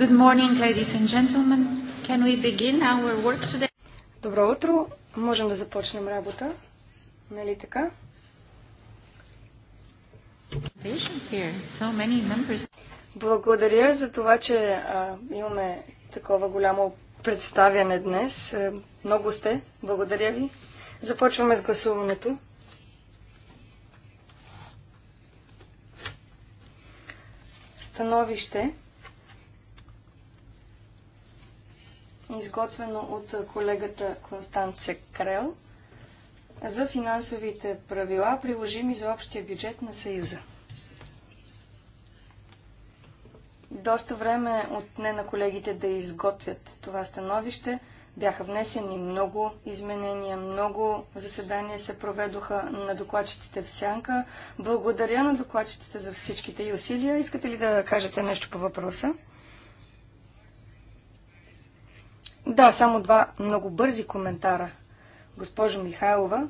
Good morning, ladies and gentlemen. Can we begin our work today? Добро утро! Можем да започнем работа. Нали така? Благодаря за това, че а, имаме такова голямо представяне днес. Е, много сте. Благодаря ви. Започваме с гласуването. становище, изготвено от колегата Констанция Крел за финансовите правила, приложими за общия бюджет на Съюза. Доста време отне на колегите да изготвят това становище. Бяха внесени много изменения, много заседания се проведоха на докладчиците в Сянка. Благодаря на докладчиците за всичките и усилия. Искате ли да кажете нещо по въпроса? Да, само два много бързи коментара. Госпожо Михайлова,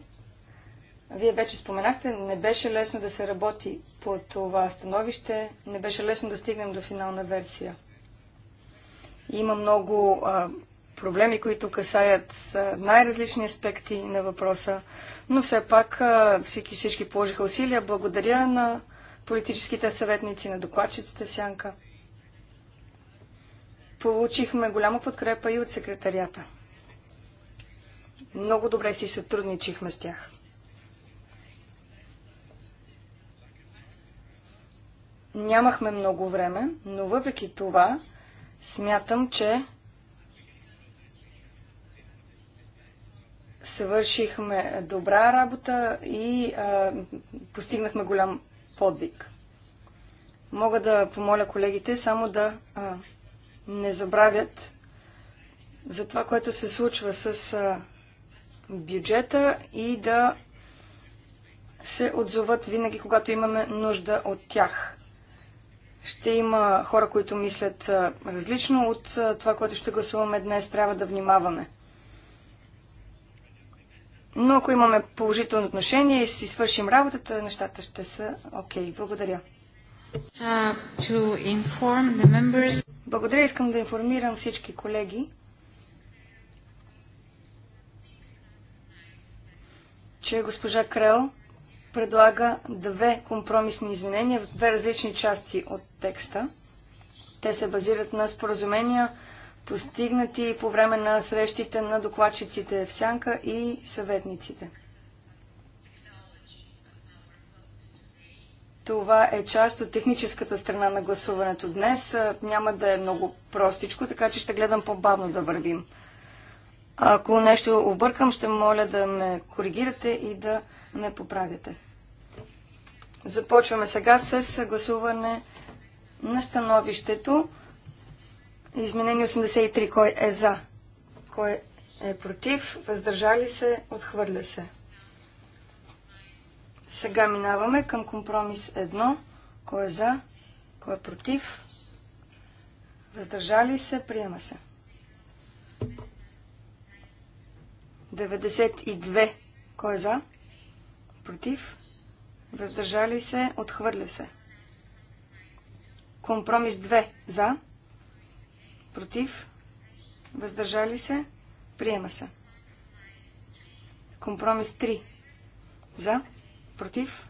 вие вече споменахте, не беше лесно да се работи по това становище, не беше лесно да стигнем до финална версия. Има много а, проблеми, които касаят най-различни аспекти на въпроса, но все пак всички, всички положиха усилия. Благодаря на политическите съветници, на докладчиците в Сянка. Получихме голяма подкрепа и от секретарията. Много добре си сътрудничихме с тях. Нямахме много време, но въпреки това смятам, че свършихме добра работа и а, постигнахме голям подвиг. Мога да помоля колегите само да а, не забравят за това, което се случва с а, бюджета и да се отзоват винаги, когато имаме нужда от тях. Ще има хора, които мислят а, различно от а, това, което ще гласуваме днес. Трябва да внимаваме. Но ако имаме положително отношение и си свършим работата, нещата ще са окей. Okay. Благодаря. Uh, Благодаря. Искам да информирам всички колеги, че госпожа Крел предлага две компромисни изменения в две различни части от текста. Те се базират на споразумения постигнати по време на срещите на докладчиците в Сянка и съветниците. Това е част от техническата страна на гласуването днес. Няма да е много простичко, така че ще гледам по-бавно да вървим. Ако нещо объркам, ще моля да ме коригирате и да ме поправяте. Започваме сега с гласуване на становището Изменение 83. Кой е за? Кой е против? Въздържали се? Отхвърля се. Сега минаваме към компромис 1. Кой е за? Кой е против? Въздържали се? Приема се. 92. Кой е за? Против? Въздържали се? Отхвърля се. Компромис 2. За? против, въздържали се, приема се. Компромис 3. За, против,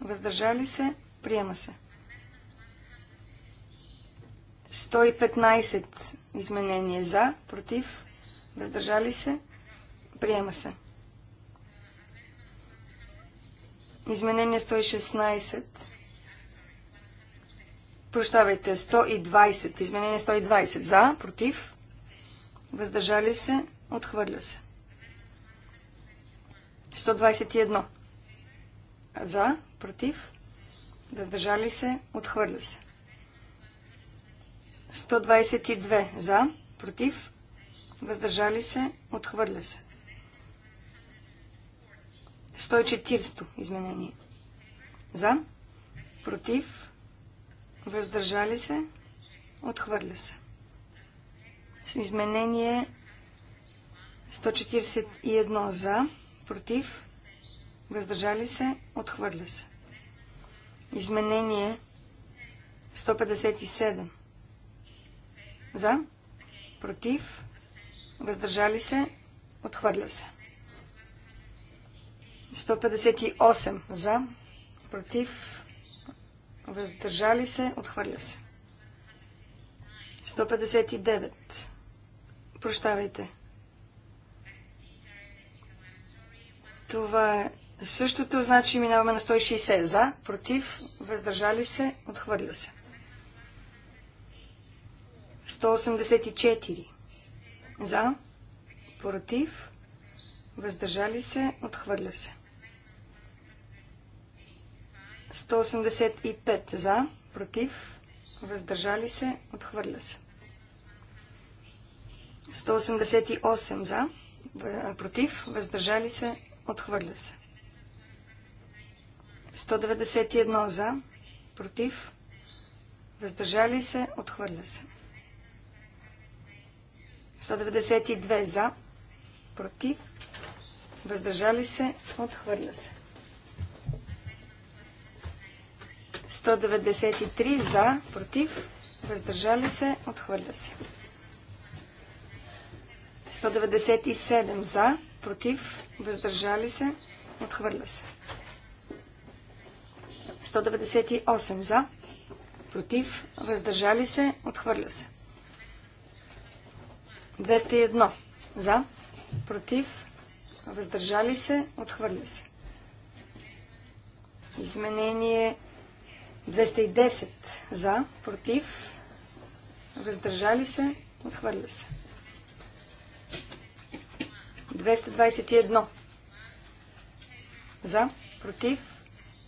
въздържали се, приема се. 115 изменение за, против, въздържали се, приема се. Изменение 116 Прощавайте, 120. Изменение 120. За, против, въздържали се, отхвърля се. 121. За, против, въздържали се, отхвърля се. 122. За, против, въздържали се, отхвърля се. 140 изменение. За, против, въздържали се, отхвърля се. С изменение 141 за, против, въздържали се, отхвърля се. Изменение 157 за, против, въздържали се, отхвърля се. 158 за, против, въздържали се, отхвърля се. 159. Прощавайте. Това е същото, значи минаваме на 160. За, против, въздържали се, отхвърля се. 184. За, против, въздържали се, отхвърля се. 185 за, против, въздържали се, отхвърля се. 188 за, против, въздържали се, отхвърля се. 191 за, против, въздържали се, отхвърля се. 192 за, против, въздържали се, отхвърля се. 193 за, против, въздържали се, отхвърля се. 197 за, против, въздържали се, отхвърля се. 198 за, против, въздържали се, отхвърля се. 201 за, против, въздържали се, отхвърля се. Изменение 210 за, против, въздържали се, отхвърля се. 221 за, против,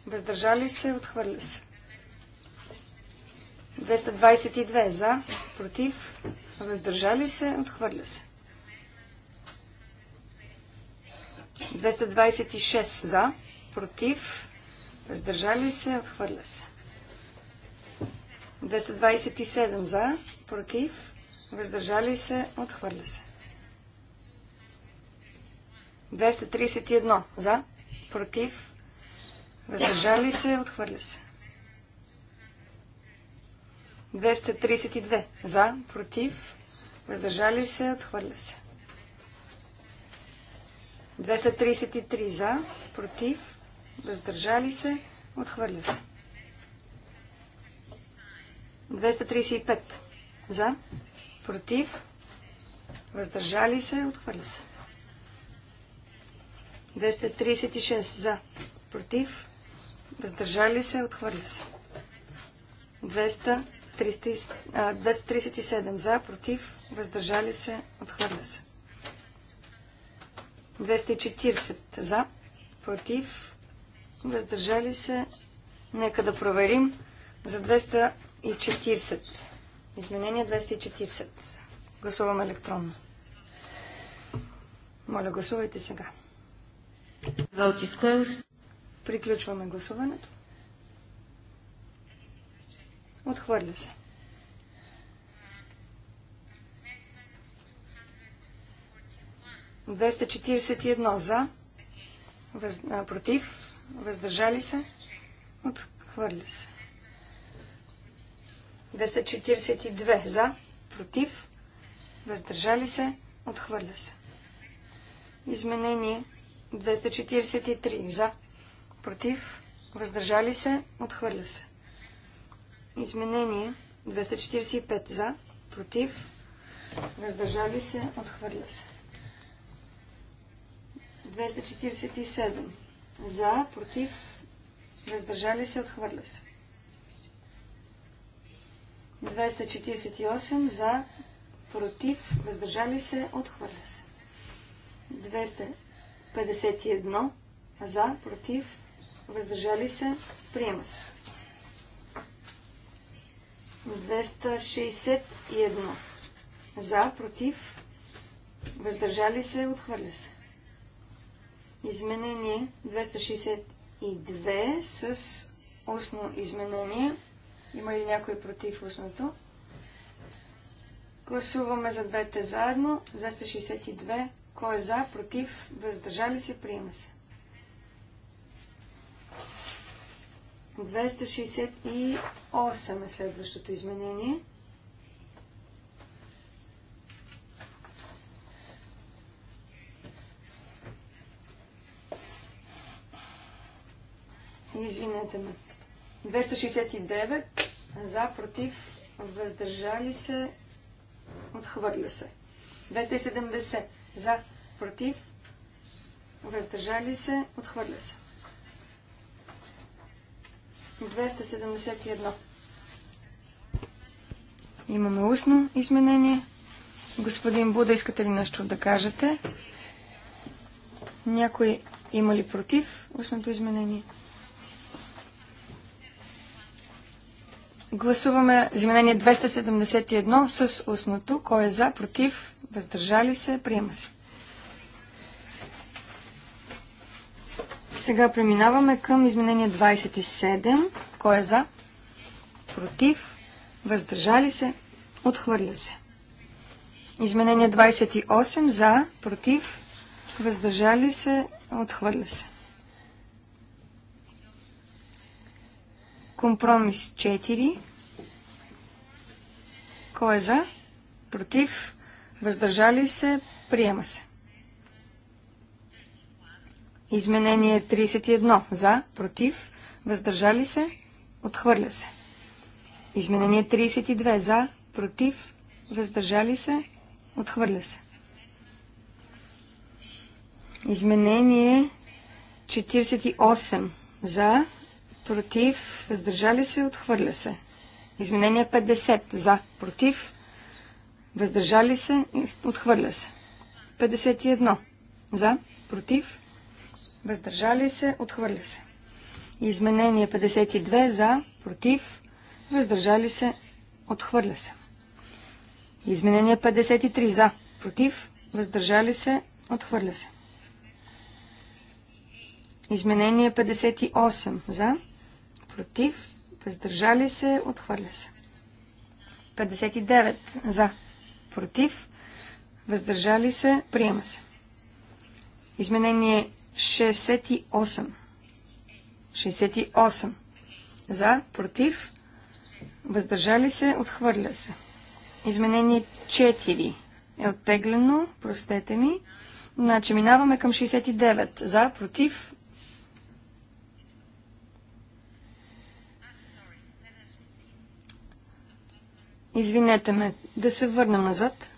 въздържали се, отхвърля се. 222 за, против, въздържали се, отхвърля се. 226 за, против, въздържали се, отхвърля се. 227 за, против, въздържали се, отхвърля се. 231 за, против, въздържали се, отхвърля се. 232 за, против, въздържали се, отхвърля се. 233 за, против, въздържали се, отхвърля се. 235 за, против, въздържали се, отхвърля се. 236 за, против, въздържали се, отхвърля се. 237 за, против, въздържали се, отхвърля се. 240 за, против, въздържали се. Нека да проверим за 200. 240. Изменение 240. Гласуваме електронно. Моля, гласувайте сега. Vote is closed. Приключваме гласуването. Отхвърля се. Двеста за, въз... против, въздържали се, отхвърля се. 242 за, против, въздържали се, отхвърля се. Изменение 243 за, против, въздържали се, отхвърля се. Изменение 245 за, против, въздържали се, отхвърля се. 247 за, против, въздържали се, отхвърля се. 248 за, против, въздържали се, отхвърля се. 251 за, против, въздържали се, приема се. 261 за, против, въздържали се, отхвърля се. Изменение 262 с устно изменение има ли някой против устното? Гласуваме за двете заедно. 262. Кой е за, против, въздържали се, приема се. 268 е следващото изменение. Извинете ме. 269 за, против, въздържали се, отхвърля се. 270 за, против, въздържали се, отхвърля се. 271. Имаме устно изменение. Господин Буда, искате ли нещо да кажете? Някой има ли против устното изменение? Гласуваме изменение 271 с устното. Кой е за, против, въздържали се, приема се. Сега преминаваме към изменение 27. Кой е за? Против? Въздържали се? Отхвърля се. Изменение 28. За? Против? Въздържали се? Отхвърля се. Компромис 4. Кой е за? Против? Въздържали се? Приема се. Изменение 31. За? Против? Въздържали се? Отхвърля се. Изменение 32. За? Против? Въздържали се? Отхвърля се. Изменение 48. За? против, въздържали се, отхвърля се. Изменение 50 за, против, въздържали се, отхвърля се. 51 за, против, въздържали се, отхвърля се. Изменение 52 за, против, въздържали се, отхвърля се. Изменение 53 за, против, въздържали се, отхвърля се. Изменение 58 за, против, въздържали се, отхвърля се. 59 за, против, въздържали се, приема се. Изменение 68. 68 за, против, въздържали се, отхвърля се. Изменение 4 е оттеглено, простете ми. Значи минаваме към 69. За, против, Извинете ме, да се върна назад.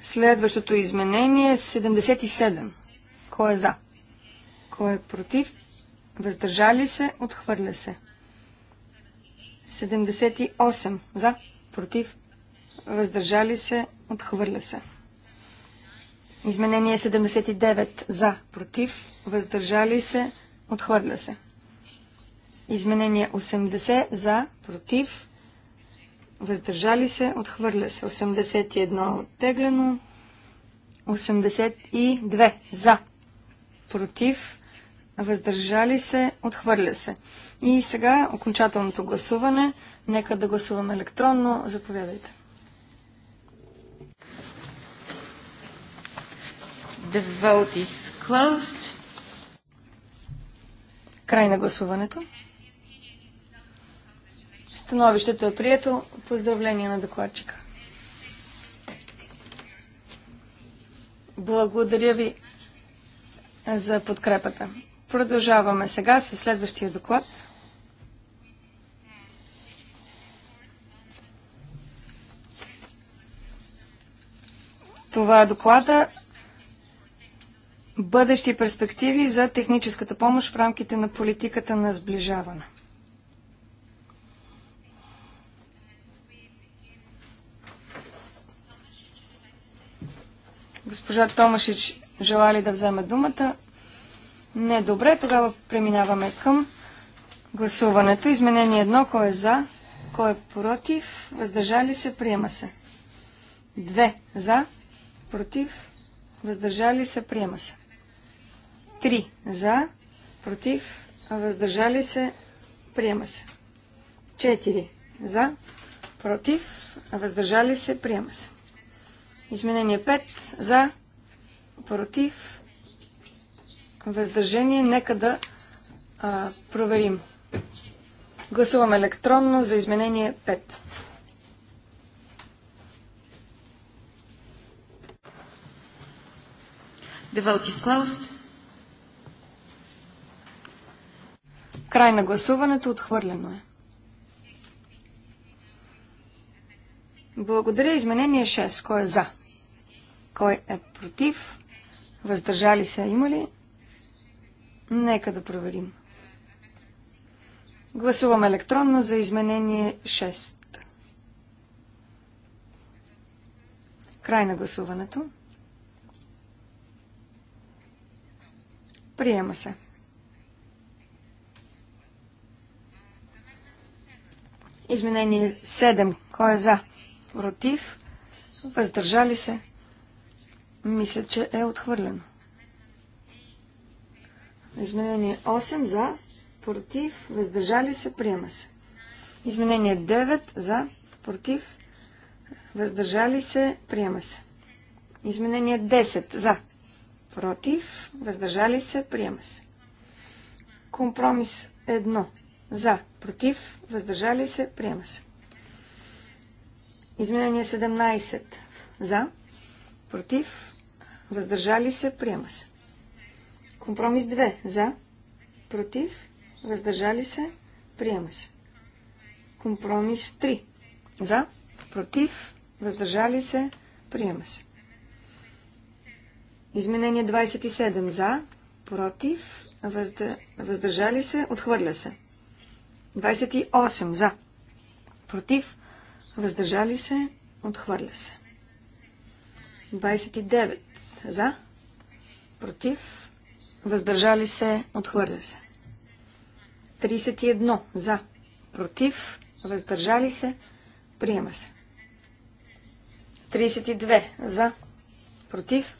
Следващото изменение е 77. Кой е за? Кой е против? Въздържали се? Отхвърля се. 78. За? Против? Въздържали се? Отхвърля се. Изменение 79. За? Против? Въздържали се? Отхвърля се. Изменение 80 за, против, въздържали се, отхвърля се. 81 оттеглено. 82 за, против, въздържали се, отхвърля се. И сега окончателното гласуване. Нека да гласуваме електронно. Заповядайте. Край на гласуването. Становището е прието. Поздравление на докладчика. Благодаря ви за подкрепата. Продължаваме сега с следващия доклад. Това е доклада Бъдещи перспективи за техническата помощ в рамките на политиката на сближаване. Госпожа Томашич желали ли да вземе думата? Не, добре. Тогава преминаваме към гласуването. Изменение едно. Кой е за? Кой е против? Въздържали се? Приема се. Две. За? Против? Въздържали се? Приема се. Три. За? Против? Въздържали се? Приема се. Четири. За? Против? Въздържали се? Приема се. Изменение 5 за, против, въздържание. Нека да а, проверим. Гласувам електронно за изменение 5. The vote is closed. Край на гласуването отхвърлено е. Благодаря. Изменение 6. Кой е за? Кой е против? Въздържали се има ли? Нека да проверим. Гласувам електронно за изменение 6. Край на гласуването. Приема се. Изменение 7. Кой е за? Против? Въздържали се? Мисля, че е отхвърлено. Изменение 8 за, против, въздържали се, приема се. Изменение 9 за, против, въздържали се, приема се. Изменение 10 за, против, въздържали се, приема се. Компромис 1 за, против, въздържали се, приема се. Изменение 17 за, против, въздържали се, приема се. Компромис 2 за, против, въздържали се, приема се. Компромис 3 за, против, въздържали се, приема се. Изменение 27 за, против, Въздър... въздържали се, отхвърля се. 28 за, против, въздържали се, отхвърля се. 29 за, против, въздържали се, отхвърля се. 31 за, против, въздържали се, приема се. 32 за, против,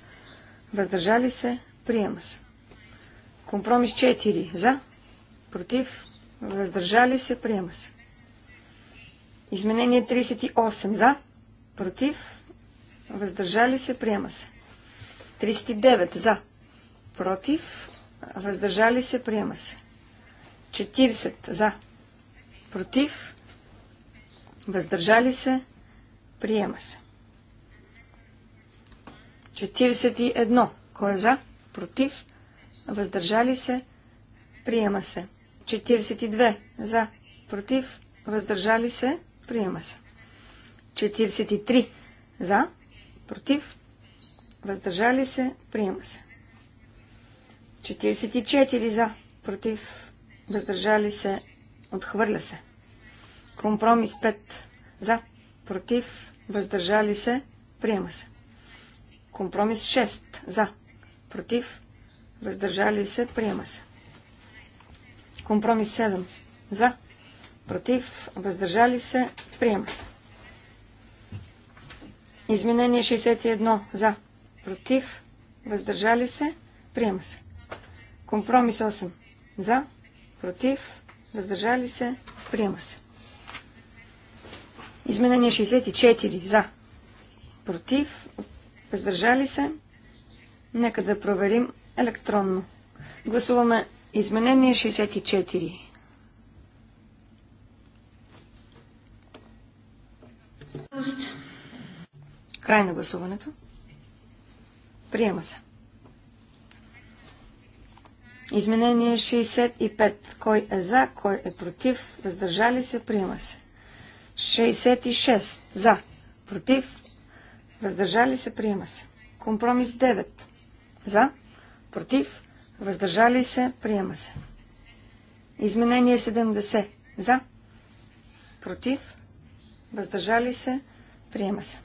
въздържали се, приема се. Компромис 4 за, против, въздържали се, приема се. Изменение 38 за, против, въздържали се, приема се. 39 за, против, въздържали се, приема се. 40 за, против, въздържали се, приема се. 41. Кой е за? Против? Въздържали се? Приема се. 42. За? Против? Въздържали се? Приема се. 43. За? против, въздържали се, приема се. 44 за, против, въздържали се, отхвърля се. Компромис 5 за, против, въздържали се, приема се. Компромис 6 за, против, въздържали се, приема се. Компромис 7 за, против, въздържали се, приема се. Изменение 61 за, против, въздържали се, приема се. Компромис 8 за, против, въздържали се, приема се. Изменение 64 за, против, въздържали се. Нека да проверим електронно. Гласуваме изменение 64. Тоест, Край на гласуването. Приема се. Изменение 65. Кой е за, кой е против, въздържали се, приема се. 66. За, против, въздържали се, приема се. Компромис 9. За, против, въздържали се, приема се. Изменение 70. За, против, въздържали се, приема се.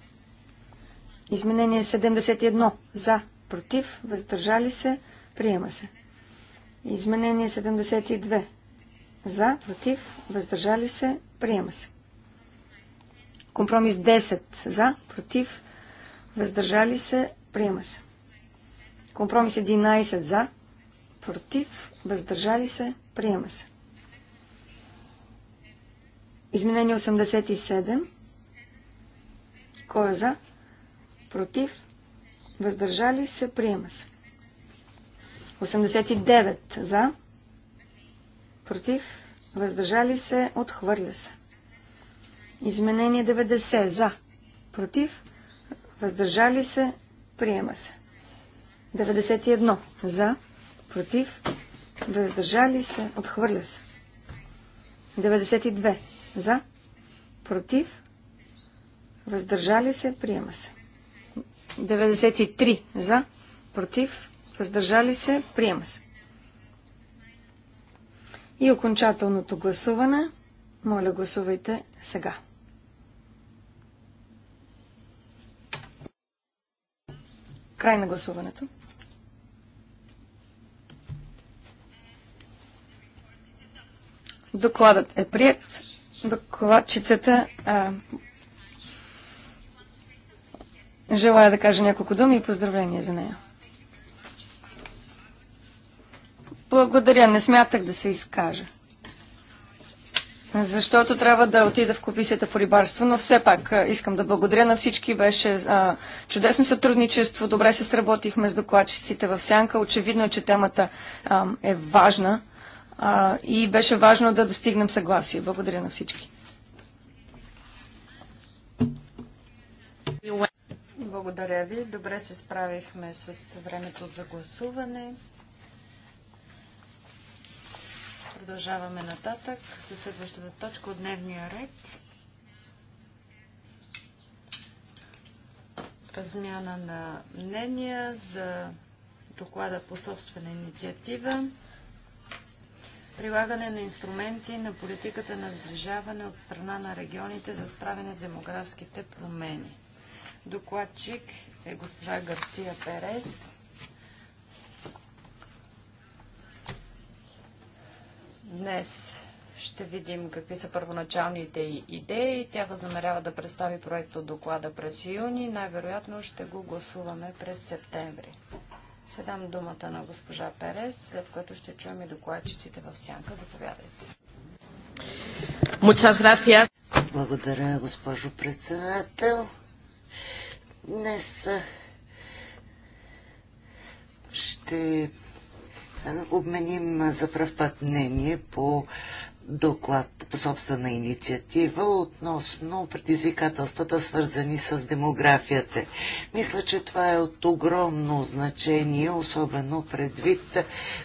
Изменение 71 за, против, въздържали се, приема се. Изменение 72 за, против, въздържали се, приема се. Компромис 10 за, против, въздържали се, приема се. Компромис 11 за, против, въздържали се, приема се. Изменение 87. Кой е за? против, въздържали се, приема се. 89 за, против, въздържали се, отхвърля се. Изменение 90 за, против, въздържали се, приема се. 91 за, против, въздържали се, отхвърля се. 92 за, против, въздържали се, приема се. 93 за, против, въздържали се, приема се. И окончателното гласуване. Моля, гласувайте сега. Край на гласуването. Докладът е прият. Докладчицата а, Желая да кажа няколко думи и поздравления за нея. Благодаря, не смятах да се изкажа. Защото трябва да отида в комисията по рибарство, но все пак искам да благодаря на всички. Беше а, чудесно сътрудничество, добре се сработихме с докладчиците в Сянка. Очевидно е, че темата а, е важна а, и беше важно да достигнем съгласие. Благодаря на всички. Благодаря ви. Добре се справихме с времето за гласуване. Продължаваме нататък със следващата точка от дневния ред. Размяна на мнения за доклада по собствена инициатива. Прилагане на инструменти на политиката на сближаване от страна на регионите за справяне с демографските промени. Докладчик е госпожа Гарсия Перес. Днес ще видим какви са първоначалните идеи. Тя възнамерява да представи проект от доклада през юни. Най-вероятно ще го гласуваме през септември. Ще дам думата на госпожа Перес, след което ще чуем и докладчиците в сянка. Заповядайте. Благодаря, госпожо председател. Днес ще обменим за пръв път мнение по доклад по собствена инициатива относно предизвикателствата, свързани с демографията. Мисля, че това е от огромно значение, особено предвид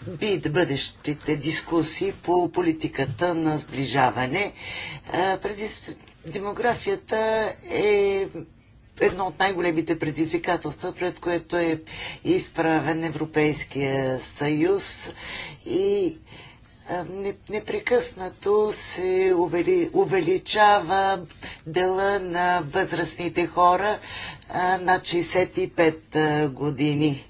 бит бъдещите дискусии по политиката на сближаване. Предиз... Демографията е едно от най-големите предизвикателства, пред което е изправен Европейския съюз и непрекъснато се увели, увеличава дела на възрастните хора на над 65 години.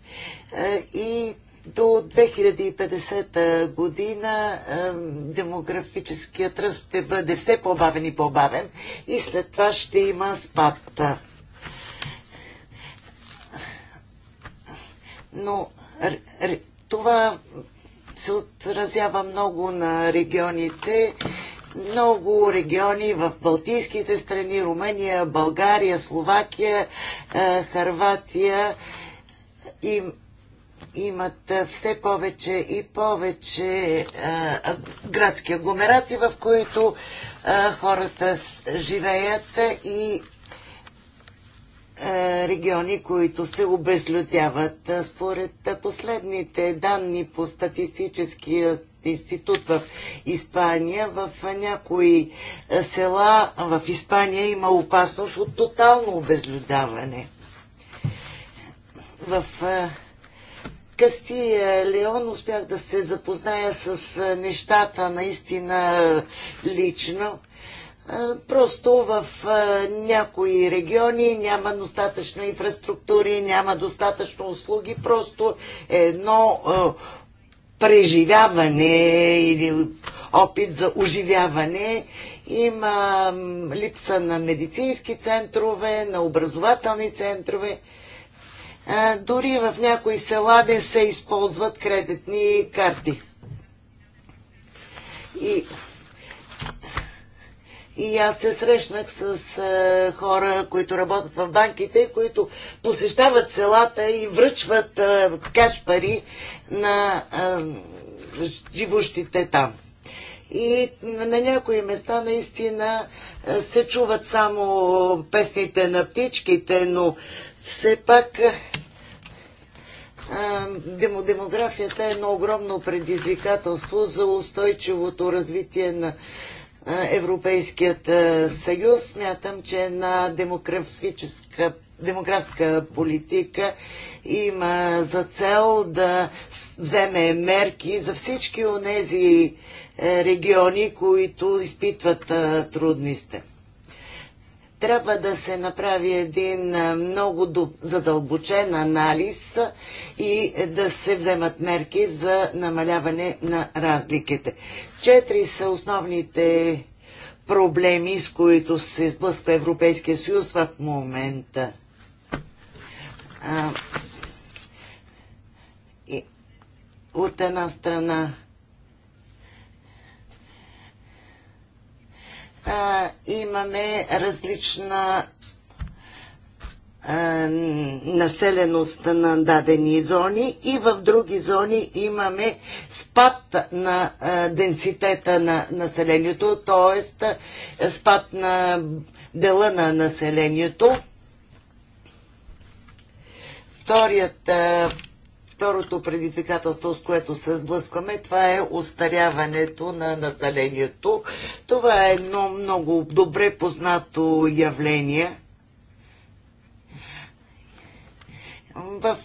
И до 2050 година демографическият ръст ще бъде все по-бавен и по-бавен и след това ще има спад. но това се отразява много на регионите. Много региони в Балтийските страни, Румъния, България, Словакия, Харватия им, имат все повече и повече а, градски агломерации, в които а, хората живеят и е, региони, които се обезлюдяват. Е, според е, последните данни по статистическия институт в Испания, в някои села в Испания има опасност от тотално обезлюдяване. В Кастия Леон успях да се запозная с нещата наистина лично Просто в някои региони няма достатъчно инфраструктури, няма достатъчно услуги, просто едно преживяване или опит за оживяване. Има липса на медицински центрове, на образователни центрове. Дори в някои села не се използват кредитни карти. И и аз се срещнах с е, хора, които работят в банките, които посещават селата и връчват е, каш пари на е, живущите там. И на някои места наистина се чуват само песните на птичките, но все пак демографията е едно огромно предизвикателство за устойчивото развитие на Европейският съюз. Смятам, че на демографическа демографска политика има за цел да вземе мерки за всички от тези е, региони, които изпитват трудни трябва да се направи един много задълбочен анализ и да се вземат мерки за намаляване на разликите. Четири са основните проблеми, с които се сблъсква Европейския съюз в момента. от една страна а, имаме различна населеност на дадени зони и в други зони имаме спад на денситета на населението, т.е. спад на дела на населението. Вторият второто предизвикателство, с което се сблъскваме, това е остаряването на населението. Това е едно много добре познато явление. В,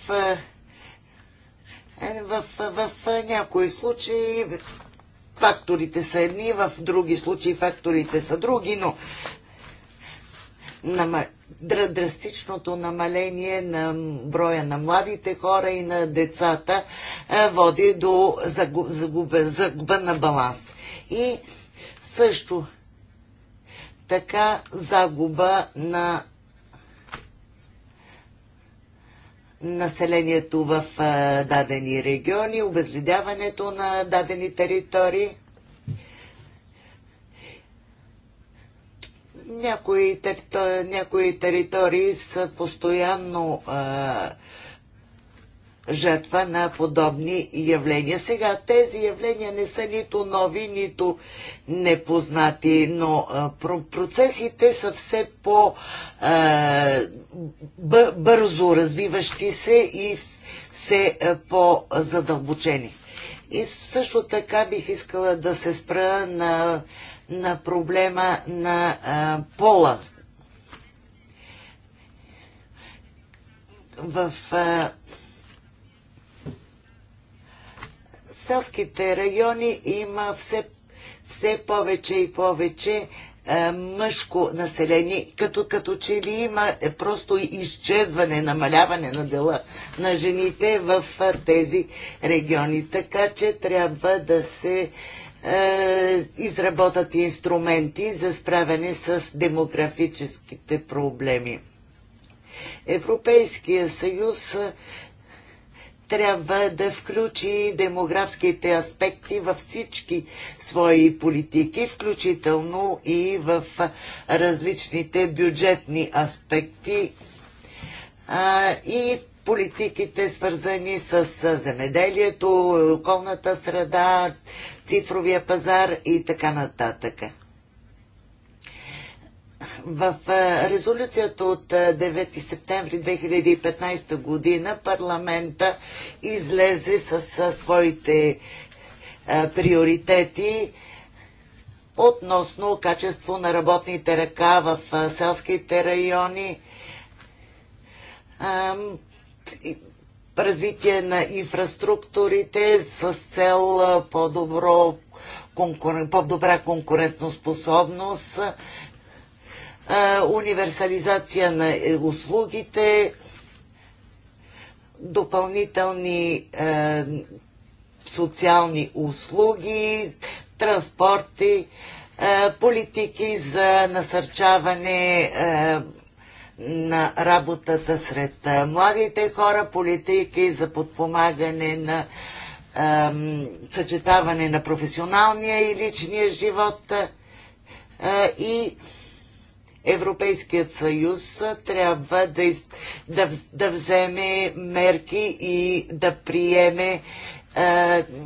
е, в, в, в някои случаи факторите са едни, в други случаи факторите са други, но драстичното намаление на броя на младите хора и на децата води до загуба на баланс. И също така загуба на населението в дадени региони, обезледяването на дадени територии. някои, територи, някои територии са постоянно а, жертва на подобни явления. Сега тези явления не са нито нови, нито непознати, но а, процесите са все по-бързо развиващи се и все по-задълбочени. И също така бих искала да се спра на на проблема на а, пола. В а, селските райони има все, все повече и повече а, мъжко население, като, като че ли има просто изчезване, намаляване на дела на жените в а, тези региони. Така че трябва да се а, е, изработат инструменти за справяне с демографическите проблеми. Европейския съюз е, трябва да включи демографските аспекти във всички свои политики, включително и в различните бюджетни аспекти а, и политиките свързани с земеделието, околната среда, цифровия пазар и така нататък. В резолюцията от 9 септември 2015 година парламента излезе с своите приоритети относно качество на работните ръка в селските райони развитие на инфраструктурите с цел по-добро конкурен, по-добра конкурентоспособност, универсализация на е, услугите, допълнителни социални услуги, транспорти, политики за насърчаване на работата сред младите хора, политики за подпомагане на съчетаване на професионалния и личния живот е, и Европейският съюз трябва да, из, да, да вземе мерки и да приеме е,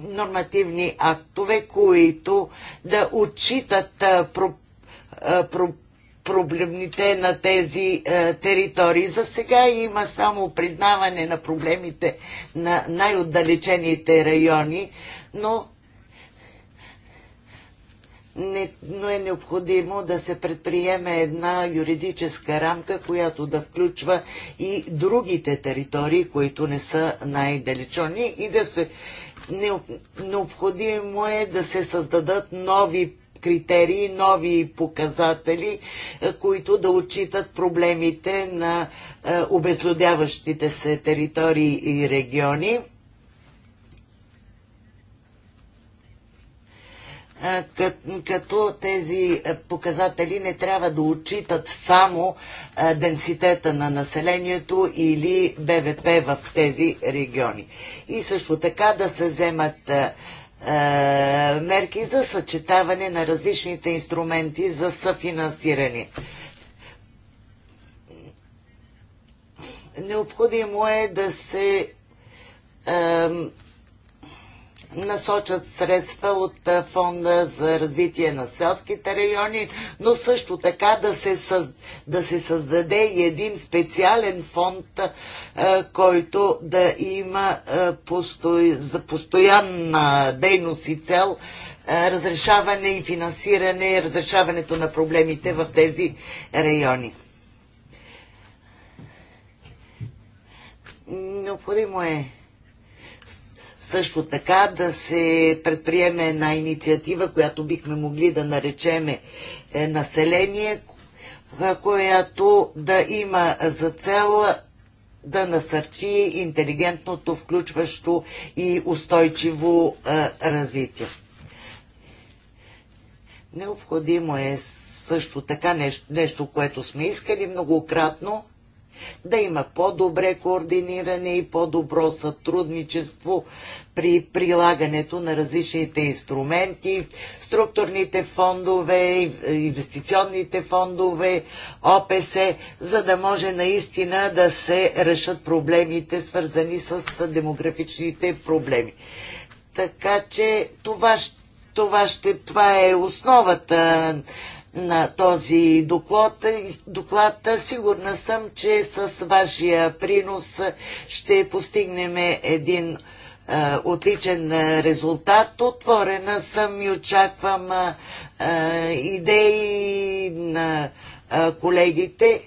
нормативни актове, които да отчитат е, проблемите. про, проблемните на тези е, територии. За сега има само признаване на проблемите на най-отдалечените райони, но не, но е необходимо да се предприеме една юридическа рамка, която да включва и другите територии, които не са най-далечони и да се необходимо е да се създадат нови критерии, нови показатели, е, които да отчитат проблемите на е, обезлюдяващите се територии и региони. Е, като тези показатели не трябва да отчитат само денситета на населението или БВП в тези региони. И също така да се вземат е, мерки за съчетаване на различните инструменти за съфинансиране. Необходимо е да се е, насочат средства от фонда за развитие на селските райони, но също така да се, съз... да се създаде и един специален фонд, който да има посто... за постоянна дейност и цел разрешаване и финансиране, разрешаването на проблемите в тези райони. Необходимо е също така да се предприеме една инициатива, която бихме могли да наречеме е, население, която да има за цел да насърчи интелигентното, включващо и устойчиво развитие. Необходимо е също така нещо, нещо което сме искали многократно – да има по-добре координиране и по-добро сътрудничество при прилагането на различните инструменти, структурните фондове, инвестиционните фондове, ОПС, за да може наистина да се решат проблемите, свързани с демографичните проблеми. Така че това, това, ще, това е основата на този доклад. доклад. Сигурна съм, че с вашия принос ще постигнем един отличен резултат. Отворена съм и очаквам а, идеи на а, колегите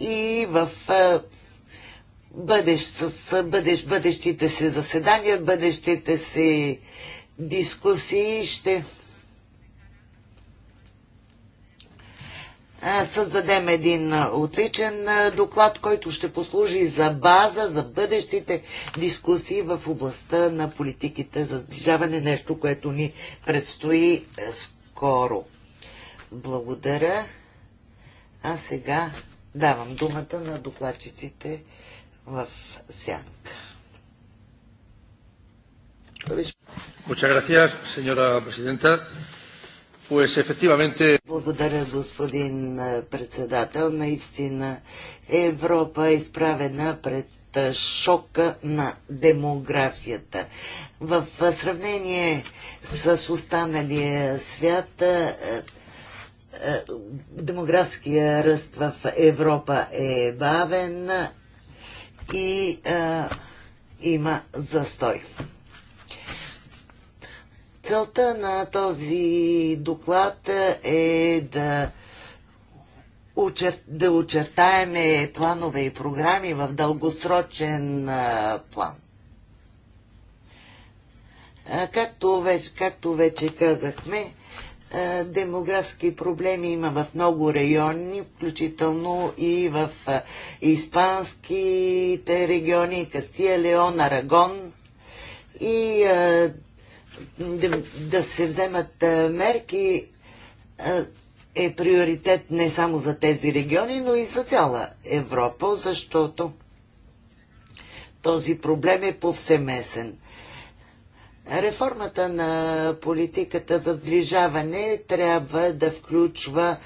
и в а, бъдещ, с бъдещ, бъдещите си заседания, бъдещите си дискусии ще Е, създадем един е, отличен е, доклад, който ще послужи за база за бъдещите дискусии в областта на политиките за сближаване, нещо, което ни предстои скоро. Благодаря. А сега давам думата на докладчиците в сянка. Muchas gracias, señora presidenta pues efectivamente... Благодаря, господин председател. Наистина Европа е изправена пред шока на демографията. В сравнение с останалия свят, демографския ръст в Европа е бавен и има застой. Целта на този доклад е да, учер... да очертаеме планове и програми в дългосрочен план. Както вече, както вече казахме, демографски проблеми има в много райони, включително и в испанските региони, Кастия, Леон, Арагон. И да, да се вземат мерки е приоритет не само за тези региони, но и за цяла Европа, защото този проблем е повсемесен. Реформата на политиката за сближаване трябва да включва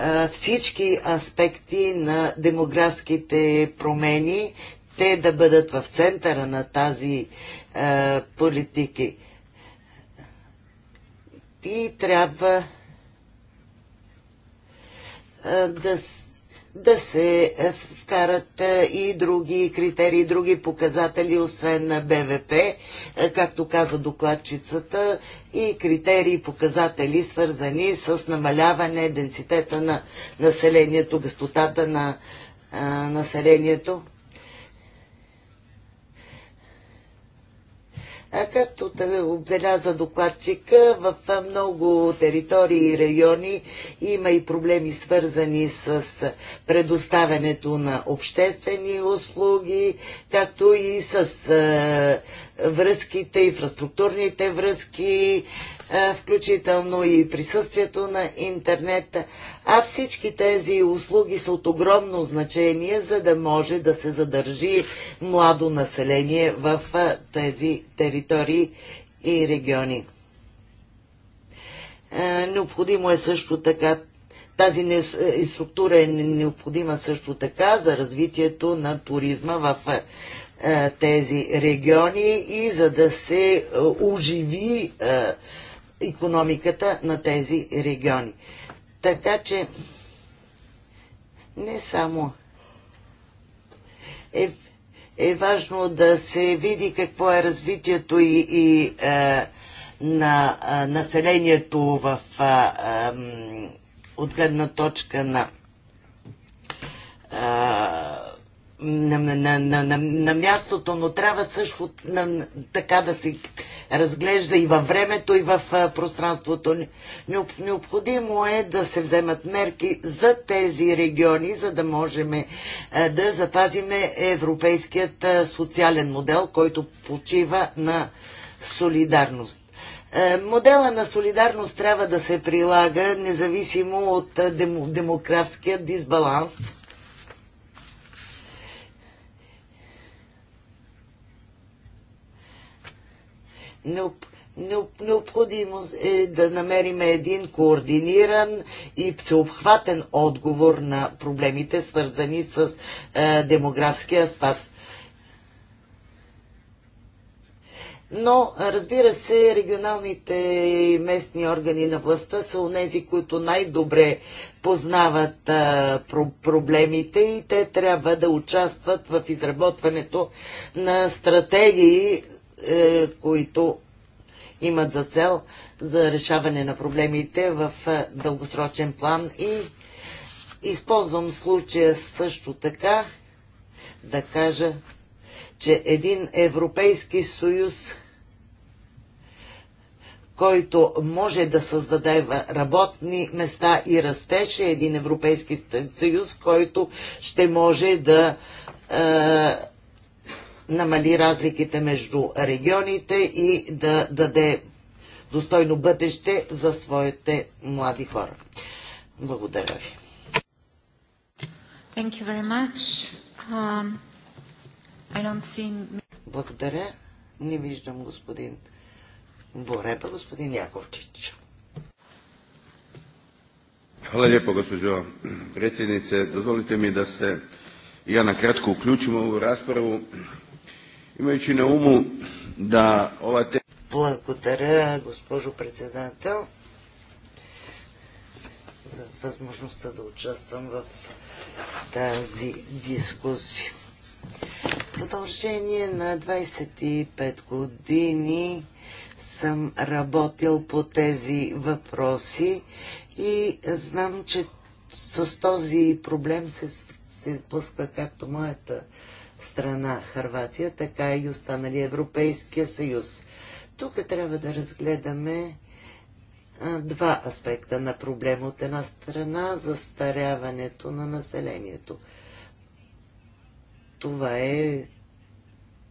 а, всички аспекти на демографските промени, те да бъдат в центъра на тази а, политики и трябва да, да се вкарат и други критерии, други показатели, освен на БВП, както каза докладчицата, и критерии, показатели, свързани с намаляване денситета на населението, гъстотата на а, населението. Както отбеляза докладчика, в много територии и райони има и проблеми свързани с предоставянето на обществени услуги, както и с връзките, инфраструктурните връзки, включително и присъствието на интернет, а всички тези услуги са от огромно значение, за да може да се задържи младо население в тези територии и региони. Необходимо е също така тази структура е необходима също така за развитието на туризма в тези региони и за да се оживи економиката на тези региони. Така че не само е, е важно да се види какво е развитието и, и е, на е, населението в, е, е, от гледна точка на, е, на, на, на, на, на мястото, но трябва също на, така да се разглежда и във времето, и в пространството. Необходимо е да се вземат мерки за тези региони, за да можем да запазим европейският социален модел, който почива на солидарност. Модела на солидарност трябва да се прилага независимо от демографския дисбаланс необ, необ, необходимо е да намерим един координиран и всеобхватен отговор на проблемите, свързани с е, демографския спад. Но, разбира се, регионалните и местни органи на властта са онези, които най-добре познават а, е, про- проблемите и те трябва да участват в изработването на стратегии е, които имат за цел за решаване на проблемите в е, дългосрочен план и използвам случая също така да кажа, че един Европейски съюз, който може да създаде работни места и растеж, е един Европейски съюз, който ще може да е, намали разликите между регионите и да даде достойно бъдеще за своите млади хора. Благодаря ви. Thank you very much. Um, I don't see... Благодаря. Не виждам господин Бореба, господин Яковчич. Hvala lijepo, gospođo predsjednice. Dozvolite mi da se ja na kratko uključim u ovu raspravu Имайки на уму да ова те... Благодаря, госпожо председател, за възможността да участвам в тази дискусия. В продължение на 25 години съм работил по тези въпроси и знам, че с този проблем се, се както моята страна Харватия, така и останали Европейския съюз. Тук трябва да разгледаме два аспекта на проблема. От една страна застаряването на населението. Това е,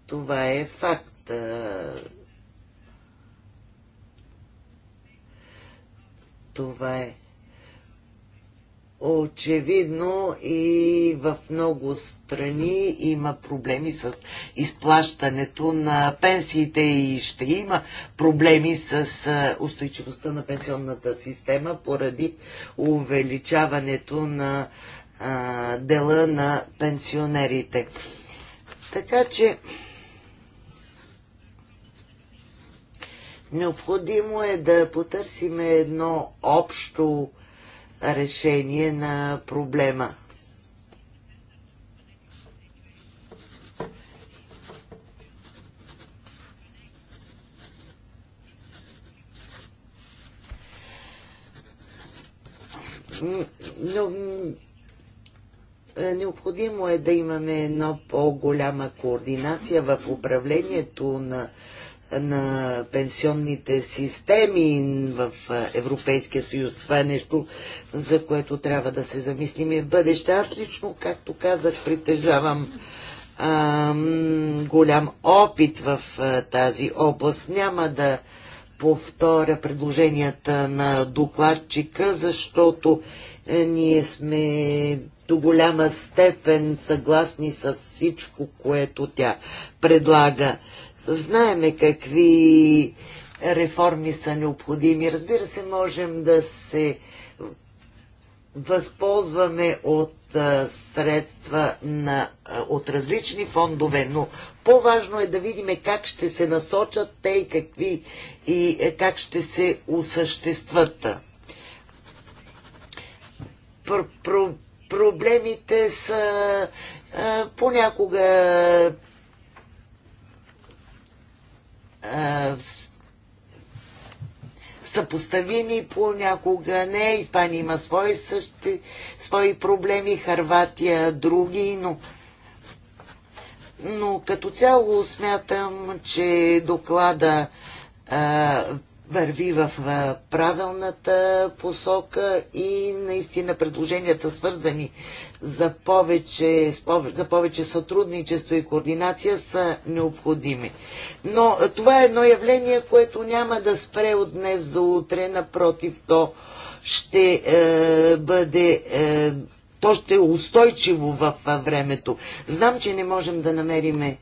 това е факт. Това е Очевидно и в много страни има проблеми с изплащането на пенсиите и ще има проблеми с устойчивостта на пенсионната система поради увеличаването на а, дела на пенсионерите. Така че необходимо е да потърсим едно общо решение на проблема. Но, необходимо е да имаме едно по-голяма координация в управлението на на пенсионните системи в Европейския съюз. Това е нещо, за което трябва да се замислим и в бъдеще. Аз лично, както казах, притежавам а, голям опит в а, тази област. Няма да повторя предложенията на докладчика, защото а, е, ние сме до голяма степен съгласни с всичко, което тя предлага. Знаеме какви реформи са необходими. Разбира се, можем да се възползваме от средства на, от различни фондове, но по-важно е да видим как ще се насочат те и какви и е, как ще се осъществат. Пр- пр- проблемите са понякога съпоставими понякога не. Испания има свои, същи, свои проблеми, Харватия други, но, но като цяло смятам, че доклада а, върви в правилната посока и наистина предложенията свързани за повече, за повече сътрудничество и координация са необходими. Но това е едно явление, което няма да спре от днес до утре, напротив, то ще е, бъде е, то ще е устойчиво в времето. Знам, че не можем да намериме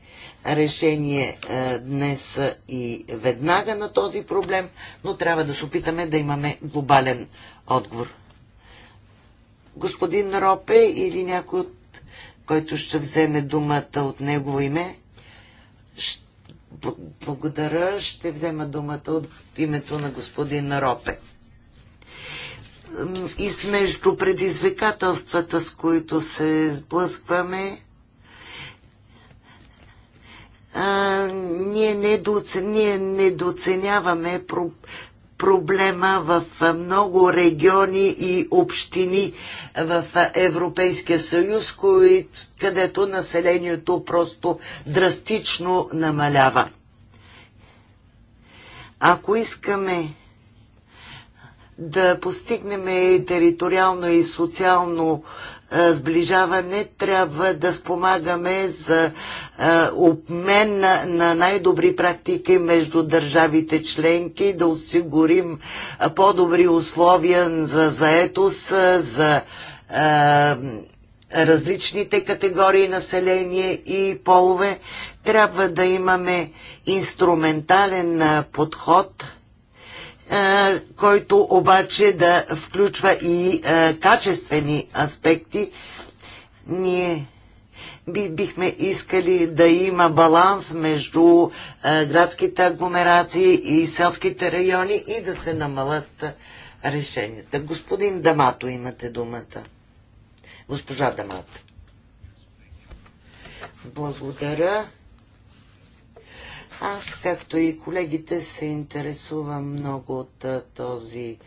решение е, днес и веднага на този проблем, но трябва да се опитаме да имаме глобален отговор. Господин Ропе или някой от който ще вземе думата от негово име, благодаря, ще взема думата от името на господин Ропе. И между предизвикателствата, с които се сблъскваме, а, ние, недооцен, ние недооценяваме про, проблема в много региони и общини в Европейския съюз, кои, където населението просто драстично намалява. Ако искаме да постигнем и териториално и социално сближаване трябва да спомагаме за обмен на най-добри практики между държавите членки, да осигурим по-добри условия за заетост, за различните категории население и полове. Трябва да имаме инструментален подход – който обаче да включва и качествени аспекти. Ние бихме искали да има баланс между градските агломерации и селските райони и да се намалят решенията. Господин Дамато имате думата. Госпожа Дамато. Благодаря. Аз, както и колегите, се интересувам много от този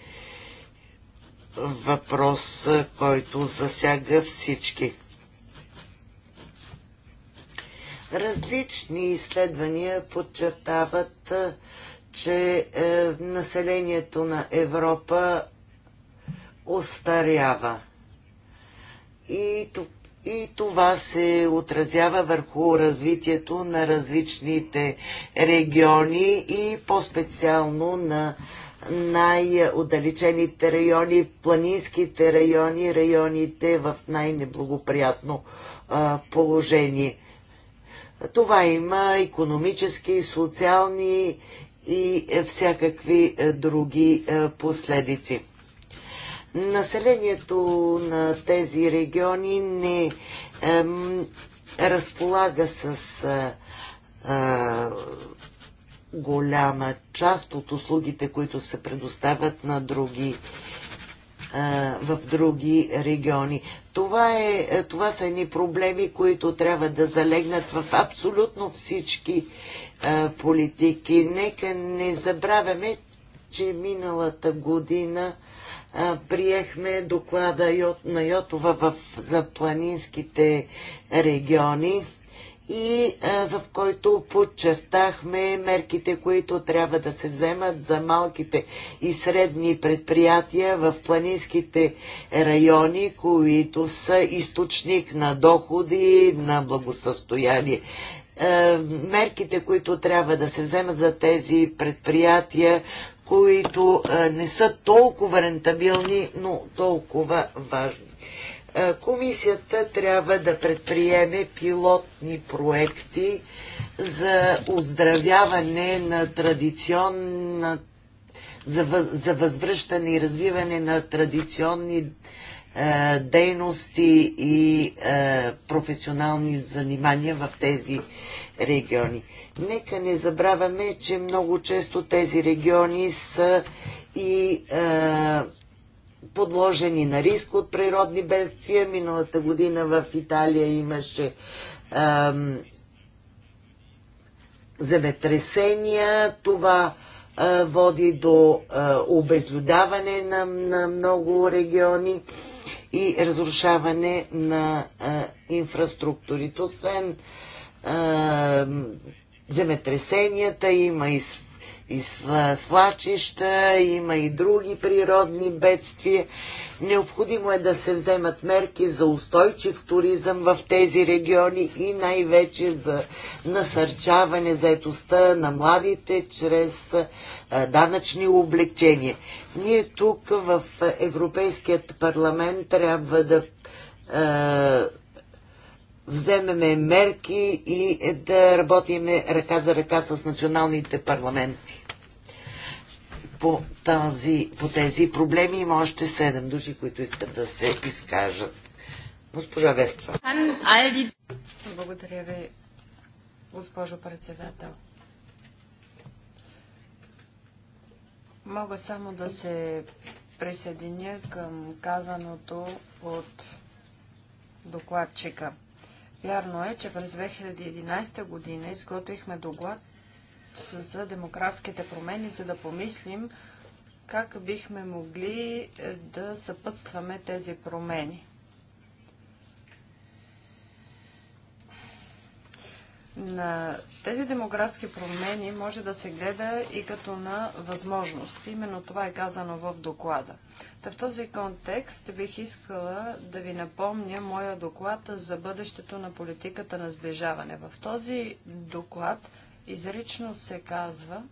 въпрос, който засяга всички. Различни изследвания подчертават, че е, населението на Европа остарява. И тук и това се отразява върху развитието на различните региони и по-специално на най-отдалечените райони, планинските райони, районите в най-неблагоприятно положение. Това има економически, социални и всякакви е, други е, последици. Населението на тези региони не е, разполага с е, е, голяма част от услугите, които се предоставят на други е, в други региони. Това, е, е, това са едни проблеми, които трябва да залегнат в абсолютно всички е, политики. Нека не забравяме, че миналата година приехме доклада на Йотова в, за планинските региони и в който подчертахме мерките, които трябва да се вземат за малките и средни предприятия в планинските райони, които са източник на доходи, на благосъстояние. Мерките, които трябва да се вземат за тези предприятия, които не са толкова рентабилни, но толкова важни. Комисията трябва да предприеме пилотни проекти за оздравяване на традиционна за, въз, за възвръщане и развиване на традиционни е, дейности и е, професионални занимания в тези региони. Нека не забравяме, че много често тези региони са и е, подложени на риск от природни бедствия. Миналата година в Италия имаше е, земетресения. Това е, води до е, обезлюдаване на, на много региони и разрушаване на е, инфраструктурите. Освен земетресенията, има и, и свлачища, има и други природни бедствия. Необходимо е да се вземат мерки за устойчив туризъм в тези региони и най-вече за насърчаване заетостта на младите чрез данъчни облегчения. Ние тук в Европейският парламент трябва да вземеме мерки и да работиме ръка за ръка с националните парламенти. По, тази, по тези проблеми има още седем души, които искат да се изкажат. Госпожа Вества. Благодаря ви, госпожо председател. Мога само да се присъединя към казаното от докладчика – Вярно е, че през 2011 година изготвихме доклад за демократските промени, за да помислим как бихме могли е, да съпътстваме тези промени. на тези демографски промени може да се гледа и като на възможност. Именно това е казано в доклада. Та в този контекст бих искала да ви напомня моя доклад за бъдещето на политиката на сближаване. В този доклад изрично се казва,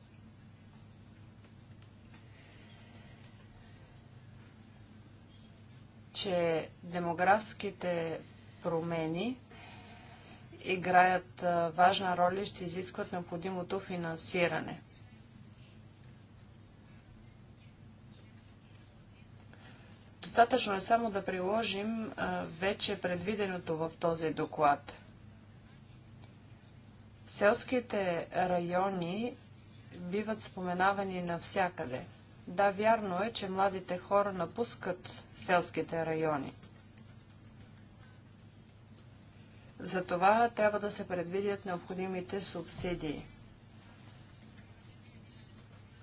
че демографските промени – играят важна роля и ще изискват необходимото финансиране. Достатъчно е само да приложим вече предвиденото в този доклад. Селските райони биват споменавани навсякъде. Да, вярно е, че младите хора напускат селските райони. За това трябва да се предвидят необходимите субсидии.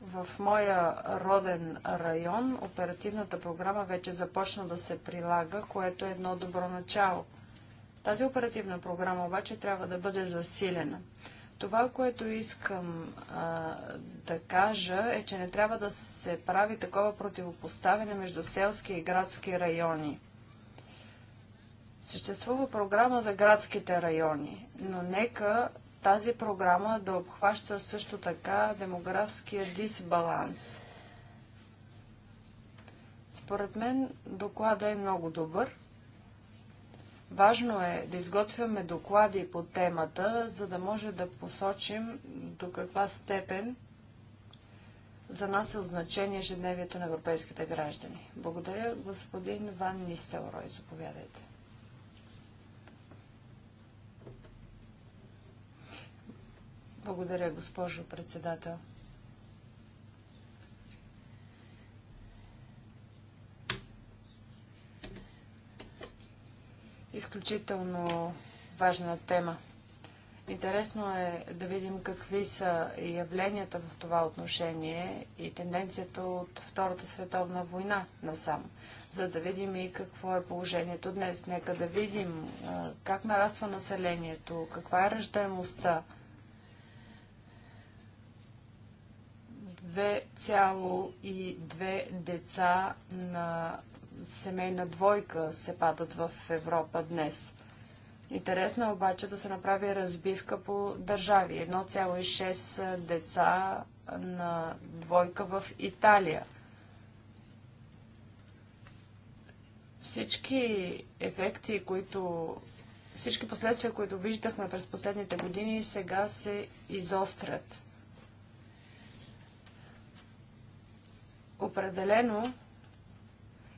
В моя роден район оперативната програма вече започна да се прилага, което е едно добро начало. Тази оперативна програма обаче трябва да бъде засилена. Това, което искам а, да кажа е, че не трябва да се прави такова противопоставяне между селски и градски райони. Съществува програма за градските райони, но нека тази програма да обхваща също така демографския дисбаланс. Според мен доклада е много добър. Важно е да изготвяме доклади по темата, за да може да посочим до каква степен за нас е означение значение ежедневието на европейските граждани. Благодаря, господин Ван Нистелрой. Заповядайте. Благодаря, госпожо председател. Изключително важна тема. Интересно е да видим какви са явленията в това отношение и тенденцията от Втората световна война насам, за да видим и какво е положението днес. Нека да видим как нараства населението, каква е ръждаемостта, 2,2 деца на семейна двойка се падат в Европа днес. Интересно е обаче да се направи разбивка по държави. 1,6 деца на двойка в Италия. Всички ефекти, които всички последствия, които виждахме през последните години, сега се изострят. Определено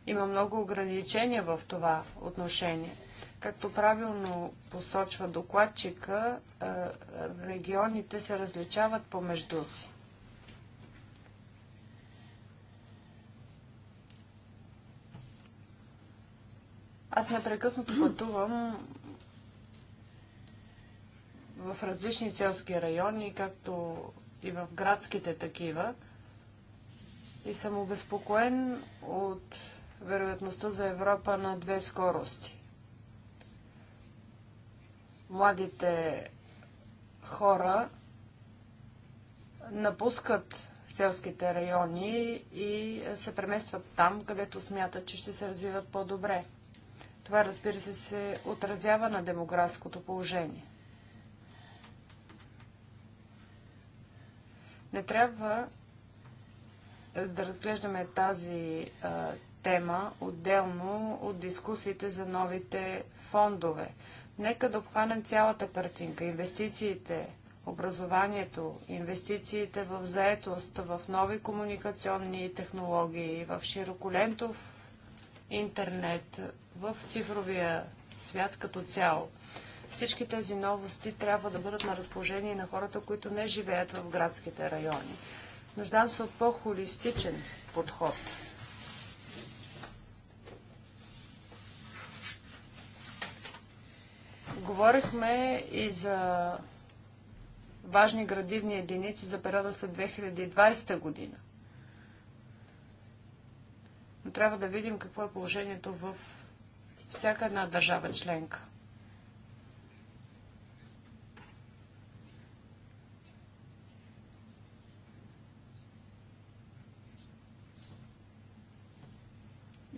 има много ограничения в това отношение. Както правилно посочва докладчика, е, регионите се различават помежду си. Аз непрекъснато пътувам в различни селски райони, както и в градските такива и съм обезпокоен от вероятността за Европа на две скорости. Младите хора напускат селските райони и се преместват там, където смятат, че ще се развиват по-добре. Това, разбира се, се отразява на демографското положение. Не трябва да разглеждаме тази а, тема отделно от дискусиите за новите фондове. Нека да обхванем цялата картинка. Инвестициите, образованието, инвестициите в заетост, в нови комуникационни технологии, в широколентов интернет, в цифровия свят като цяло. Всички тези новости трябва да бъдат на разположение на хората, които не живеят в градските райони. Нуждам се от по-холистичен подход. Говорихме и за важни градивни единици за периода след 2020 година. Но трябва да видим какво е положението в всяка една държава членка.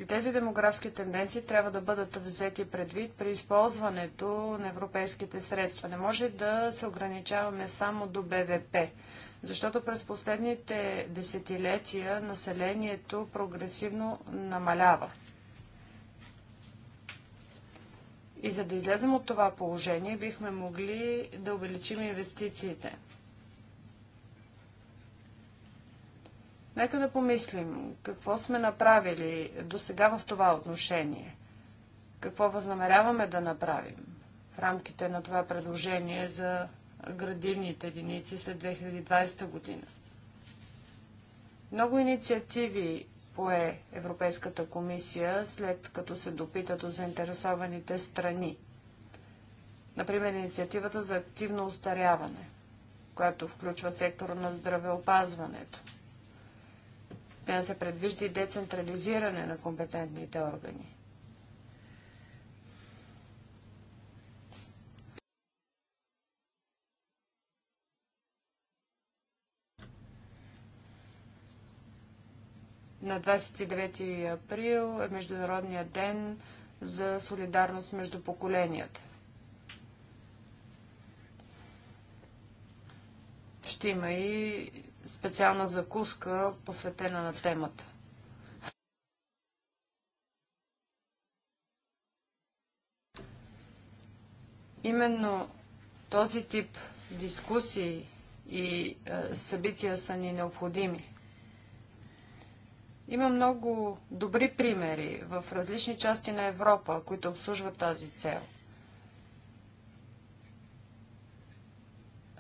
И тези демографски тенденции трябва да бъдат взети предвид при използването на европейските средства. Не може да се ограничаваме само до БВП, защото през последните десетилетия населението прогресивно намалява. И за да излезем от това положение, бихме могли да увеличим инвестициите – Нека да помислим какво сме направили до сега в това отношение. Какво възнамеряваме да направим в рамките на това предложение за градивните единици след 2020 година. Много инициативи пое Европейската комисия, след като се допитат от заинтересованите страни. Например, инициативата за активно устаряване, която включва сектора на здравеопазването – тя да се предвижда и децентрализиране на компетентните органи. на 29 април е Международния ден за солидарност между поколенията. Ще има и специална закуска, посветена на темата. Именно този тип дискусии и е, събития са ни необходими. Има много добри примери в различни части на Европа, които обслужват тази цел.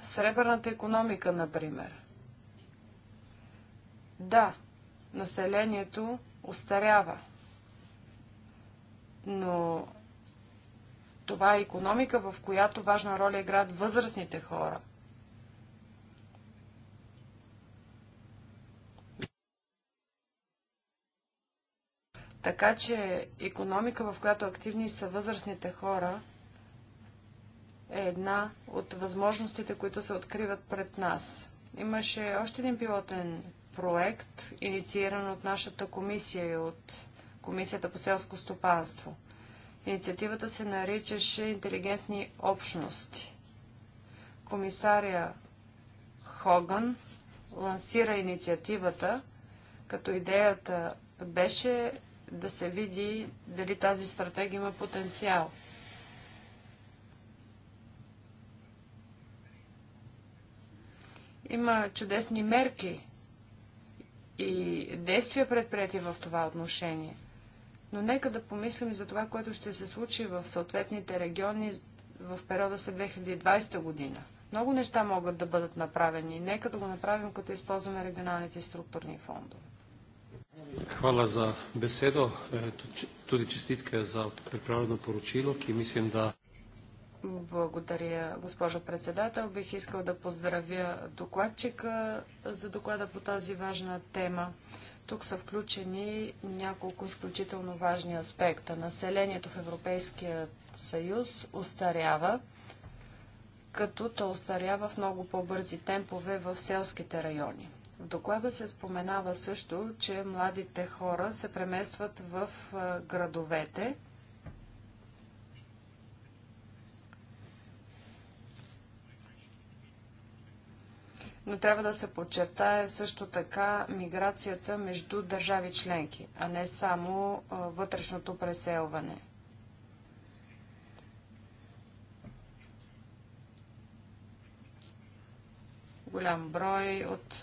Сребърната економика, например. Да, населението устарява, но това е економика, в която важна роля играят възрастните хора. Така че економика, в която активни са възрастните хора, е една от възможностите, които се откриват пред нас. Имаше още един пилотен проект, иницииран от нашата комисия и от Комисията по селско стопанство. Инициативата се наричаше Интелигентни общности. Комисаря Хоган лансира инициативата, като идеята беше да се види дали тази стратегия има потенциал. Има чудесни мерки и действия предприяти в това отношение. Но нека да помислим за това, което ще се случи в съответните региони в периода след 2020 година. Много неща могат да бъдат направени. Нека да го направим, като използваме регионалните структурни фондове. Hvala za besedo. E, tudi čestitke za pripravljeno poročilo, ki mislim, da благодаря, госпожо председател. Бих искал да поздравя докладчика за доклада по тази важна тема. Тук са включени няколко изключително важни аспекта. Населението в Европейския съюз устарява, като то устарява в много по-бързи темпове в селските райони. В доклада се споменава също, че младите хора се преместват в градовете – но трябва да се подчертае също така миграцията между държави членки, а не само вътрешното преселване. Голям брой от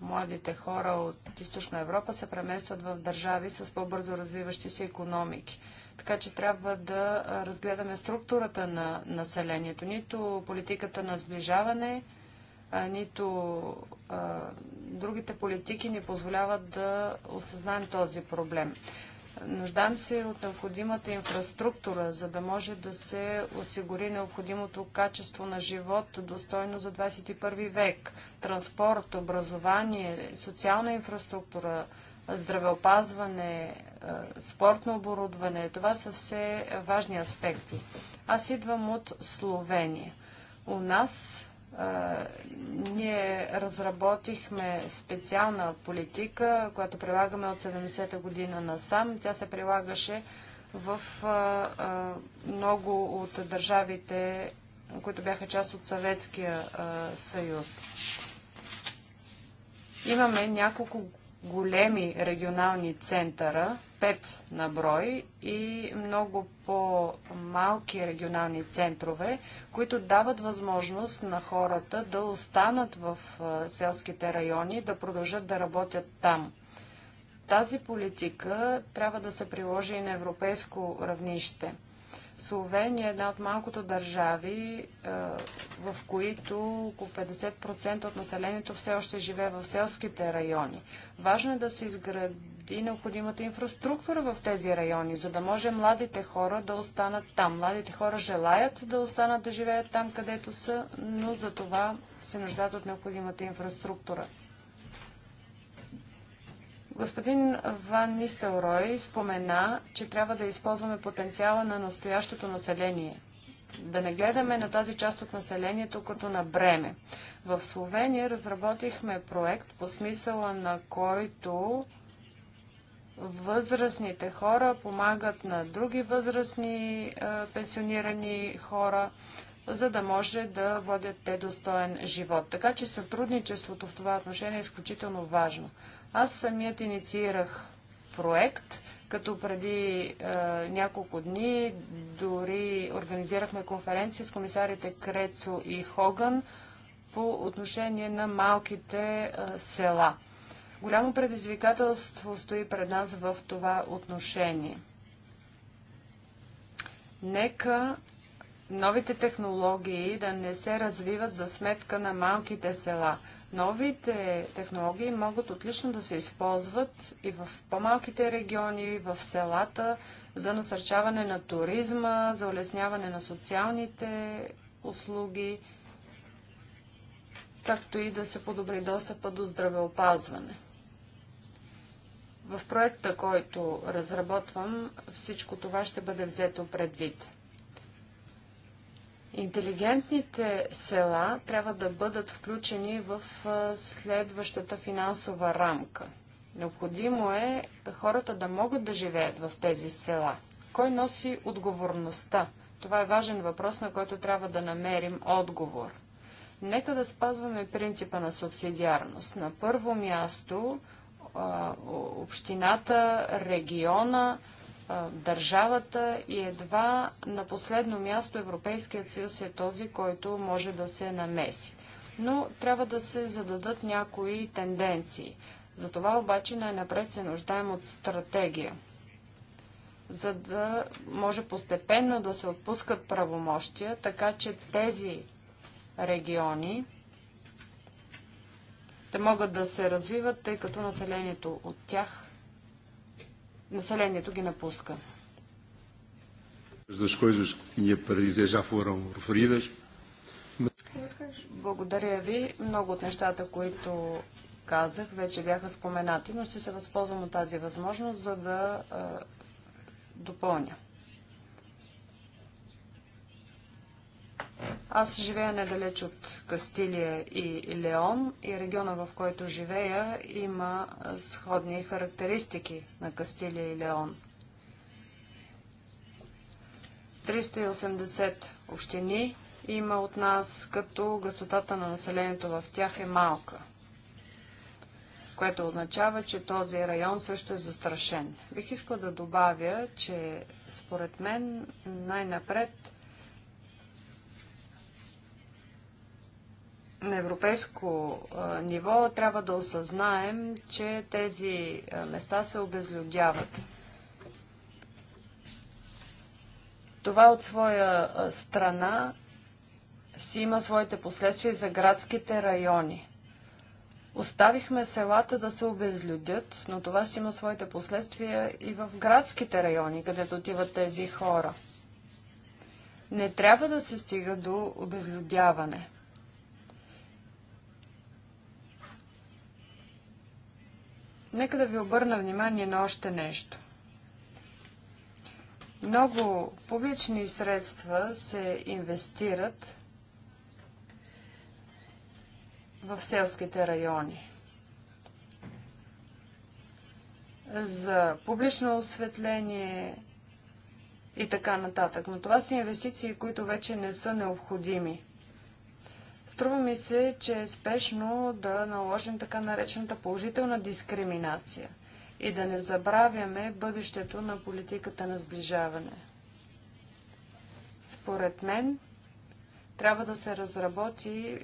младите хора от Източна Европа се преместват в държави с по-бързо развиващи се економики. Така че трябва да разгледаме структурата на населението, нито политиката на сближаване, нито а, другите политики ни позволяват да осъзнаем този проблем. Нуждам се от необходимата инфраструктура, за да може да се осигури необходимото качество на живот, достойно за 21 век. Транспорт, образование, социална инфраструктура, здравеопазване, спортно оборудване. Това са все важни аспекти. Аз идвам от Словения. У нас ние разработихме специална политика, която прилагаме от 70-та година насам. Тя се прилагаше в много от държавите, които бяха част от Съветския съюз. Имаме няколко големи регионални центъра, 5 на брой и много по-малки регионални центрове, които дават възможност на хората да останат в селските райони, да продължат да работят там. Тази политика трябва да се приложи и на европейско равнище – Словения е една от малкото държави, в които около 50% от населението все още живее в селските райони. Важно е да се изгради необходимата инфраструктура в тези райони, за да може младите хора да останат там. Младите хора желаят да останат да живеят там, където са, но за това се нуждат от необходимата инфраструктура. Господин Ван Нистелрой спомена, че трябва да използваме потенциала на настоящото население. Да не гледаме на тази част от населението като на бреме. В Словения разработихме проект, по смисъла на който възрастните хора помагат на други възрастни е, пенсионирани хора, за да може да водят те достоен живот. Така че сътрудничеството в това отношение е изключително важно. Аз самият инициирах проект, като преди е, няколко дни дори организирахме конференция с комисарите Крецо и Хоган по отношение на малките е, села. Голямо предизвикателство стои пред нас в това отношение. Нека новите технологии да не се развиват за сметка на малките села – Новите технологии могат отлично да се използват и в по-малките региони, и в селата, за насърчаване на туризма, за улесняване на социалните услуги, както и да се подобри достъпа до здравеопазване. В проекта, който разработвам, всичко това ще бъде взето предвид. Интелигентните села трябва да бъдат включени в следващата финансова рамка. Необходимо е хората да могат да живеят в тези села. Кой носи отговорността? Това е важен въпрос, на който трябва да намерим отговор. Нека да спазваме принципа на субсидиарност. На първо място общината, региона, държавата и едва на последно място Европейският съюз е този, който може да се намеси. Но трябва да се зададат някои тенденции. За това обаче най-напред се нуждаем от стратегия, за да може постепенно да се отпускат правомощия, така че тези региони да могат да се развиват, тъй като населението от тях населението ги напуска. Благодаря ви. Много от нещата, които казах, вече бяха споменати, но ще се възползвам от тази възможност, за да допълня. Аз живея недалеч от Кастилия и Леон и региона, в който живея, има сходни характеристики на Кастилия и Леон. 380 общини има от нас, като гъстотата на населението в тях е малка, което означава, че този район също е застрашен. Бих искал да добавя, че според мен най-напред на европейско а, ниво трябва да осъзнаем, че тези а, места се обезлюдяват. Това от своя а, страна си има своите последствия за градските райони. Оставихме селата да се обезлюдят, но това си има своите последствия и в градските райони, където отиват тези хора. Не трябва да се стига до обезлюдяване. Нека да ви обърна внимание на още нещо. Много публични средства се инвестират в селските райони. За публично осветление и така нататък. Но това са инвестиции, които вече не са необходими. Струва ми се, че е спешно да наложим така наречената положителна дискриминация и да не забравяме бъдещето на политиката на сближаване. Според мен, трябва да се разработи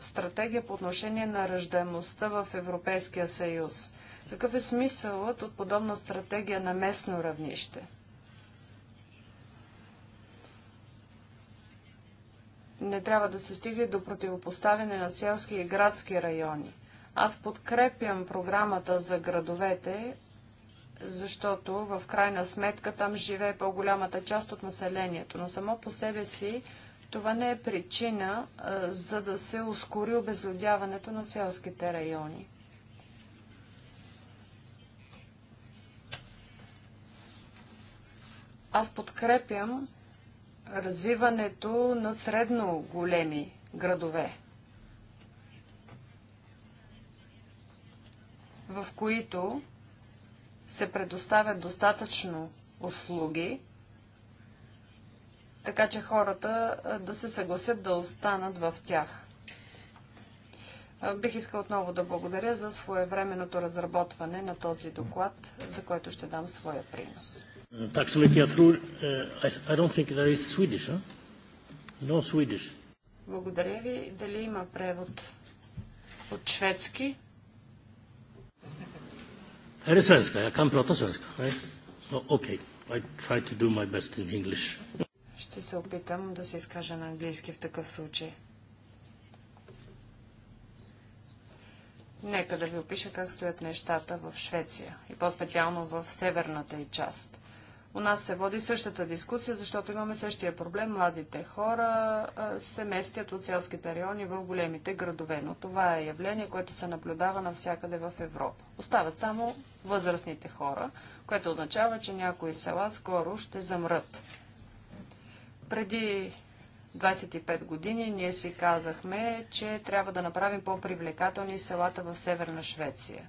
стратегия по отношение на ръждаемостта в Европейския съюз. Какъв е смисълът от подобна стратегия на местно равнище? не трябва да се стига до противопоставяне на селски и градски райони. Аз подкрепям програмата за градовете, защото в крайна сметка там живее по-голямата част от населението. Но само по себе си това не е причина за да се ускори обезлюдяването на селските райони. Аз подкрепям развиването на средно големи градове, в които се предоставят достатъчно услуги, така че хората да се съгласят да останат в тях. Бих искал отново да благодаря за своевременното разработване на този доклад, за който ще дам своя принос. Mm, eh, Благодаря ви. Дали има превод от шведски? Här är svenska. Jag kan prata svenska. Окей. I try to do my best in English. Ще се опитам да се изкажа на английски в такъв случай. Нека да ви опиша как стоят нещата в Швеция и по-специално в северната й част. У нас се води същата дискусия, защото имаме същия проблем. Младите хора се местят от селските райони в големите градове, но това е явление, което се наблюдава навсякъде в Европа. Остават само възрастните хора, което означава, че някои села скоро ще замрат. Преди 25 години ние си казахме, че трябва да направим по-привлекателни селата в Северна Швеция.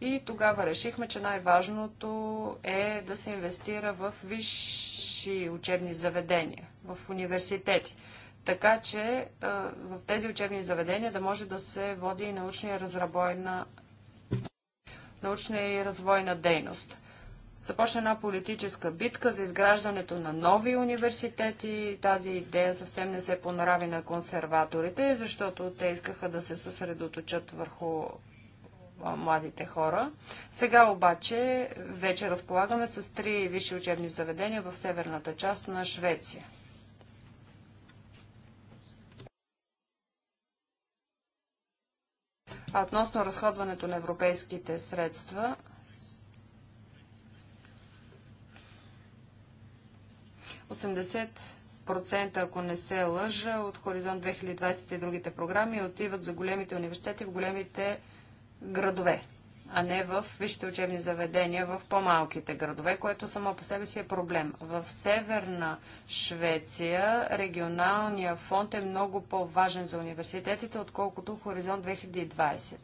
И тогава решихме, че най-важното е да се инвестира в висши учебни заведения, в университети. Така че в тези учебни заведения да може да се води и научния и, научна и развойна дейност започна една политическа битка за изграждането на нови университети. Тази идея съвсем не се понрави на консерваторите, защото те искаха да се съсредоточат върху младите хора. Сега обаче вече разполагаме с три висши учебни заведения в северната част на Швеция. А относно разходването на европейските средства, 80%, ако не се лъжа, от Хоризонт 2020 и другите програми отиват за големите университети в големите градове, а не в висшите учебни заведения в по-малките градове, което само по себе си е проблем. В Северна Швеция регионалният фонд е много по-важен за университетите, отколкото Хоризонт 2020.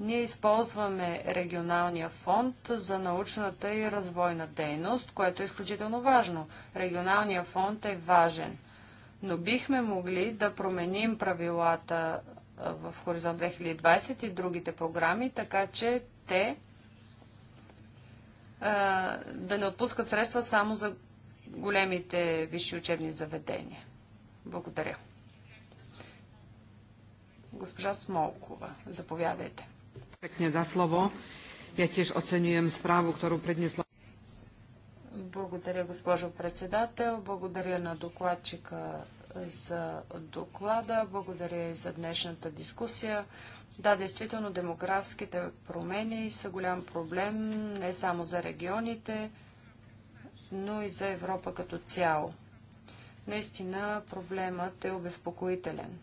Ние използваме регионалния фонд за научната и развойна дейност, което е изключително важно. Регионалния фонд е важен, но бихме могли да променим правилата в Хоризонт 2020 и другите програми, така че те да не отпускат средства само за големите висши учебни заведения. Благодаря. Госпожа Смолкова, заповядайте. Pekne za slovo. Благодаря, госпожо председател. Благодаря на докладчика за доклада. Благодаря и за днешната дискусия. Да, действително, демографските промени са голям проблем не само за регионите, но и за Европа като цяло. Наистина проблемът е обезпокоителен.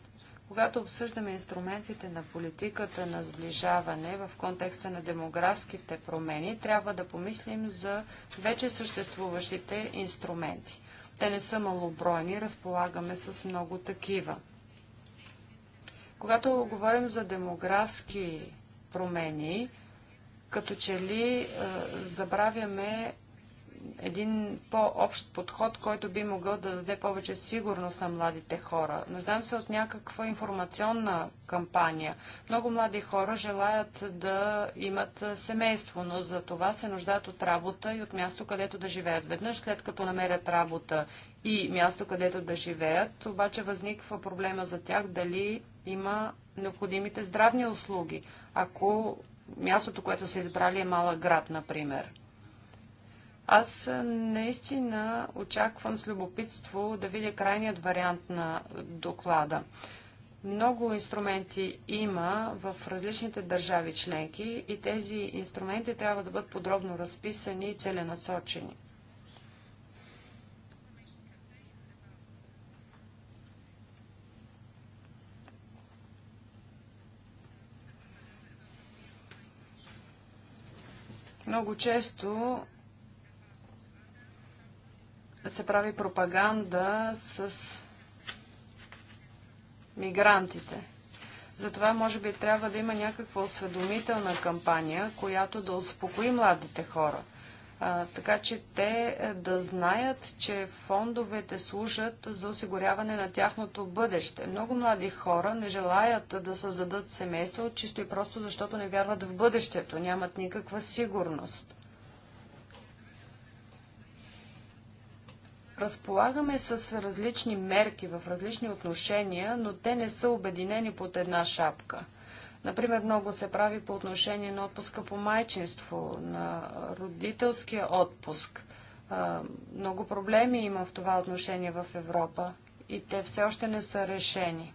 Когато обсъждаме инструментите на политиката на сближаване в контекста на демографските промени, трябва да помислим за вече съществуващите инструменти. Те не са малобройни, разполагаме с много такива. Когато говорим за демографски промени, като че ли е, забравяме един по-общ подход, който би могъл да даде повече сигурност на младите хора. Нуждам се от някаква информационна кампания. Много млади хора желаят да имат семейство, но за това се нуждаят от работа и от място, където да живеят. Веднъж след като намерят работа и място, където да живеят, обаче възниква проблема за тях дали има необходимите здравни услуги, ако мястото, което са избрали е малък град, например. Аз наистина очаквам с любопитство да видя крайният вариант на доклада. Много инструменти има в различните държави членки и тези инструменти трябва да бъдат подробно разписани и целенасочени. Много често се прави пропаганда с мигрантите. Затова може би трябва да има някаква осведомителна кампания, която да успокои младите хора. А, така че те е, да знаят, че фондовете служат за осигуряване на тяхното бъдеще. Много млади хора не желаят да създадат семейство, чисто и просто защото не вярват в бъдещето, нямат никаква сигурност. Разполагаме с различни мерки в различни отношения, но те не са обединени под една шапка. Например, много се прави по отношение на отпуска по майчинство, на родителския отпуск. Много проблеми има в това отношение в Европа и те все още не са решени.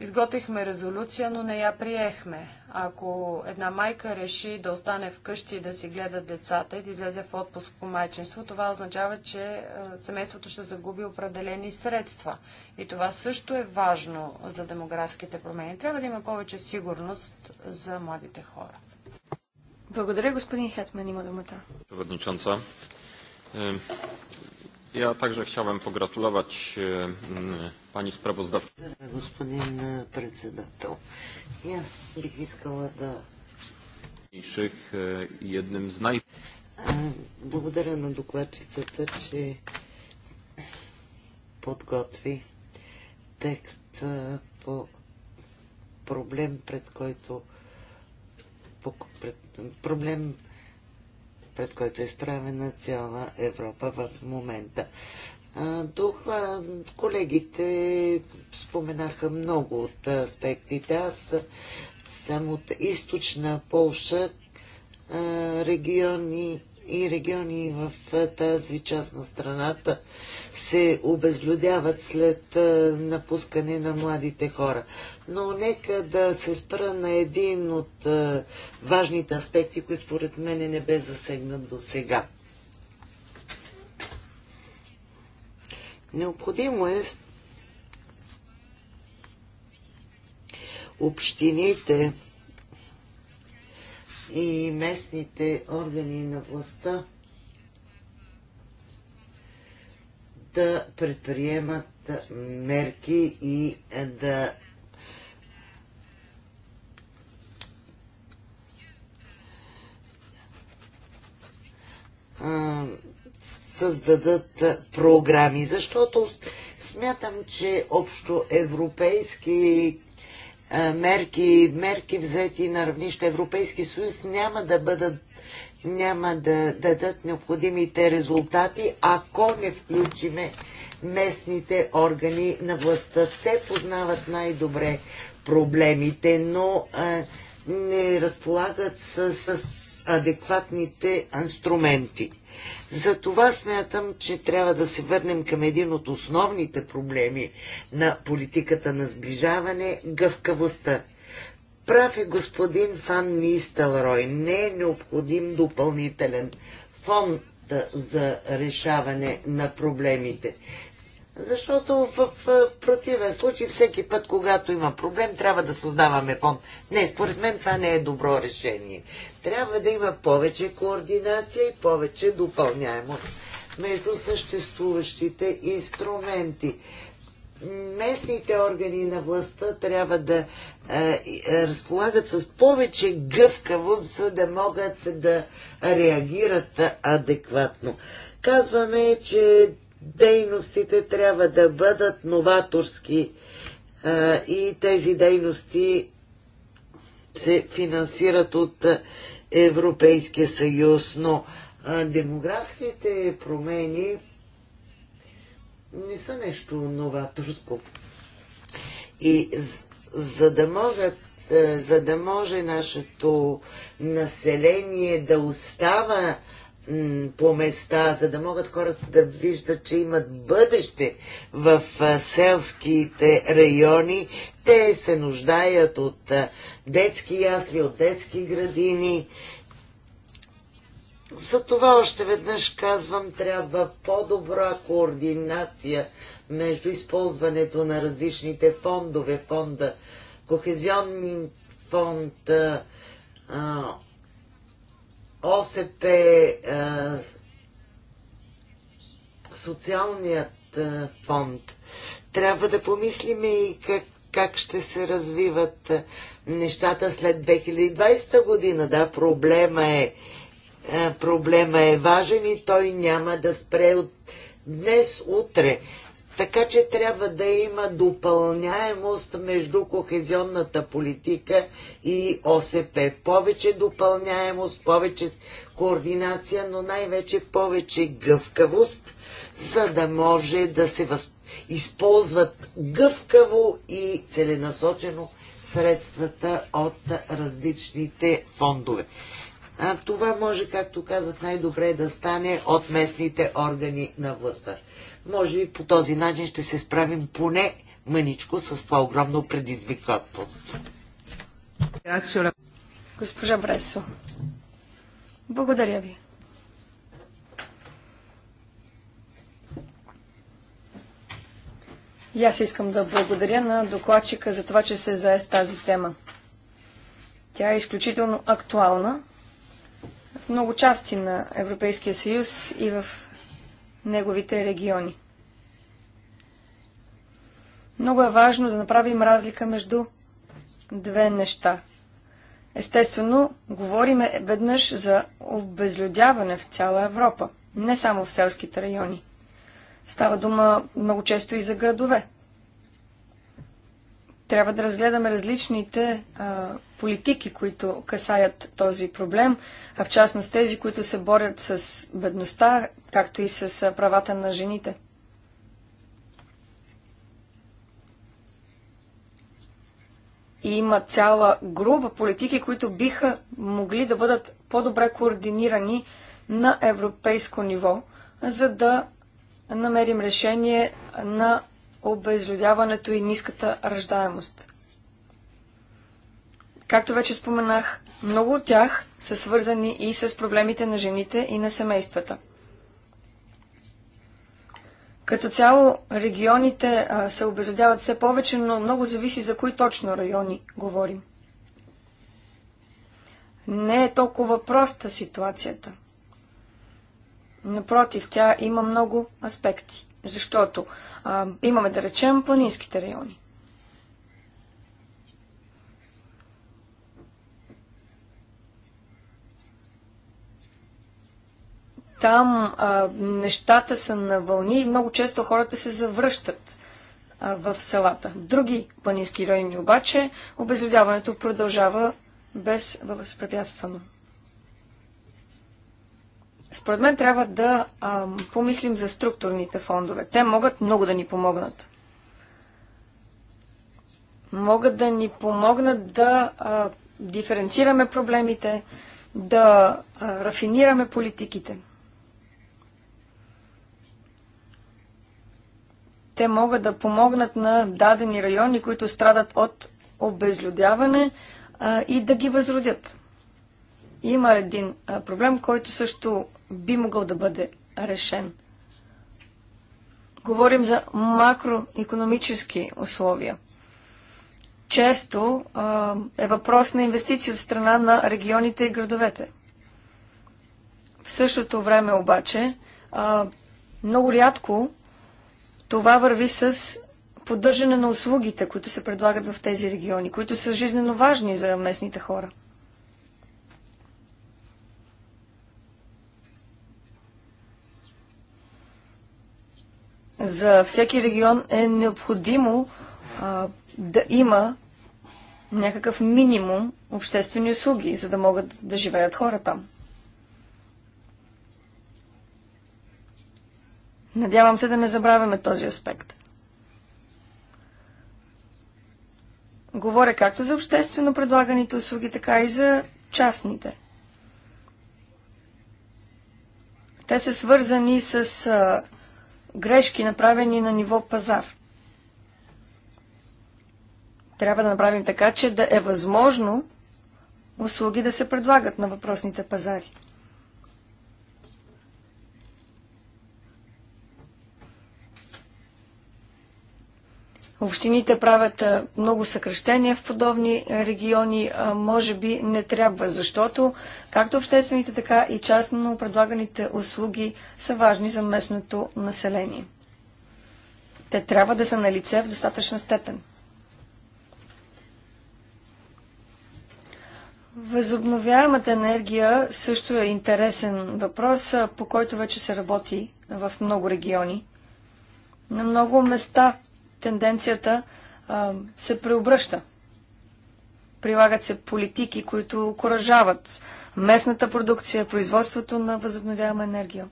Изготвихме резолюция, но не я приехме. Ако една майка реши да остане вкъщи и да си гледа децата и да излезе в отпуск по майчинство, това означава, че е, семейството ще загуби определени средства. И това също е важно за демографските промени. Трябва да има повече сигурност за младите хора. Благодаря, господин Хетман. Има думата. Я также chciałem pogratulować e, pani sprawozdawcy. Господин председател, и аз бих искала да... Jednym z най... Благодаря на докладчицата, че подготви текст по проблем, пред който пред, проблем, пред който е изправена цяла Европа в момента. Духа, колегите споменаха много от аспектите. Аз съм от източна Полша, региони, и региони в тази част на страната се обезлюдяват след напускане на младите хора. Но нека да се спра на един от важните аспекти, които според мен не бе засегнат до сега. Необходимо е общините и местните органи на властта да предприемат мерки и да създадат програми, защото смятам, че общо европейски е, мерки, мерки взети на равнище Европейски съюз няма да бъдат няма да дадат необходимите резултати, ако не включиме местните органи на властта. Те познават най-добре проблемите, но а, е, не разполагат с, с адекватните инструменти. За това смятам, че трябва да се върнем към един от основните проблеми на политиката на сближаване – гъвкавостта. Прав е господин Фан Нистелрой. Не е необходим допълнителен фонд за решаване на проблемите. Защото в противен случай всеки път, когато има проблем, трябва да създаваме фонд. Не, според мен това не е добро решение. Трябва да има повече координация и повече допълняемост между съществуващите инструменти. Местните органи на властта трябва да е, е разполагат с повече гъвкавост, за да могат да реагират адекватно. Казваме, че дейностите трябва да бъдат новаторски и тези дейности се финансират от Европейския съюз, но демографските промени не са нещо новаторско. И за да могат за да може нашето население да остава по места, за да могат хората да виждат, че имат бъдеще в селските райони. Те се нуждаят от детски ясли, от детски градини. За това още веднъж казвам, трябва по-добра координация между използването на различните фондове, фонда, кохезионни фонд, а, ОСП, е, социалният е, фонд. Трябва да помислим и как, как ще се развиват е, нещата след 2020 година. Да, проблема е, проблема е важен и той няма да спре от днес, утре. Така че трябва да има допълняемост между кохезионната политика и ОСП. Повече допълняемост, повече координация, но най-вече повече гъвкавост, за да може да се въз... използват гъвкаво и целенасочено средствата от различните фондове. А това може, както казах, най-добре да стане от местните органи на властта. Може би по този начин ще се справим поне мъничко с това огромно предизвикателство. Госпожа Бресо, благодаря ви. И аз искам да благодаря на докладчика за това, че се зае с тази тема. Тя е изключително актуална в много части на Европейския съюз и в неговите региони. Много е важно да направим разлика между две неща. Естествено, говориме веднъж за обезлюдяване в цяла Европа, не само в селските райони. Става дума много често и за градове. Трябва да разгледаме различните а, политики, които касаят този проблем, а в частност тези, които се борят с бедността, както и с правата на жените. И има цяла група политики, които биха могли да бъдат по-добре координирани на европейско ниво, за да намерим решение на обезлюдяването и ниската ръждаемост. Както вече споменах, много от тях са свързани и с проблемите на жените и на семействата. Като цяло регионите а, се обезлюдяват все повече, но много зависи за кои точно райони говорим. Не е толкова проста ситуацията. Напротив, тя има много аспекти. Защото а, имаме, да речем, планинските райони. Там а, нещата са на вълни и много често хората се завръщат а, в селата. В други планински райони обаче обезлюдяването продължава без възпрепятствано. Според мен трябва да а, помислим за структурните фондове. Те могат много да ни помогнат. Могат да ни помогнат да а, диференцираме проблемите, да а, рафинираме политиките. Те могат да помогнат на дадени райони, които страдат от обезлюдяване а, и да ги възродят има един проблем, който също би могъл да бъде решен. Говорим за макроекономически условия. Често е въпрос на инвестиции от страна на регионите и градовете. В същото време обаче, много рядко това върви с поддържане на услугите, които се предлагат в тези региони, които са жизненно важни за местните хора. за всеки регион е необходимо а, да има някакъв минимум обществени услуги, за да могат да живеят хора там. Надявам се да не забравяме този аспект. Говоря както за обществено предлаганите услуги, така и за частните. Те са свързани с а, грешки, направени на ниво пазар. Трябва да направим така, че да е възможно услуги да се предлагат на въпросните пазари. Общините правят много съкрещения в подобни региони, може би не трябва, защото както обществените, така и частно предлаганите услуги са важни за местното население. Те трябва да са на лице в достатъчна степен. Възобновяемата енергия също е интересен въпрос, по който вече се работи в много региони. На много места тенденцията а, се преобръща. Прилагат се политики, които окоръжават местната продукция, производството на възобновяема енергия.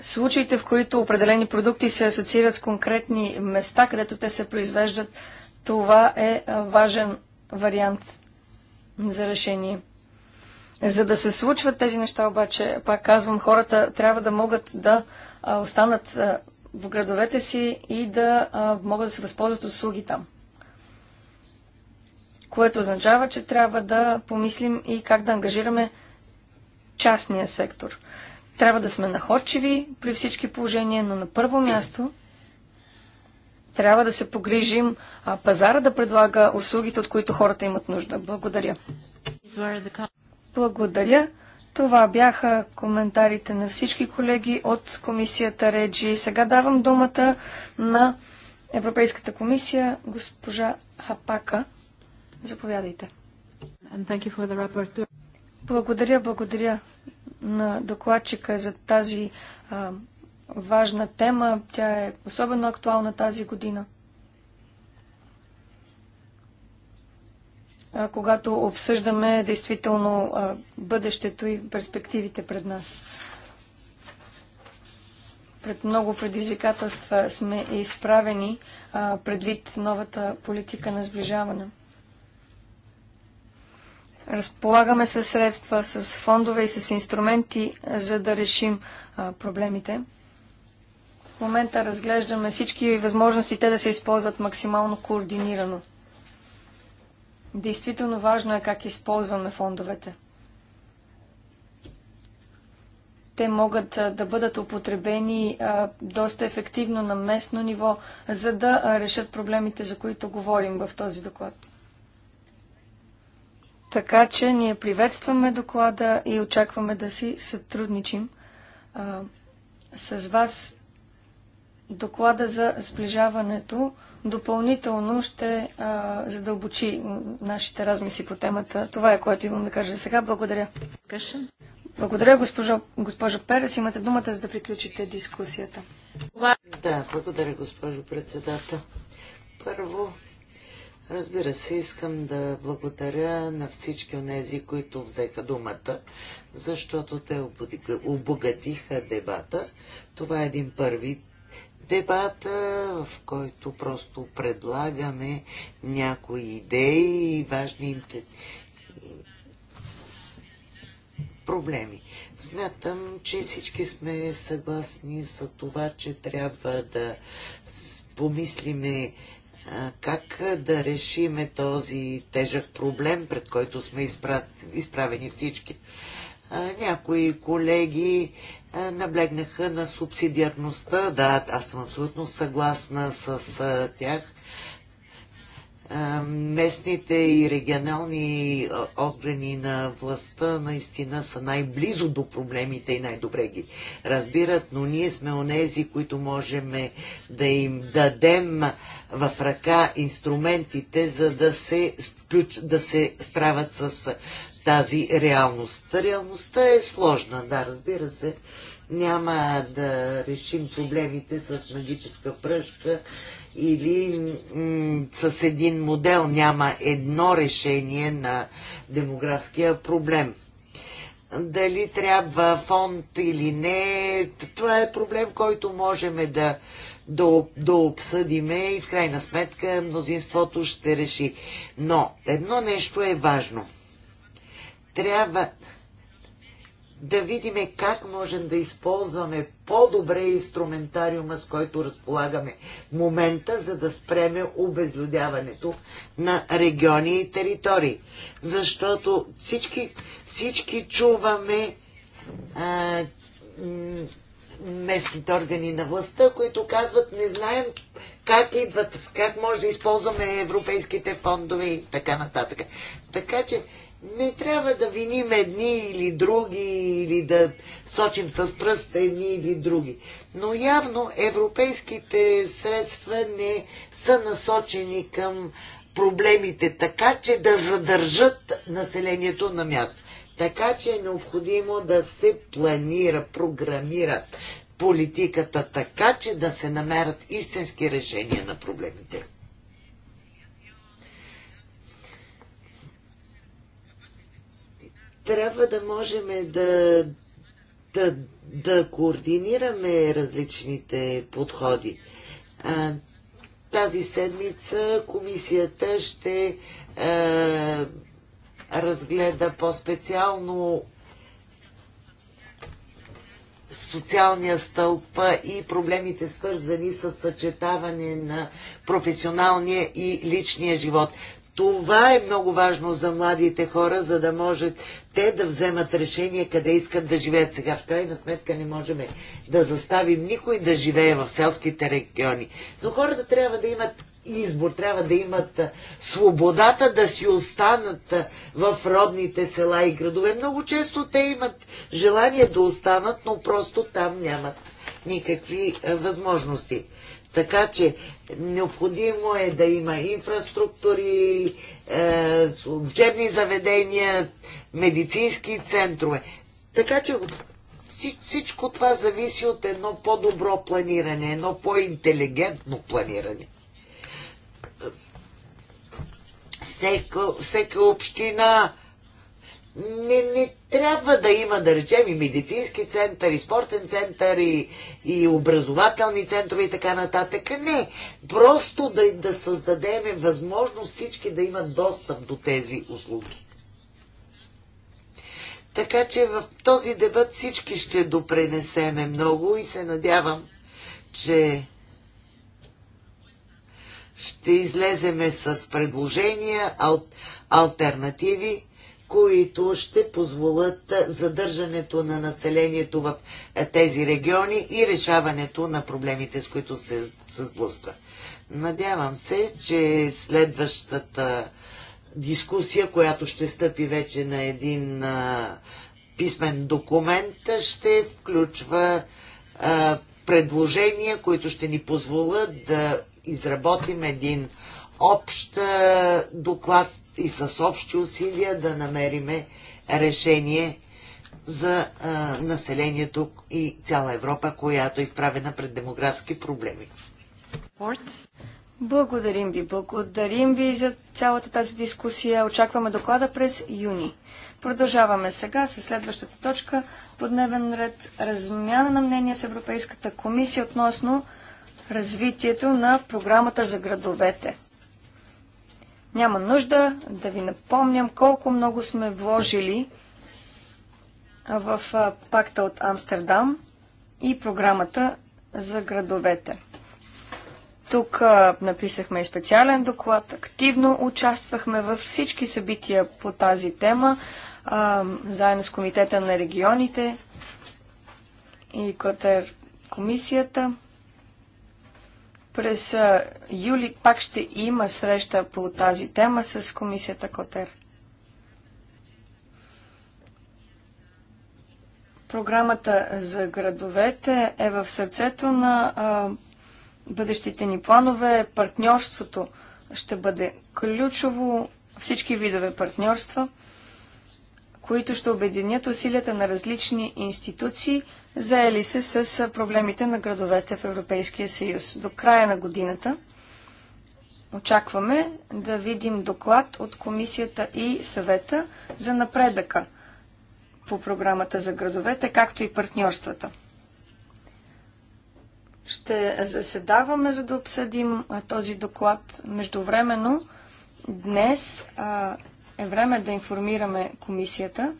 Случаите, в които определени продукти се асоциират с конкретни места, където те се произвеждат, това е важен вариант за решение. За да се случват тези неща обаче, пак казвам, хората трябва да могат да а, останат а, в градовете си и да а, могат да се възползват услуги там. Което означава, че трябва да помислим и как да ангажираме частния сектор. Трябва да сме находчиви при всички положения, но на първо място трябва да се погрижим а, пазара да предлага услугите, от които хората имат нужда. Благодаря. Благодаря. Това бяха коментарите на всички колеги от комисията Реджи. Сега давам думата на Европейската комисия, госпожа Хапака. Заповядайте. Благодаря, благодаря на докладчика за тази а, важна тема. Тя е особено актуална тази година. когато обсъждаме действително бъдещето и перспективите пред нас. Пред много предизвикателства сме изправени предвид новата политика на сближаване. Разполагаме с средства, с фондове и с инструменти, за да решим проблемите. В момента разглеждаме всички възможности те да се използват максимално координирано. Действително важно е как използваме фондовете. Те могат да бъдат употребени а, доста ефективно на местно ниво, за да решат проблемите, за които говорим в този доклад. Така че ние приветстваме доклада и очакваме да си сътрудничим а, с вас. Доклада за сближаването допълнително ще а, задълбочи нашите размисли по темата. Това е което имам да кажа сега. Благодаря. Благодаря, госпожо, госпожо Перес. Имате думата, за да приключите дискусията. Да, благодаря, госпожо председател. Първо, разбира се, искам да благодаря на всички от тези, които взеха думата, защото те обогатиха дебата. Това е един първи дебата, в който просто предлагаме някои идеи и важни проблеми. Смятам, че всички сме съгласни за това, че трябва да помислиме как да решиме този тежък проблем, пред който сме изправени всички. Някои колеги е, наблегнаха на субсидиарността. Да, аз съм абсолютно съгласна с е, тях. Е, местните и регионални органи на властта наистина са най-близо до проблемите и най-добре ги разбират, но ние сме онези, които можем да им дадем в ръка инструментите, за да се, включ, да се справят с тази реалност. Реалността е сложна, да, разбира се. Няма да решим проблемите с магическа пръжка или с един модел. Няма едно решение на демографския проблем. Дали трябва фонд или не, това е проблем, който можем да, да, да обсъдиме и в крайна сметка мнозинството ще реши. Но едно нещо е важно – трябва да видим как можем да използваме по-добре инструментариума, с който разполагаме в момента, за да спреме обезлюдяването на региони и територии. Защото всички, всички чуваме а, местните органи на властта, които казват не знаем как идват, как може да използваме европейските фондове и така нататък. Така че не трябва да виним едни или други, или да сочим с пръста, едни или други. Но явно европейските средства не са насочени към проблемите, така че да задържат населението на място. Така че е необходимо да се планира, програмират политиката, така че да се намерят истински решения на проблемите. трябва да можем да, да, да координираме различните подходи. А, тази седмица комисията ще а, разгледа по-специално социалния стълб и проблемите свързани с съчетаване на професионалния и личния живот. Това е много важно за младите хора, за да може те да вземат решение къде искат да живеят. Сега в крайна сметка не можем да заставим никой да живее в селските региони. Но хората трябва да имат избор, трябва да имат свободата да си останат в родните села и градове. Много често те имат желание да останат, но просто там нямат никакви възможности. Така че необходимо е да има инфраструктури, е, учебни заведения, медицински центрове. Така че всичко това зависи от едно по-добро планиране, едно по-интелигентно планиране. Всека, всека община не, не трябва да има, да речем, и медицински център, и спортен център, и, и образователни центрове и така нататък. Не. Просто да, да създадем възможност всички да имат достъп до тези услуги. Така че в този дебат всички ще допренесеме много и се надявам, че ще излеземе с предложения, ал, альтернативи, които ще позволят задържането на населението в тези региони и решаването на проблемите, с които се, сблъсква. Надявам се, че следващата дискусия, която ще стъпи вече на един а, писмен документ, ще включва а, предложения, които ще ни позволят да изработим един общ доклад и с общи усилия да намериме решение за а, населението и цяла Европа, която е изправена пред демографски проблеми. Благодарим ви. Благодарим ви за цялата тази дискусия. Очакваме доклада през юни. Продължаваме сега с следващата точка по дневен ред размяна на мнение с Европейската комисия относно развитието на програмата за градовете. Няма нужда да ви напомням колко много сме вложили в пакта от Амстердам и програмата за градовете. Тук написахме и специален доклад. Активно участвахме във всички събития по тази тема, заедно с Комитета на регионите и Котер комисията. През юли пак ще има среща по тази тема с комисията Котер. Програмата за градовете е в сърцето на а, бъдещите ни планове. Партньорството ще бъде ключово. Всички видове партньорства – които ще обединят усилията на различни институции, заели се с проблемите на градовете в Европейския съюз. До края на годината очакваме да видим доклад от комисията и съвета за напредъка по програмата за градовете, както и партньорствата. Ще заседаваме, за да обсъдим този доклад. Междувременно, днес е време да информираме комисията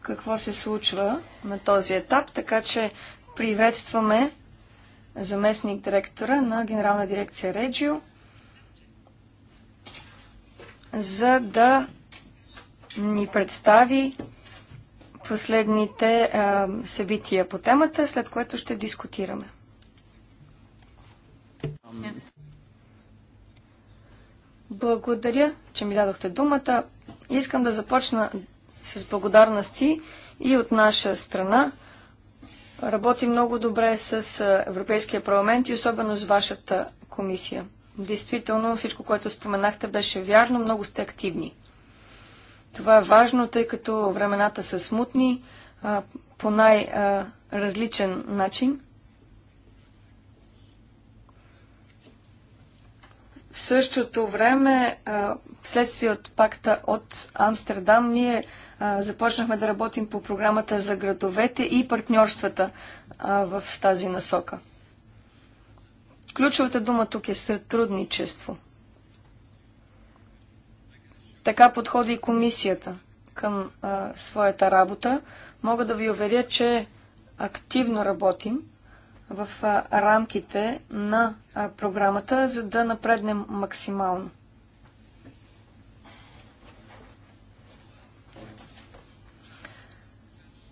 какво се случва на този етап, така че приветстваме заместник директора на Генерална дирекция Реджио, за да ни представи последните а, събития по темата, след което ще дискутираме. Благодаря че ми дадохте думата. Искам да започна с благодарности и от наша страна. Работи много добре с Европейския парламент и особено с вашата комисия. Действително всичко, което споменахте, беше вярно. Много сте активни. Това е важно, тъй като времената са смутни по най-различен начин. В същото време, вследствие от пакта от Амстердам, ние започнахме да работим по програмата за градовете и партньорствата в тази насока. Ключовата дума тук е сътрудничество. Така подходи и комисията към а, своята работа. Мога да ви уверя, че активно работим в рамките на програмата, за да напреднем максимално.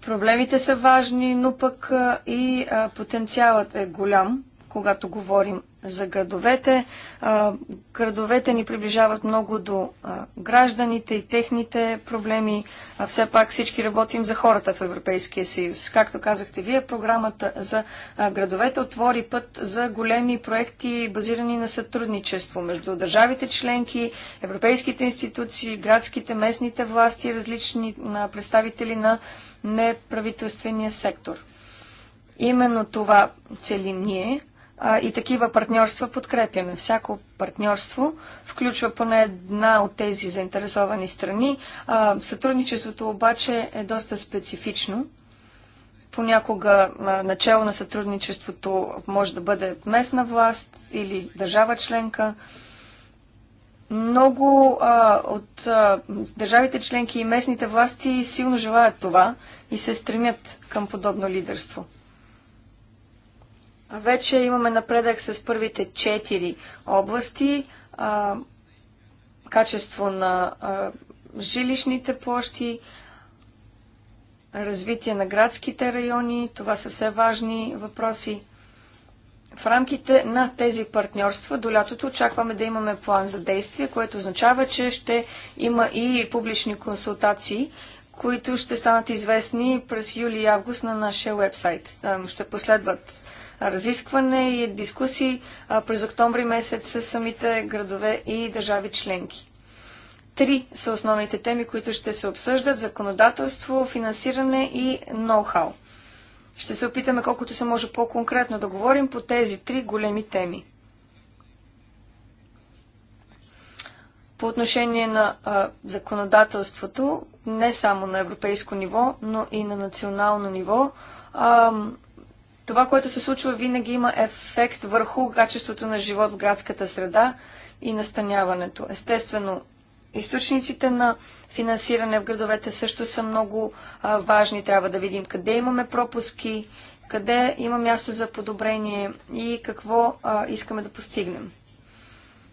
Проблемите са важни, но пък и потенциалът е голям, когато говорим за градовете. Градовете ни приближават много до гражданите и техните проблеми. Все пак всички работим за хората в Европейския съюз. Както казахте вие, програмата за градовете отвори път за големи проекти, базирани на сътрудничество между държавите членки, европейските институции, градските, местните власти, различни представители на неправителствения сектор. Именно това целим ние а, и такива партньорства подкрепяме. Всяко партньорство включва поне една от тези заинтересовани страни. А, сътрудничеството обаче е доста специфично. Понякога начало на сътрудничеството може да бъде местна власт или държава членка. Много а, от а, държавите членки и местните власти силно желаят това и се стремят към подобно лидерство. Вече имаме напредък с първите четири области. А, качество на а, жилищните площи, развитие на градските райони. Това са все важни въпроси. В рамките на тези партньорства до лятото очакваме да имаме план за действие, което означава, че ще има и публични консултации, които ще станат известни през юли и август на нашия вебсайт. Ще последват разискване и дискусии през октомври месец с самите градове и държави членки. Три са основните теми, които ще се обсъждат – законодателство, финансиране и ноу-хау. Ще се опитаме колкото се може по-конкретно да говорим по тези три големи теми. По отношение на а, законодателството, не само на европейско ниво, но и на национално ниво, а, това, което се случва, винаги има ефект върху качеството на живот в градската среда и настаняването. Естествено, източниците на финансиране в градовете също са много а, важни. Трябва да видим къде имаме пропуски, къде има място за подобрение и какво а, искаме да постигнем.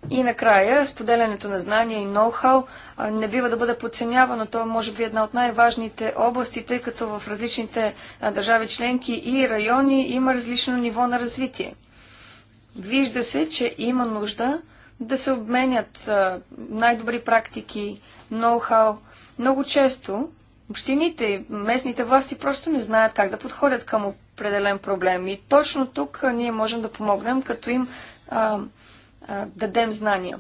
И накрая, споделянето на знания и ноу-хау не бива да бъде подценявано. То е, може би, една от най-важните области, тъй като в различните държави членки и райони има различно ниво на развитие. Вижда се, че има нужда да се обменят най-добри практики, ноу-хау. Много често общините, местните власти просто не знаят как да подходят към определен проблем. И точно тук ние можем да помогнем, като им а, дадем знания.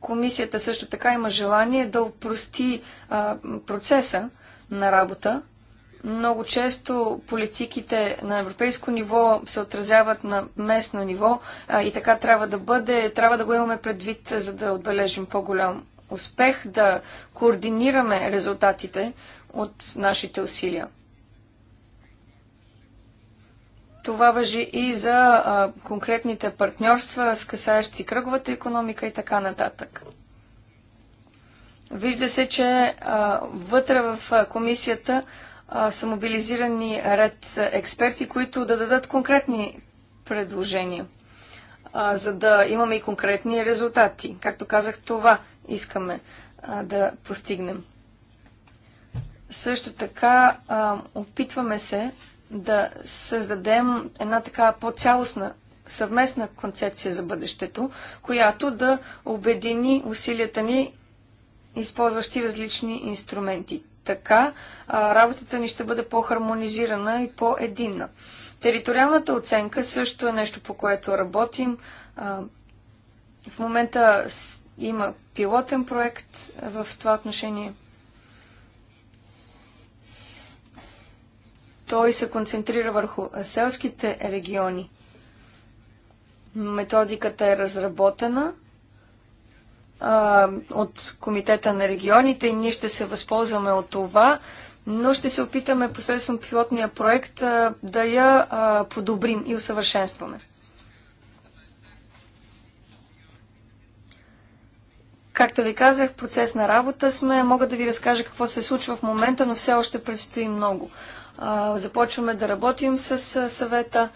Комисията също така има желание да упрости а, процеса на работа. Много често политиките на европейско ниво се отразяват на местно ниво а, и така трябва да бъде. Трябва да го имаме предвид, за да отбележим по-голям успех, да координираме резултатите от нашите усилия. Това въжи и за а, конкретните партньорства, скасаещи кръговата економика и така нататък. Вижда се, че а, вътре в а, комисията а, са мобилизирани ред експерти, които да дадат конкретни предложения, а, за да имаме и конкретни резултати. Както казах, това искаме а, да постигнем. Също така а, опитваме се да създадем една така по-цялостна съвместна концепция за бъдещето, която да обедини усилията ни, използващи различни инструменти. Така работата ни ще бъде по-хармонизирана и по-единна. Териториалната оценка също е нещо, по което работим. в момента има пилотен проект в това отношение – Той се концентрира върху селските региони. Методиката е разработена а, от Комитета на регионите и ние ще се възползваме от това, но ще се опитаме посредством пилотния проект а, да я а, подобрим и усъвършенстваме. Както ви казах, процес на работа сме. Мога да ви разкажа какво се случва в момента, но все още предстои много започваме да работим с съвета.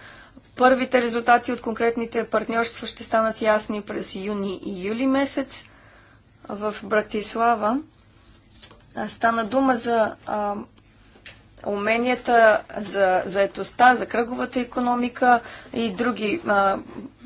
Първите резултати от конкретните партньорства ще станат ясни през юни и юли месец в Братислава. Стана дума за уменията за заетостта, за кръговата економика и други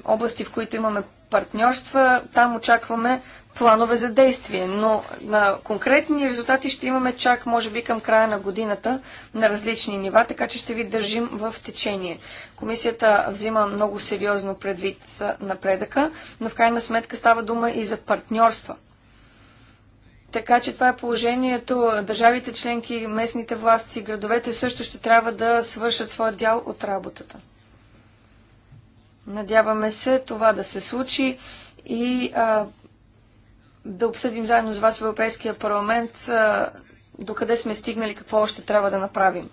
области, в които имаме партньорства. Там очакваме планове за действие, но на конкретни резултати ще имаме чак, може би, към края на годината на различни нива, така че ще ви държим в течение. Комисията взима много сериозно предвид напредъка, но в крайна сметка става дума и за партньорства. Така че това е положението. Държавите членки, местните власти, градовете също ще трябва да свършат своя дял от работата. Надяваме се това да се случи и а, да обсъдим заедно с вас в Европейския парламент докъде сме стигнали, какво още трябва да направим.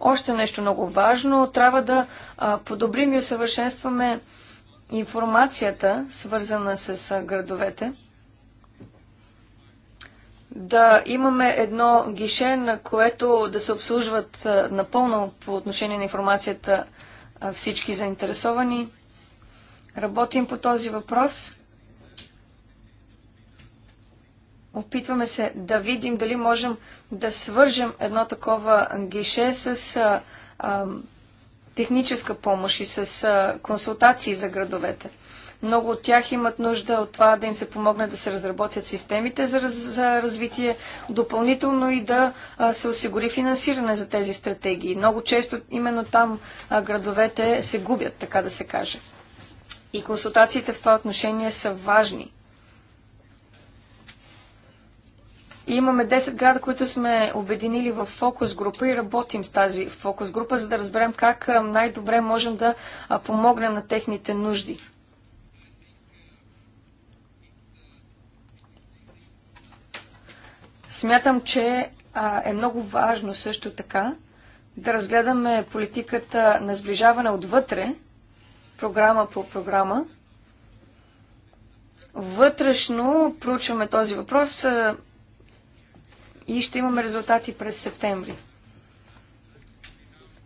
Още нещо много важно. Трябва да подобрим и усъвършенстваме информацията, свързана с градовете. Да имаме едно гише, на което да се обслужват напълно по отношение на информацията всички заинтересовани. Работим по този въпрос. Опитваме се да видим дали можем да свържем едно такова гише с а, а, техническа помощ и с а, консултации за градовете. Много от тях имат нужда от това да им се помогне да се разработят системите за, раз, за развитие, допълнително и да а, се осигури финансиране за тези стратегии. Много често именно там а, градовете се губят, така да се каже. И консултациите в това отношение са важни. И имаме 10 града, които сме обединили в фокус група и работим с тази фокус група, за да разберем как най-добре можем да помогнем на техните нужди. Смятам, че е много важно също така да разгледаме политиката на сближаване отвътре, програма по програма. Вътрешно проучваме този въпрос и ще имаме резултати през септември.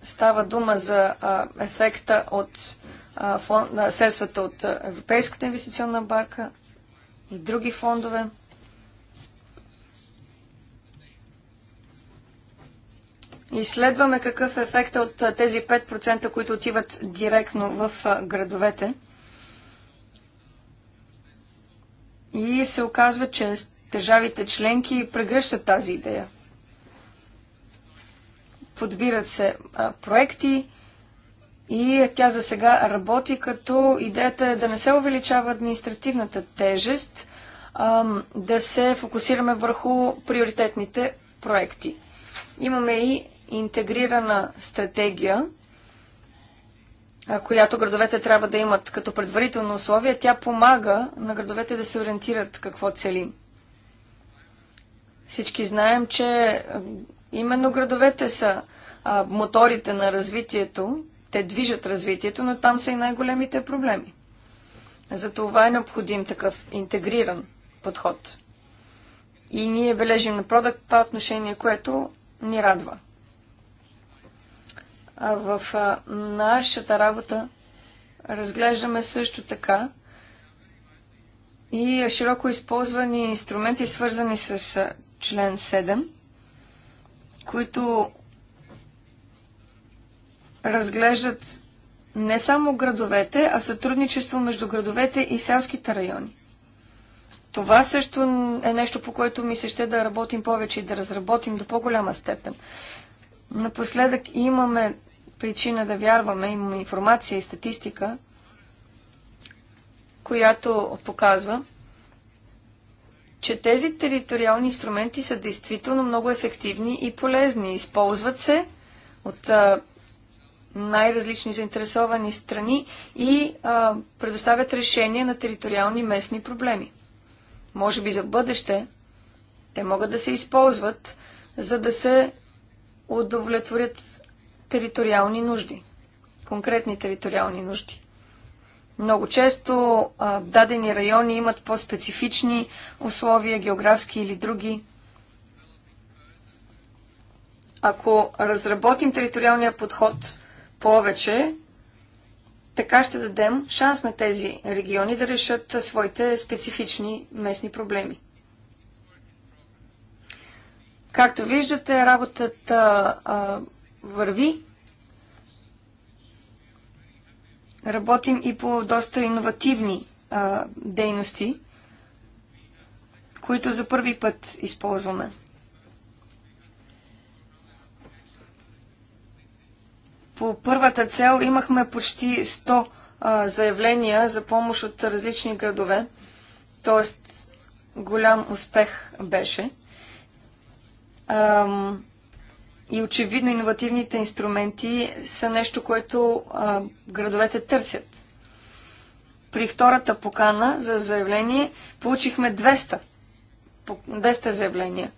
Става дума за а, ефекта от а, фон, а, средствата от Европейската инвестиционна банка и други фондове. Изследваме какъв е ефекта от тези 5%, които отиват директно в градовете. И се оказва, че Държавите членки прегръщат тази идея. Подбират се а, проекти и тя за сега работи, като идеята е да не се увеличава административната тежест, а, да се фокусираме върху приоритетните проекти. Имаме и интегрирана стратегия, която градовете трябва да имат като предварително условие. Тя помага на градовете да се ориентират какво целим. Всички знаем, че именно градовете са а, моторите на развитието, те движат развитието, но там са и най-големите проблеми. Затова е необходим такъв интегриран подход. И ние бележим на продукт това отношение, което ни радва. А в а, нашата работа разглеждаме също така и широко използвани инструменти, свързани с член 7, които разглеждат не само градовете, а сътрудничество между градовете и селските райони. Това също е нещо, по което ми се ще да работим повече и да разработим до по-голяма степен. Напоследък имаме причина да вярваме, имаме информация и статистика, която показва, че тези териториални инструменти са действително много ефективни и полезни. Използват се от най-различни заинтересовани страни и а, предоставят решение на териториални местни проблеми. Може би за бъдеще те могат да се използват, за да се удовлетворят териториални нужди, конкретни териториални нужди. Много често а, дадени райони имат по-специфични условия, географски или други. Ако разработим териториалния подход повече, така ще дадем шанс на тези региони да решат своите специфични местни проблеми. Както виждате, работата а, върви Работим и по доста иновативни а, дейности, които за първи път използваме. По първата цел имахме почти 100 а, заявления за помощ от различни градове, т.е. голям успех беше. И очевидно иновативните инструменти са нещо, което а, градовете търсят. При втората покана за заявление получихме 200, 200 заявления.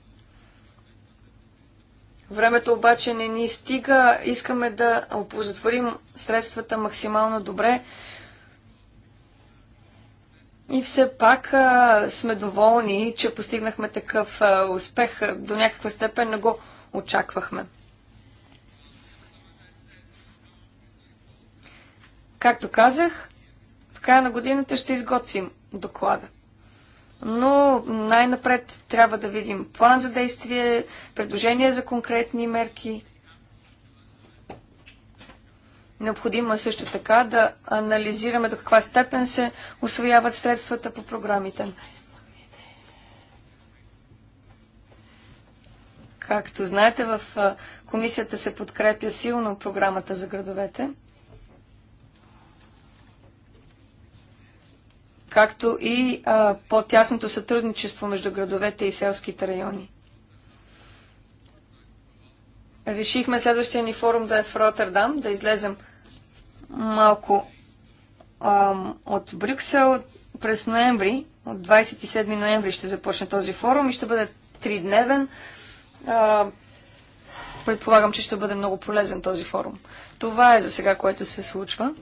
Времето обаче не ни стига. Искаме да опозатворим средствата максимално добре. И все пак а, сме доволни, че постигнахме такъв а, успех. До някаква степен не го очаквахме. Както казах, в края на годината ще изготвим доклада. Но най-напред трябва да видим план за действие, предложения за конкретни мерки. Необходимо е също така да анализираме до каква степен се освояват средствата по програмите. Както знаете, в комисията се подкрепя силно програмата за градовете. както и по-тясното сътрудничество между градовете и селските райони. Решихме следващия ни форум да е в Роттердам, да излезем малко от Брюксел. През ноември, от 27 ноември ще започне този форум и ще бъде тридневен а, предполагам, че ще бъде много полезен този форум. Това е за сега, което се случва.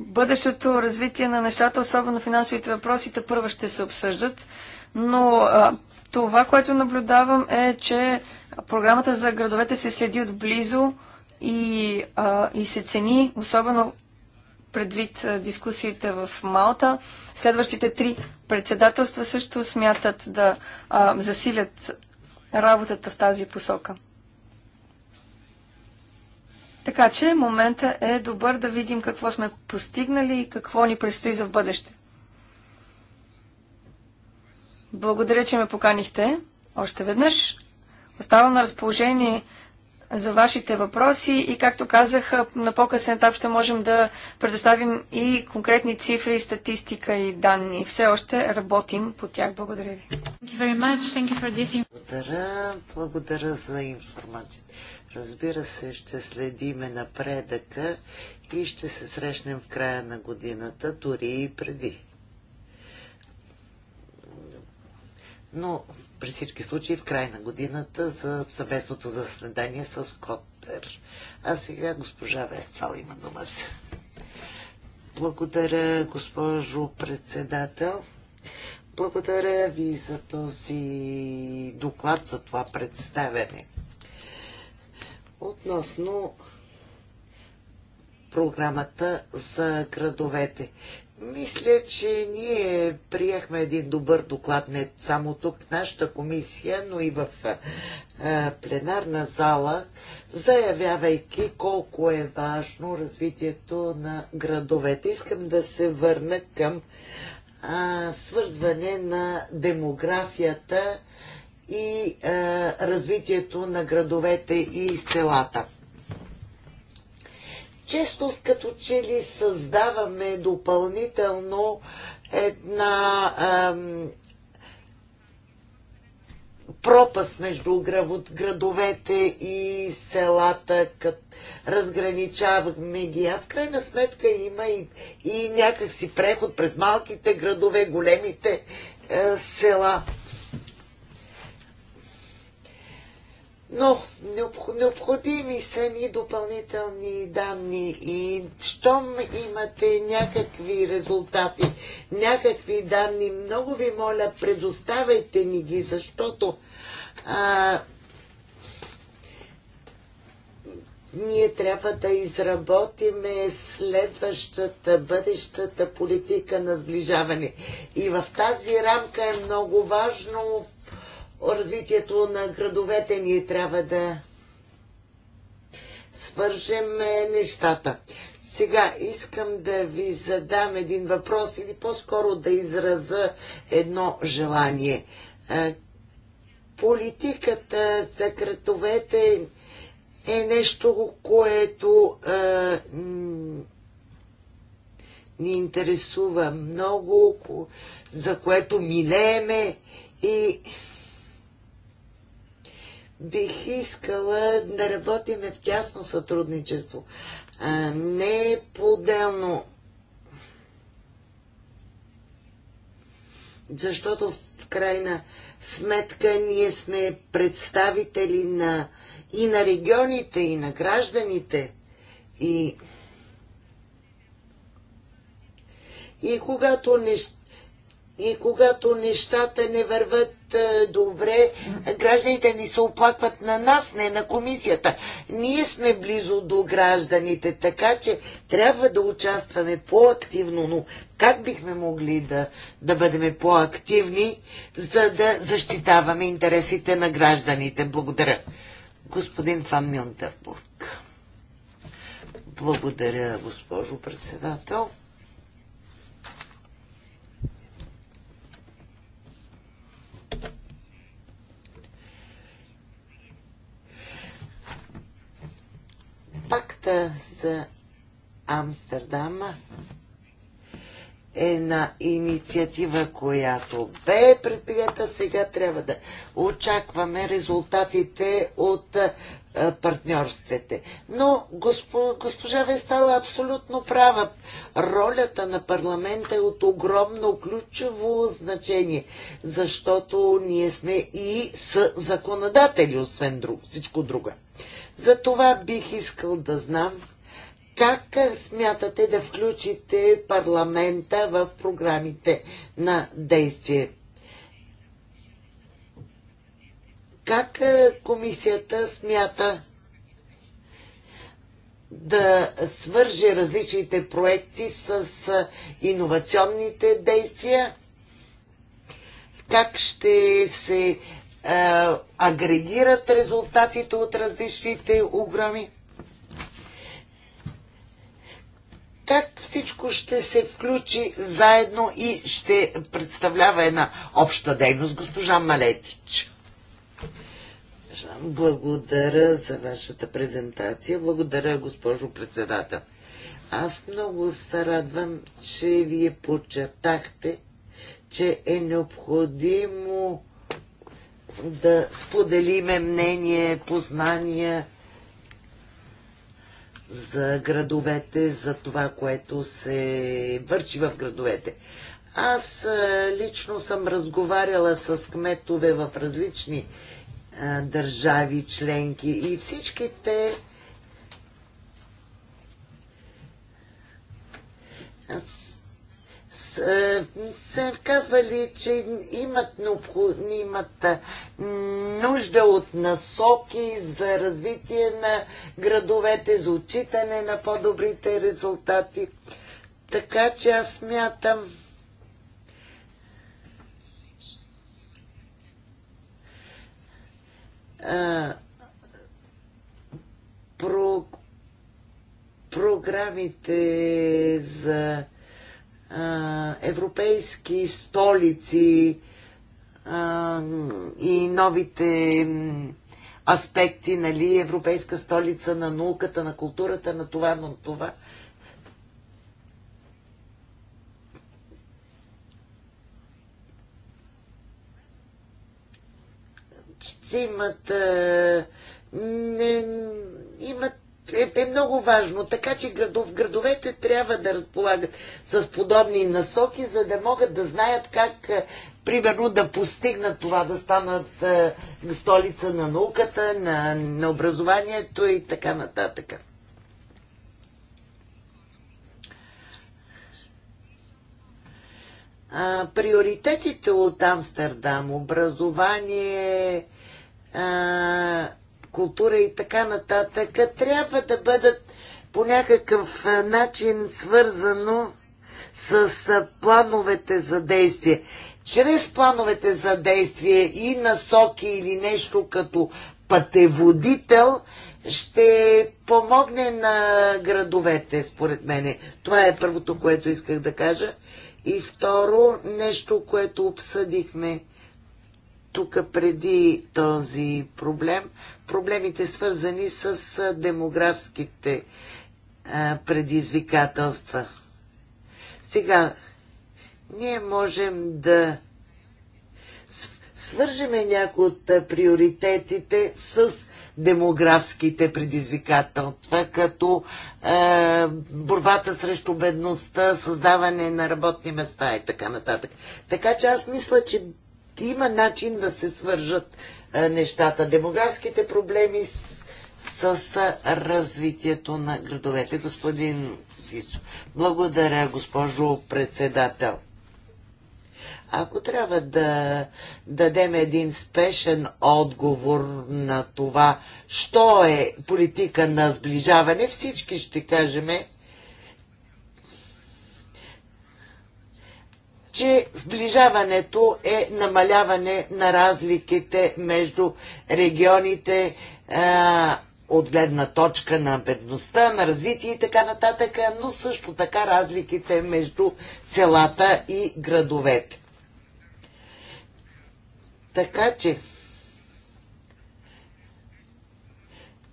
Бъдещото развитие на нещата, особено финансовите въпроси, първо ще се обсъждат, но а, това, което наблюдавам е, че програмата за градовете се следи отблизо и, а, и се цени, особено предвид дискусиите в Малта. Следващите три председателства също смятат да а, засилят работата в тази посока. Така че момента е добър да видим какво сме постигнали и какво ни предстои за в бъдеще. Благодаря, че ме поканихте още веднъж. Оставам на разположение за вашите въпроси и както казах, на по-късен етап ще можем да предоставим и конкретни цифри, статистика и данни. Все още работим по тях. Благодаря ви. Благодаря, благодаря за информацията. Разбира се, ще следиме напредъка и ще се срещнем в края на годината, дори и преди. Но при всички случаи в край на годината за съвестното заседание с Коттер. А сега госпожа Вествал има думата. Благодаря, госпожо председател. Благодаря ви за този доклад, за това представяне. Относно програмата за градовете. Мисля, че ние приехме един добър доклад не само тук в нашата комисия, но и в а, пленарна зала, заявявайки колко е важно развитието на градовете. Искам да се върна към а, свързване на демографията и а, развитието на градовете и селата често като че ли създаваме допълнително една ам, пропаст между градовете и селата, като разграничаваме ги. А в крайна сметка има и, и някакси преход през малките градове, големите е, села. Но необходими са ни допълнителни данни и щом имате някакви резултати, някакви данни, много ви моля, предоставяйте ми ги, защото а, ние трябва да изработиме следващата, бъдещата политика на сближаване. И в тази рамка е много важно развитието на градовете ние трябва да свържем нещата. Сега искам да ви задам един въпрос или по-скоро да израза едно желание. Политиката за градовете е нещо, което е, ни интересува много, за което милееме и бих искала да работиме в тясно сътрудничество, а не по-отделно. Защото в крайна сметка ние сме представители на и на регионите, и на гражданите. И, и когато нещата и когато нещата не върват е, добре, гражданите ни се оплакват на нас, не на комисията. Ние сме близо до гражданите, така че трябва да участваме по-активно, но как бихме могли да, да бъдем по-активни, за да защитаваме интересите на гражданите? Благодаря. Господин Фан Мюнтербург. Благодаря, госпожо председател. пакта за Амстердам е на инициатива, която бе предприята. Сега трябва да очакваме резултатите от партньорствете. Но госпожа Вестала абсолютно права. Ролята на парламента е от огромно ключово значение, защото ние сме и с законодатели, освен друг, всичко друго. За това бих искал да знам как смятате да включите парламента в програмите на действие. Как е, комисията смята да свърже различните проекти с е, иновационните действия? Как ще се е, агрегират резултатите от различните огроми. Как всичко ще се включи заедно и ще представлява една обща дейност, госпожа Малетич? Благодаря за вашата презентация. Благодаря, госпожо председател. Аз много се радвам, че вие подчертахте, че е необходимо да споделиме мнение, познания за градовете, за това, което се върши в градовете. Аз лично съм разговаряла с кметове в различни а, държави членки и всичките Е, са казвали, че имат, необходимата имат е, нужда от насоки за развитие на градовете, за отчитане на по-добрите резултати. Така че аз смятам, а, е, про, програмите за европейски столици и новите аспекти, нали, европейска столица на науката, на културата, на това, на това. Че имат, е, не, имат е, е много важно. Така че градов, градовете трябва да разполагат с подобни насоки, за да могат да знаят как, е, примерно, да постигнат това, да станат е, столица на науката, на, на образованието и така нататък. А, приоритетите от Амстердам, образование, а, култура и така нататък, трябва да бъдат по някакъв начин свързано с плановете за действие. Чрез плановете за действие и насоки или нещо като пътеводител ще помогне на градовете, според мене. Това е първото, което исках да кажа. И второ, нещо, което обсъдихме тук преди този проблем, проблемите свързани с демографските предизвикателства. Сега, ние можем да свържеме някои от приоритетите с демографските предизвикателства, като е, борбата срещу бедността, създаване на работни места и така нататък. Така че аз мисля, че има начин да се свържат е, нещата. Демографските проблеми с, с развитието на градовете. Господин Сисо, благодаря, госпожо председател. Ако трябва да дадем един спешен отговор на това, що е политика на сближаване, всички ще кажеме, че сближаването е намаляване на разликите между регионите а, от гледна точка на бедността, на развитие и така нататък, но също така разликите между селата и градовете. Така че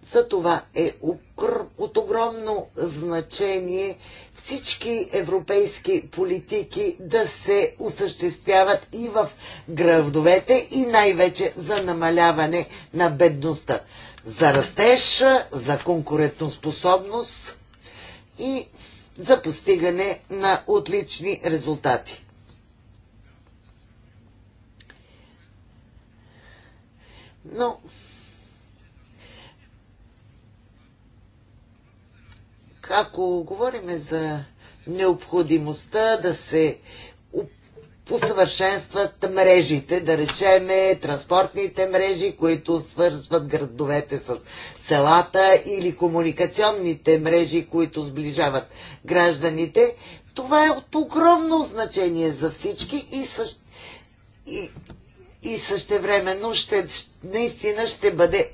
За това е от огромно значение всички европейски политики да се осъществяват и в градовете и най-вече за намаляване на бедността, за растеж, за конкурентоспособност и за постигане на отлични резултати. Но ако говорим за необходимостта да се посъвършенстват мрежите, да речеме транспортните мрежи, които свързват градовете с селата или комуникационните мрежи, които сближават гражданите. Това е от огромно значение за всички и, същ... и... и същевременно ще... наистина ще бъде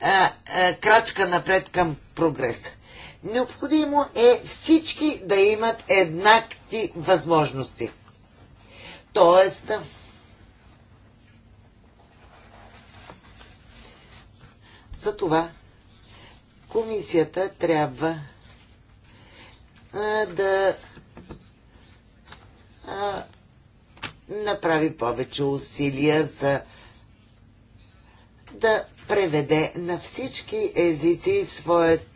а, а, крачка напред към прогреса. Необходимо е всички да имат еднакви възможности. Тоест, за това комисията трябва да направи повече усилия за да преведе на всички езици своят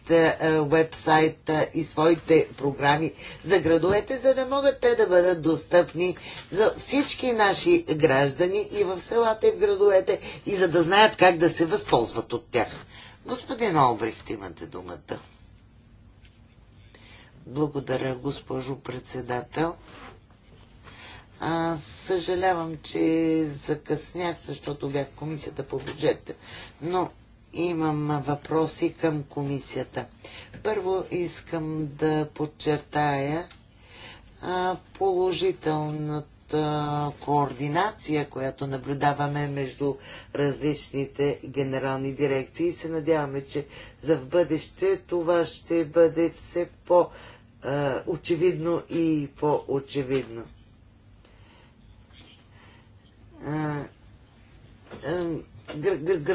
вебсайт е, е, и своите програми за градовете, за да могат те да бъдат достъпни за всички наши граждани и в селата и в градовете и за да знаят как да се възползват от тях. Господин Олбрихт, имате думата. Благодаря, госпожо председател. А, съжалявам, че закъснях, защото бях комисията по бюджета, но имам въпроси към комисията. Първо искам да подчертая а, положителната координация, която наблюдаваме между различните генерални дирекции и се надяваме, че за в бъдеще това ще бъде все по-очевидно и по-очевидно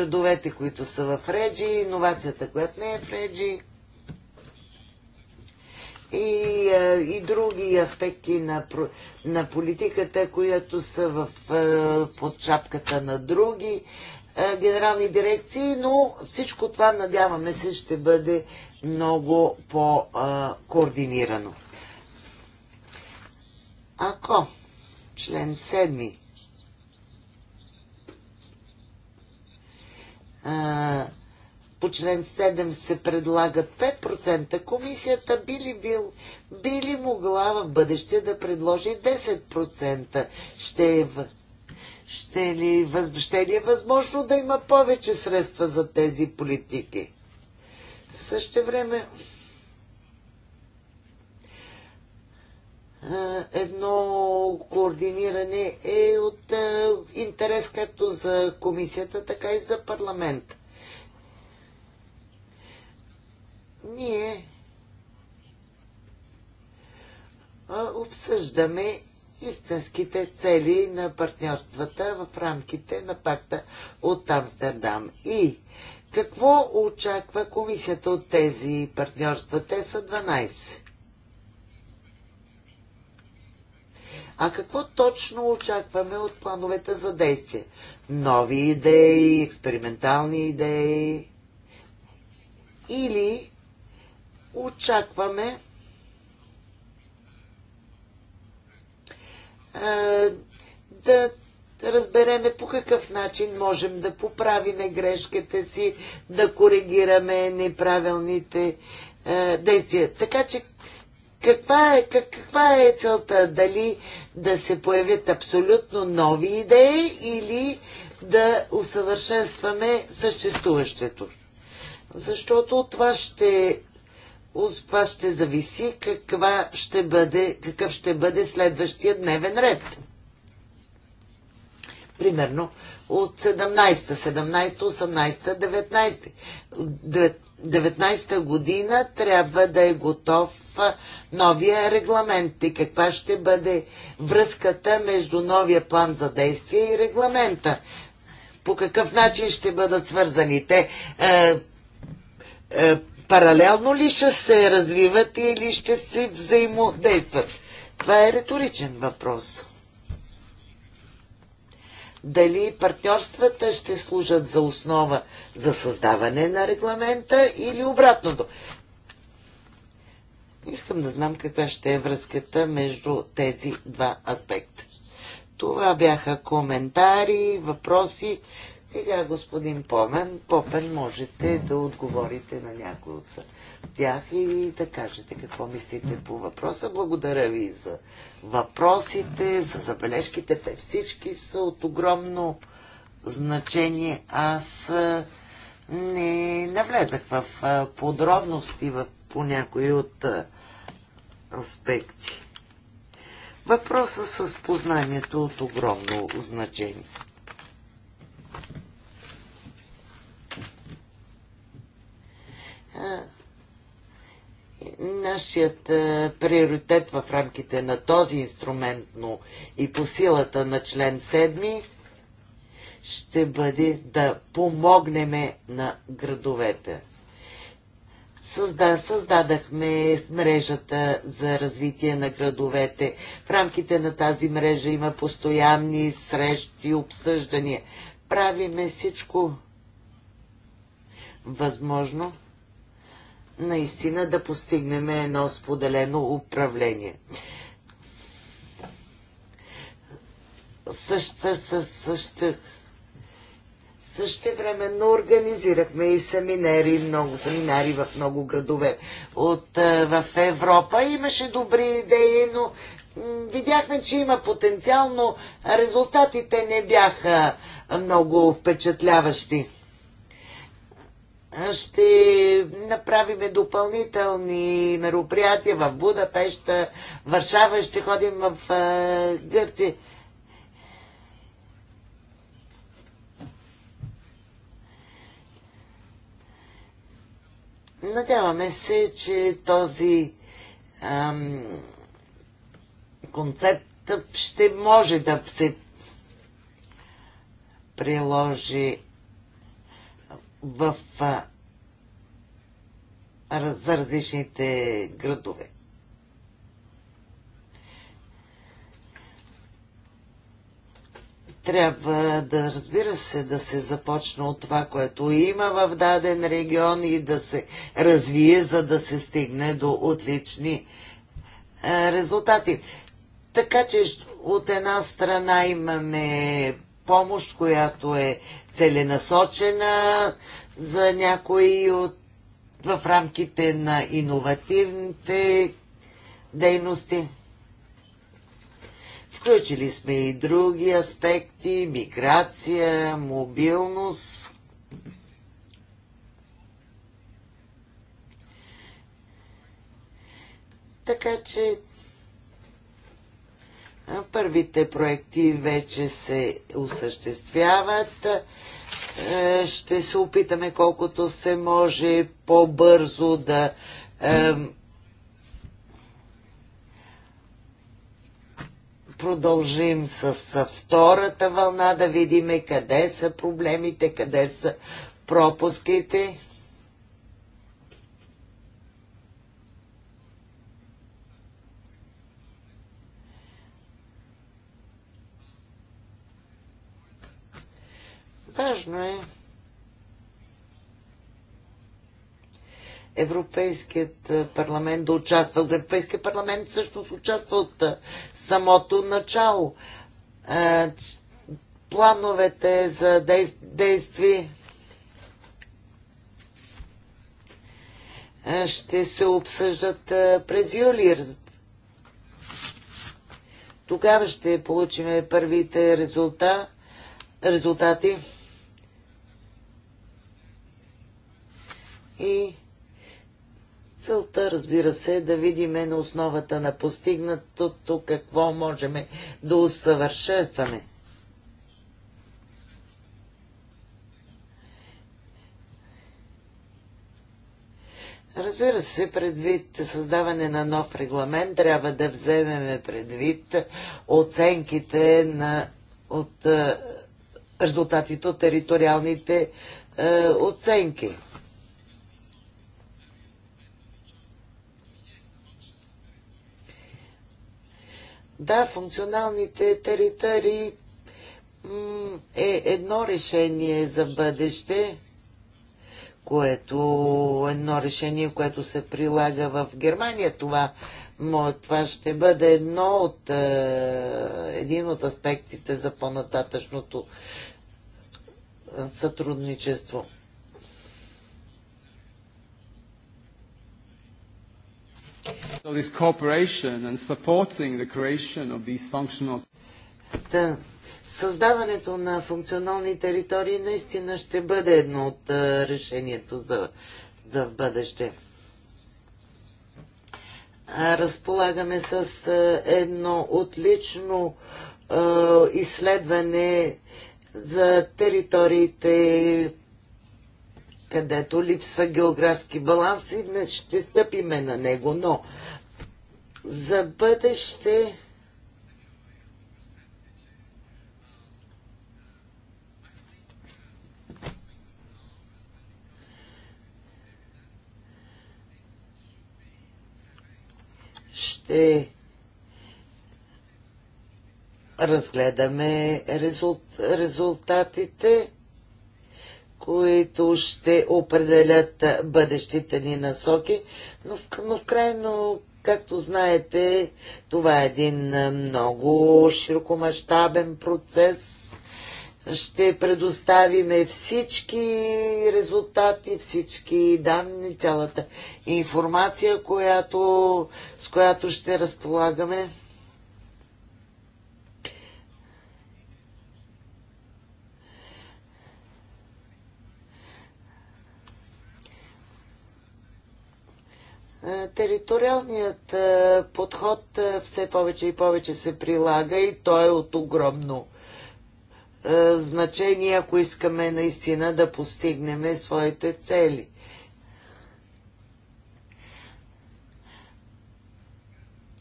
градовете, които са в Реджи, иновацията, която не е в Реджи и, и други аспекти на, на политиката, които са в, под шапката на други генерални дирекции, но всичко това, надяваме се, ще бъде много по-координирано. Ако член по член 7 се предлагат 5%, комисията би ли, бил, би ли могла в бъдеще да предложи 10%? Ще е, ще, ли, ще ли е възможно да има повече средства за тези политики? Също време... едно координиране е от интерес както за комисията, така и за парламент. Ние обсъждаме истинските цели на партньорствата в рамките на пакта от Амстердам. И какво очаква комисията от тези партньорства? Те са 12. А какво точно очакваме от плановете за действие? Нови идеи, експериментални идеи? Или очакваме да разбереме по какъв начин можем да поправиме грешките си, да коригираме неправилните действия. Така че каква е, как, каква е целта? Дали да се появят абсолютно нови идеи или да усъвършенстваме съществуващето? Защото от това ще, от това ще зависи каква ще бъде, какъв ще бъде следващия дневен ред. Примерно от 17, 17, 18, 19. 2019 година трябва да е готов новия регламент и каква ще бъде връзката между новия план за действие и регламента. По какъв начин ще бъдат свързани те? Е, е, паралелно ли ще се развиват или ще се взаимодействат? Това е риторичен въпрос дали партньорствата ще служат за основа за създаване на регламента или обратното. Искам да знам каква ще е връзката между тези два аспекта. Това бяха коментари, въпроси. Сега, господин Помен, Попен, можете да отговорите на някои от тях и да кажете какво мислите по въпроса. Благодаря ви за въпросите, за забележките. Те всички са от огромно значение. Аз не навлезах в подробности в, по някои от аспекти. Въпроса с познанието от огромно значение. А, Нашият приоритет в рамките на този инструмент, но и по силата на член 7 ще бъде да помогнеме на градовете. Създа, създадахме мрежата за развитие на градовете. В рамките на тази мрежа има постоянни срещи, обсъждания. Правиме всичко възможно наистина да постигнем едно споделено управление. Също, също, също времено организирахме и семинари, много семинари в много градове от, е, в Европа. Имаше добри идеи, но видяхме, че има потенциал, но резултатите не бяха много впечатляващи ще направиме допълнителни мероприятия в Будапешта, Варшава, ще ходим в Гърция. Надяваме се, че този ам, концепт ще може да се приложи в за различните градове. Трябва да, разбира се, да се започне от това, което има в даден регион и да се развие, за да се стигне до отлични резултати. Така че от една страна имаме помощ, която е целенасочена за някои от в рамките на иновативните дейности. Включили сме и други аспекти, миграция, мобилност. Така че Първите проекти вече се осъществяват. Е, ще се опитаме колкото се може по-бързо да продължим с втората вълна, да видим къде са проблемите, къде са пропуските. Важно е Европейският парламент да участва. Европейският парламент всъщност участва от самото начало. Плановете за действие ще се обсъждат през юли. Тогава ще получим първите резулта, резултати и целта, разбира се, е да видиме на основата на постигнатото какво можем да усъвършенстваме. Разбира се, предвид създаване на нов регламент, трябва да вземем предвид оценките на, от е, резултатите от териториалните е, оценки. Да, функционалните територии е едно решение за бъдеще, което едно решение, което се прилага в Германия. Това, това ще бъде едно от, е, един от аспектите за по-нататъчното сътрудничество. So this cooperation and supporting the creation of these functional... Създаването на функционални територии наистина ще бъде едно от решението за, за в бъдеще. Разполагаме с едно отлично изследване за териториите, където липсва географски баланс и ще стъпиме на него, но за бъдеще ще разгледаме резулт, резултатите, които ще определят бъдещите ни насоки, но в, но в крайно Както знаете, това е един много широкомащабен процес. Ще предоставиме всички резултати, всички данни, цялата информация, която, с която ще разполагаме. Е, териториалният е, подход е, все повече и повече се прилага и той е от огромно значение, ако искаме наистина да постигнем своите цели.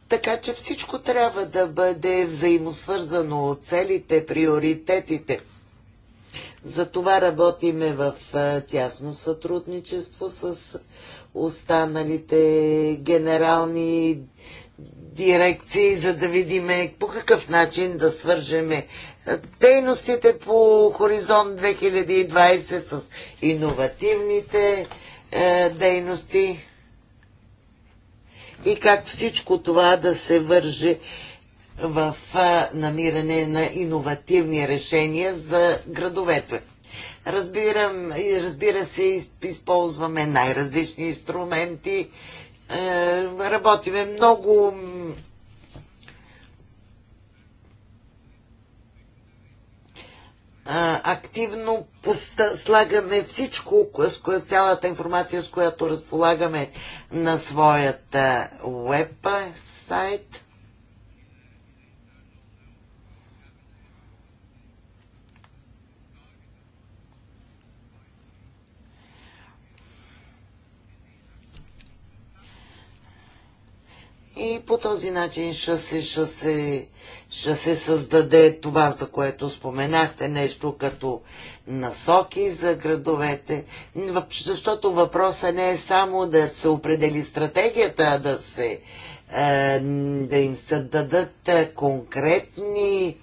Така че всичко трябва да бъде взаимосвързано от целите, приоритетите. За това работиме в тясно сътрудничество с останалите генерални дирекции, за да видим по какъв начин да свържеме дейностите по Хоризонт 2020 с иновативните е, дейности и как всичко това да се върже в намиране на иновативни решения за градовете. Разбирам, разбира се, използваме най-различни инструменти. Е, работиме много активно слагаме всичко, цялата информация, с която разполагаме на своята веб сайт. И по този начин ще се, ще се, ще се създаде това, за което споменахте, нещо като насоки за градовете, защото въпросът не е само да се определи стратегията, а да, се, е, да им се дадат е, конкретни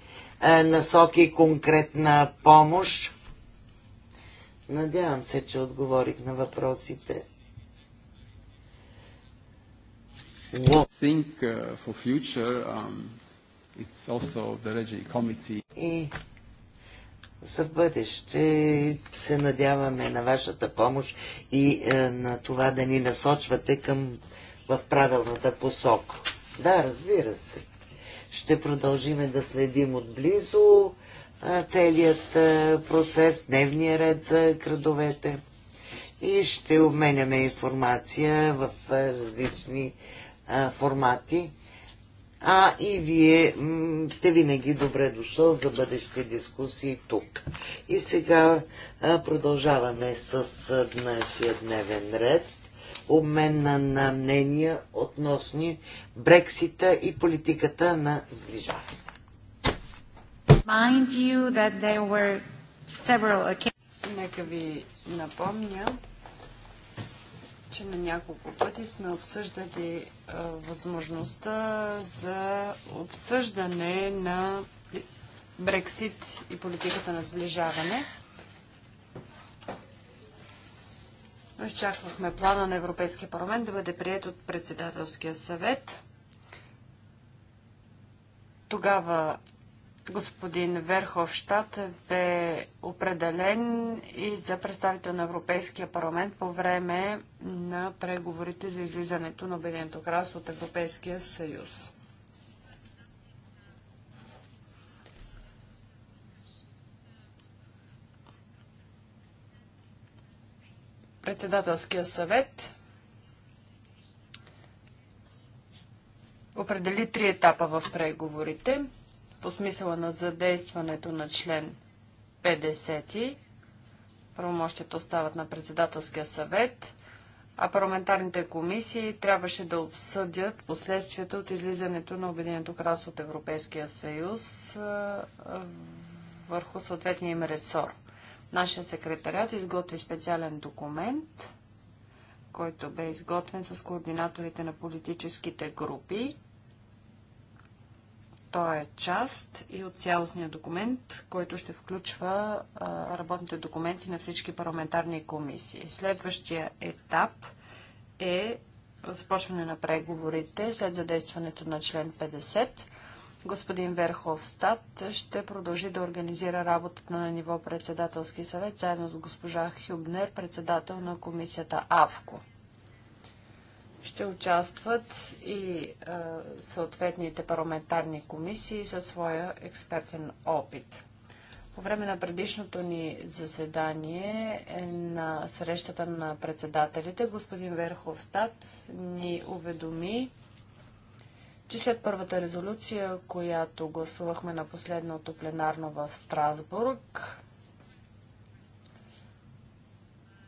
е, насоки, конкретна помощ. Надявам се, че отговорих на въпросите. И за бъдеще се надяваме на вашата помощ и е, на това да ни насочвате към в правилната посока. Да, разбира се. Ще продължиме да следим отблизо е, целият е, процес, дневния ред за градовете и ще обменяме информация в е, различни формати. А и вие сте винаги добре дошъл за бъдещи дискусии тук. И сега продължаваме с нашия дневен ред. Обмена на мнения относно Брексита и политиката на сближаване. Mind you that there were several... Нека ви напомня, че на няколко пъти сме обсъждали а, възможността за обсъждане на Брексит и политиката на сближаване. изчаквахме плана на Европейския парламент да бъде прият от председателския съвет. Тогава господин Верховщад бе определен и за представител на Европейския парламент по време на преговорите за излизането на Обединеното кралство от Европейския съюз. Председателския съвет определи три етапа в преговорите – по смисъла на задействането на член 50. Правомощията остават на председателския съвет, а парламентарните комисии трябваше да обсъдят последствията от излизането на Обединеното кралство от Европейския съюз върху съответния им ресор. Нашия секретарят изготви специален документ, който бе изготвен с координаторите на политическите групи той е част и от цялостния документ, който ще включва работните документи на всички парламентарни комисии. Следващия етап е започване на преговорите след задействането на член 50. Господин Верховстат ще продължи да организира работата на ниво председателски съвет заедно с госпожа Хюбнер, председател на комисията АВКО ще участват и а, съответните парламентарни комисии със своя експертен опит. По време на предишното ни заседание е, на срещата на председателите, господин Верховстат ни уведоми, че след първата резолюция, която гласувахме на последното пленарно в Страсбург,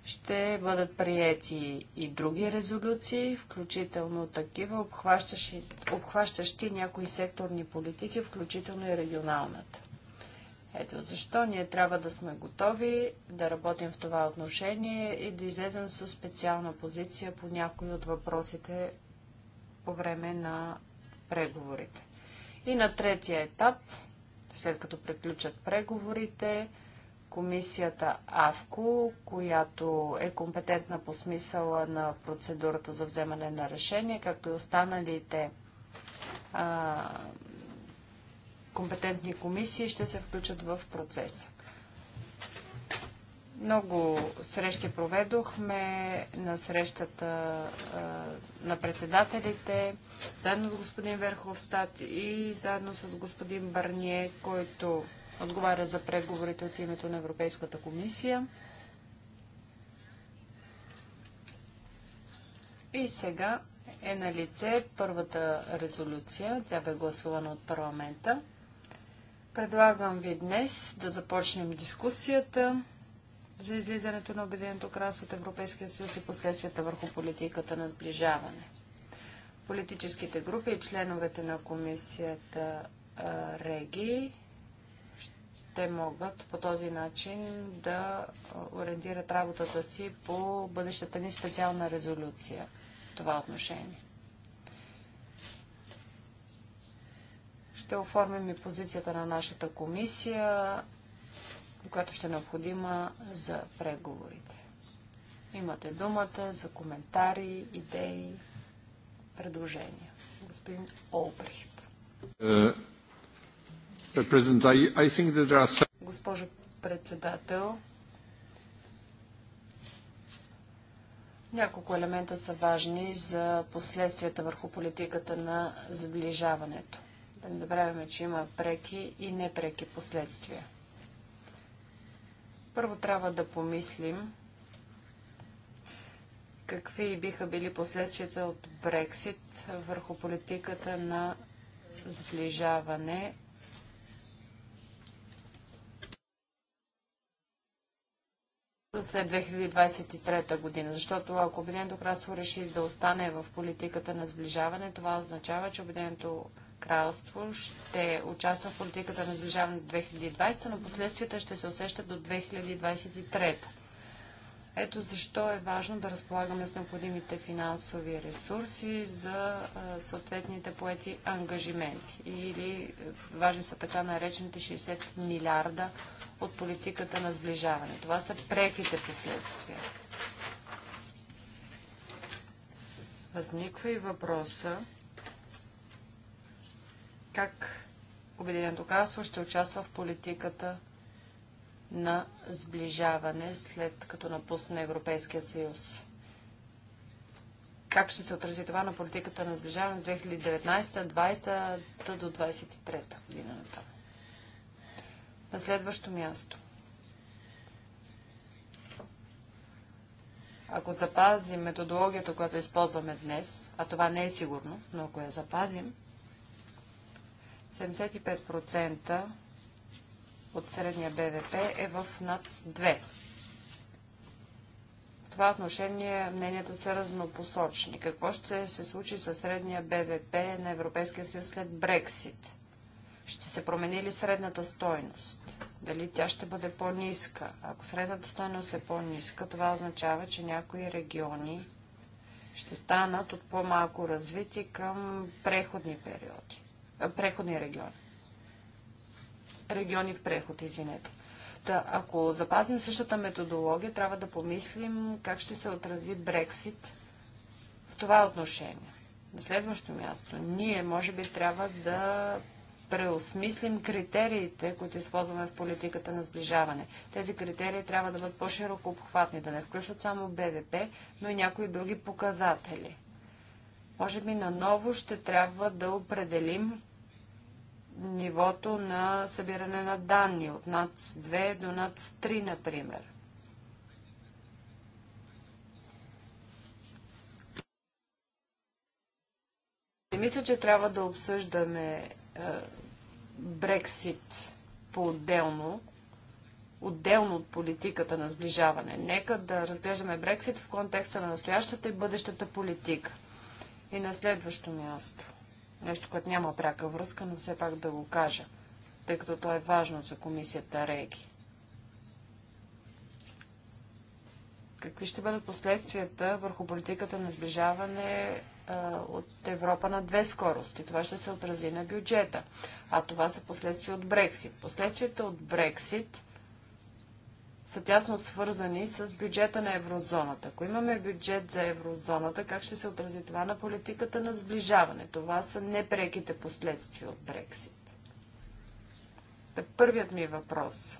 ще бъдат приети и други резолюции, включително такива, обхващащи, обхващащи някои секторни политики, включително и регионалната. Ето защо ние трябва да сме готови да работим в това отношение и да излезем със специална позиция по някои от въпросите по време на преговорите. И на третия етап, след като приключат преговорите, комисията АВКО, която е компетентна по смисъла на процедурата за вземане на решение, както и останалите а, компетентни комисии ще се включат в процеса. Много срещи проведохме на срещата а, на председателите, заедно с господин Верховстат и заедно с господин Барние, който отговаря за преговорите от името на Европейската комисия. И сега е на лице първата резолюция. Тя бе гласувана от парламента. Предлагам ви днес да започнем дискусията за излизането на Обединеното кралство от Европейския съюз и последствията върху политиката на сближаване. Политическите групи и членовете на комисията Реги те могат по този начин да ориентират работата си по бъдещата ни специална резолюция в това отношение. Ще оформим и позицията на нашата комисия, която ще е необходима за преговорите. Имате думата за коментари, идеи, предложения. Господин Олбрихт. Е, Госпожо председател, няколко елемента са важни за последствията върху политиката на сближаването. Да не добравяме, че има преки и непреки последствия. Първо трябва да помислим какви биха били последствията от Брексит върху политиката на сближаване след 2023 година, защото ако Обединеното кралство реши да остане в политиката на сближаване, това означава, че Обединеното кралство ще участва в политиката на сближаване до 2020, но последствията ще се усещат до 2023. Ето защо е важно да разполагаме с необходимите финансови ресурси за съответните поети ангажименти. Или е, важни са така наречените 60 милиарда от политиката на сближаване. Това са преките последствия. Възниква и въпроса как Обединеното кралство ще участва в политиката на сближаване след като напусне Европейския съюз. Как ще се отрази това на политиката на сближаване с 2019-2020 до 2023 година натам? На следващо място. Ако запазим методологията, която използваме днес, а това не е сигурно, но ако я запазим, 75% от средния БВП е в над 2. В това отношение мненията са разнопосочни. Какво ще се случи със средния БВП на Европейския съюз след Брексит? Ще се промени ли средната стойност? Дали тя ще бъде по-ниска? Ако средната стойност е по-ниска, това означава, че някои региони ще станат от по-малко развити към преходни периоди, преходни региони региони в преход, извинете. Та, ако запазим същата методология, трябва да помислим как ще се отрази Брексит в това отношение. На следващо място, ние може би трябва да преосмислим критериите, които използваме в политиката на сближаване. Тези критерии трябва да бъдат по-широко обхватни, да не включват само БВП, но и някои други показатели. Може би наново ще трябва да определим нивото на събиране на данни от над 2 до над 3, например. Не мисля, че трябва да обсъждаме е, Брексит по-отделно, отделно от политиката на сближаване. Нека да разглеждаме Брексит в контекста на настоящата и бъдещата политика. И на следващо място – Нещо, което няма пряка връзка, но все пак да го кажа, тъй като то е важно за комисията Реги. Какви ще бъдат последствията върху политиката на сближаване от Европа на две скорости. Това ще се отрази на бюджета. А това са последствия от Брексит. Последствията от Брексит са тясно свързани с бюджета на еврозоната. Ако имаме бюджет за еврозоната, как ще се отрази това на политиката на сближаване? Това са непреките последствия от Брексит. Та първият ми въпрос.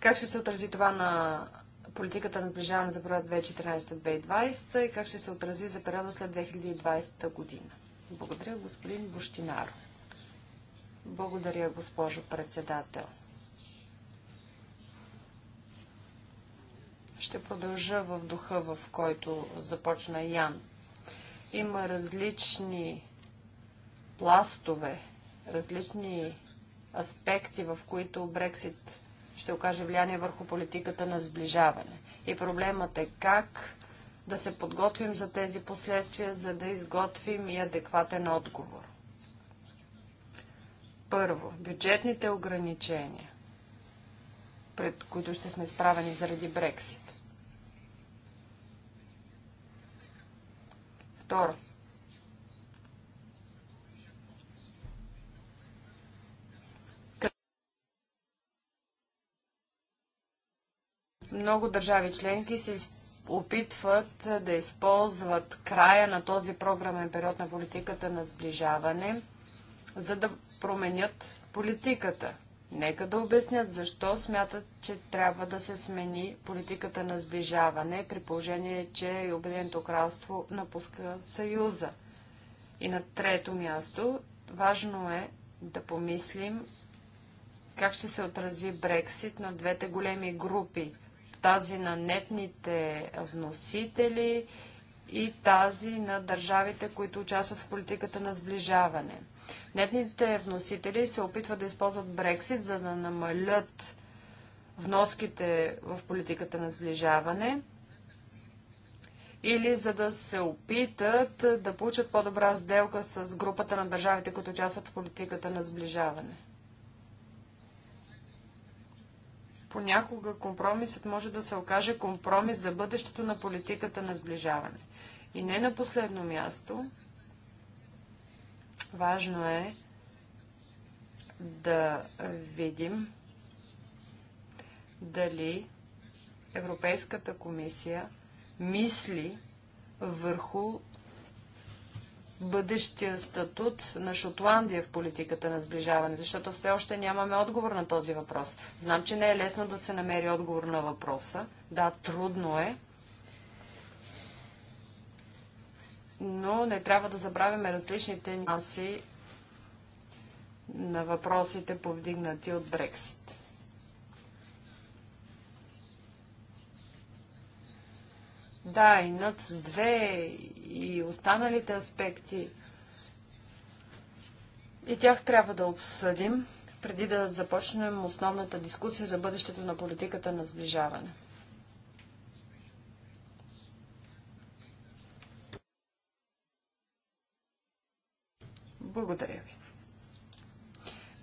Как ще се отрази това на политиката на сближаване за период 2014-2020 и как ще се отрази за периода след 2020 година? Благодаря, господин Бощинаро. Благодаря, госпожо председател. Ще продължа в духа, в който започна Ян. Има различни пластове, различни аспекти, в които Брексит ще окаже влияние върху политиката на сближаване. И проблемът е как да се подготвим за тези последствия, за да изготвим и адекватен отговор. Първо, бюджетните ограничения, пред които ще сме изправени заради Брексит. Второ. Много държави членки се опитват да използват края на този програмен период на политиката на сближаване, за да променят политиката. Нека да обяснят защо смятат, че трябва да се смени политиката на сближаване, при положение, че Обединеното кралство напуска Съюза. И на трето място, важно е да помислим как ще се отрази Брексит на двете големи групи. Тази на нетните вносители и тази на държавите, които участват в политиката на сближаване. Нетните вносители се опитват да използват Брексит, за да намалят вноските в политиката на сближаване или за да се опитат да получат по-добра сделка с групата на държавите, които участват в политиката на сближаване. Понякога компромисът може да се окаже компромис за бъдещето на политиката на сближаване. И не на последно място, Важно е да видим дали Европейската комисия мисли върху бъдещия статут на Шотландия в политиката на сближаване, защото все още нямаме отговор на този въпрос. Знам, че не е лесно да се намери отговор на въпроса. Да, трудно е, но не трябва да забравяме различните нюанси на въпросите, повдигнати от Брексит. Да, и над 2 и останалите аспекти и тях трябва да обсъдим преди да започнем основната дискусия за бъдещето на политиката на сближаване. Благодаря ви.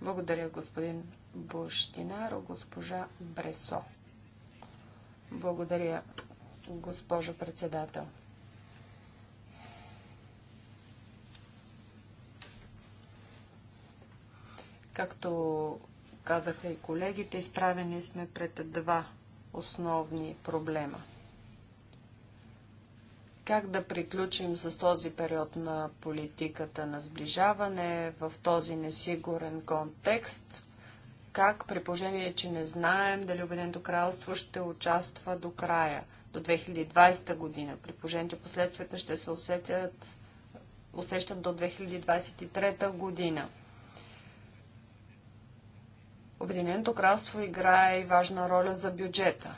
Благодаря, господин Бощинаро, госпожа Бресо. Благодаря, госпожо председател. Както казаха и колегите, изправени сме пред два основни проблема – как да приключим с този период на политиката на сближаване в този несигурен контекст, как при положение, че не знаем дали Обединеното кралство ще участва до края, до 2020 година, при положение, че последствията ще се усетят, усещат до 2023 година. Обединеното кралство играе и важна роля за бюджета.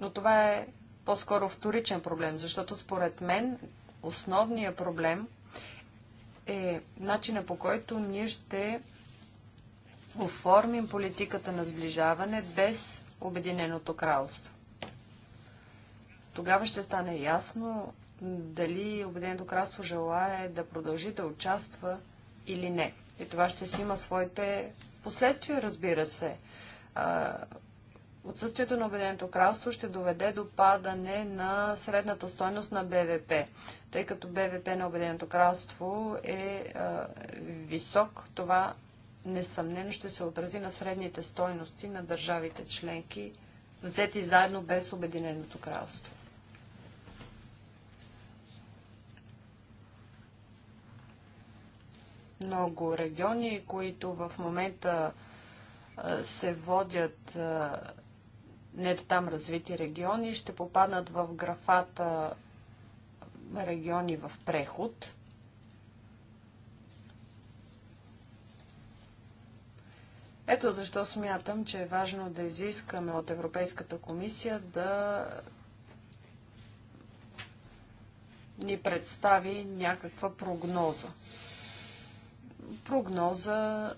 Но това е по-скоро вторичен проблем, защото според мен основният проблем е начина по който ние ще оформим политиката на сближаване без Обединеното кралство. Тогава ще стане ясно дали Обединеното кралство желае да продължи да участва или не. И това ще си има своите последствия, разбира се. Отсъствието на Обединеното кралство ще доведе до падане на средната стойност на БВП, тъй като БВП на Обединеното кралство е а, е, висок. Това несъмнено ще се отрази на средните стойности на държавите членки, взети заедно без Обединеното кралство. Много региони, които в момента е, се водят е, не до там развити региони ще попаднат в графата региони в преход. Ето защо смятам, че е важно да изискаме от Европейската комисия да ни представи някаква прогноза. Прогноза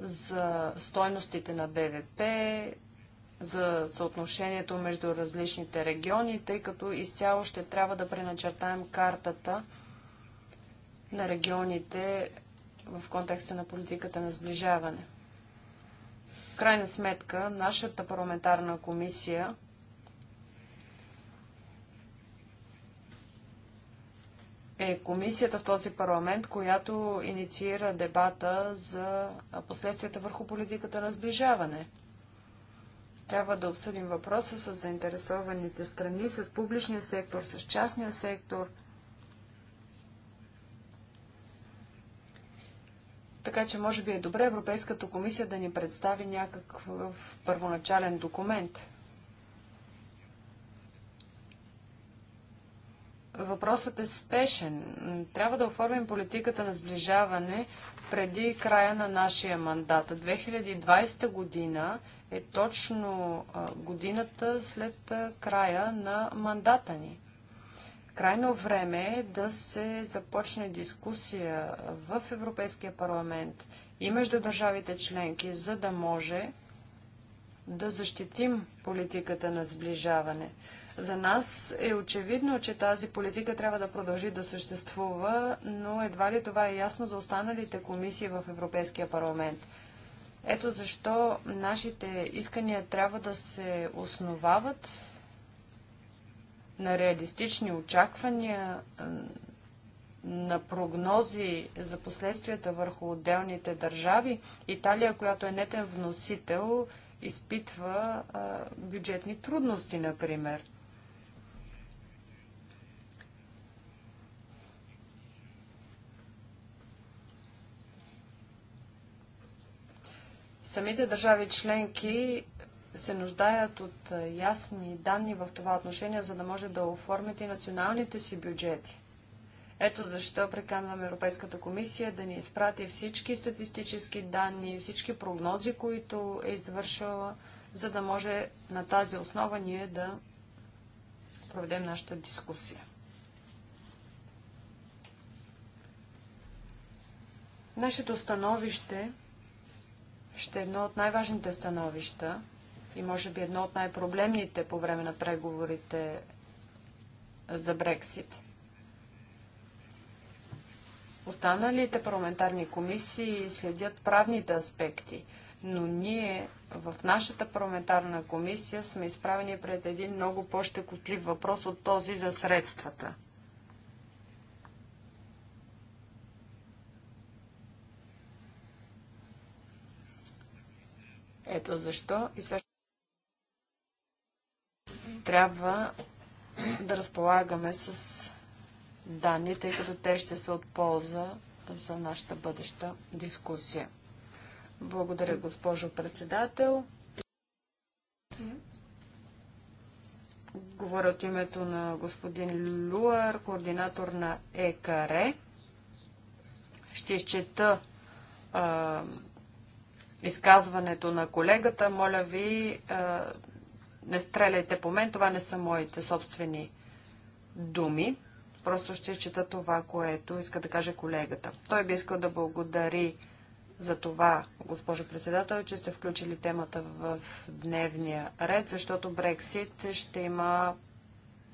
за стойностите на БВП, за съотношението между различните региони, тъй като изцяло ще трябва да преначертаем картата на регионите в контекста на политиката на сближаване. В крайна сметка, нашата парламентарна комисия е комисията в този парламент, която инициира дебата за последствията върху политиката на сближаване. Трябва да обсъдим въпроса с заинтересованите страни, с публичния сектор, с частния сектор. Така че може би е добре Европейската комисия да ни представи някакъв първоначален документ – Въпросът е спешен. Трябва да оформим политиката на сближаване преди края на нашия мандат. 2020 година е точно годината след края на мандата ни. Крайно време е да се започне дискусия в Европейския парламент и между държавите членки, за да може да защитим политиката на сближаване. За нас е очевидно, че тази политика трябва да продължи да съществува, но едва ли това е ясно за останалите комисии в Европейския парламент. Ето защо нашите искания трябва да се основават на реалистични очаквания, на прогнози за последствията върху отделните държави. Италия, която е нетен вносител, изпитва а, бюджетни трудности, например. Самите държави членки се нуждаят от ясни данни в това отношение, за да може да оформят и националните си бюджети. Ето защо приканвам Европейската комисия да ни изпрати всички статистически данни, всички прогнози, които е извършила, за да може на тази основа ние да проведем нашата дискусия. Нашето становище ще е едно от най-важните становища и може би едно от най-проблемните по време на преговорите за Брексит. Останалите парламентарни комисии следят правните аспекти, но ние в нашата парламентарна комисия сме изправени пред един много по-щекотлив въпрос от този за средствата – Ето защо и също трябва да разполагаме с данни, тъй като те ще са от полза за нашата бъдеща дискусия. Благодаря, госпожо председател. Говоря от името на господин Луар, координатор на ЕКР. Е. Ще изчета изказването на колегата. Моля ви, е, не стреляйте по мен, това не са моите собствени думи. Просто ще изчита това, което иска да каже колегата. Той би искал да благодари за това, госпожо председател, че сте включили темата в дневния ред, защото Брексит ще има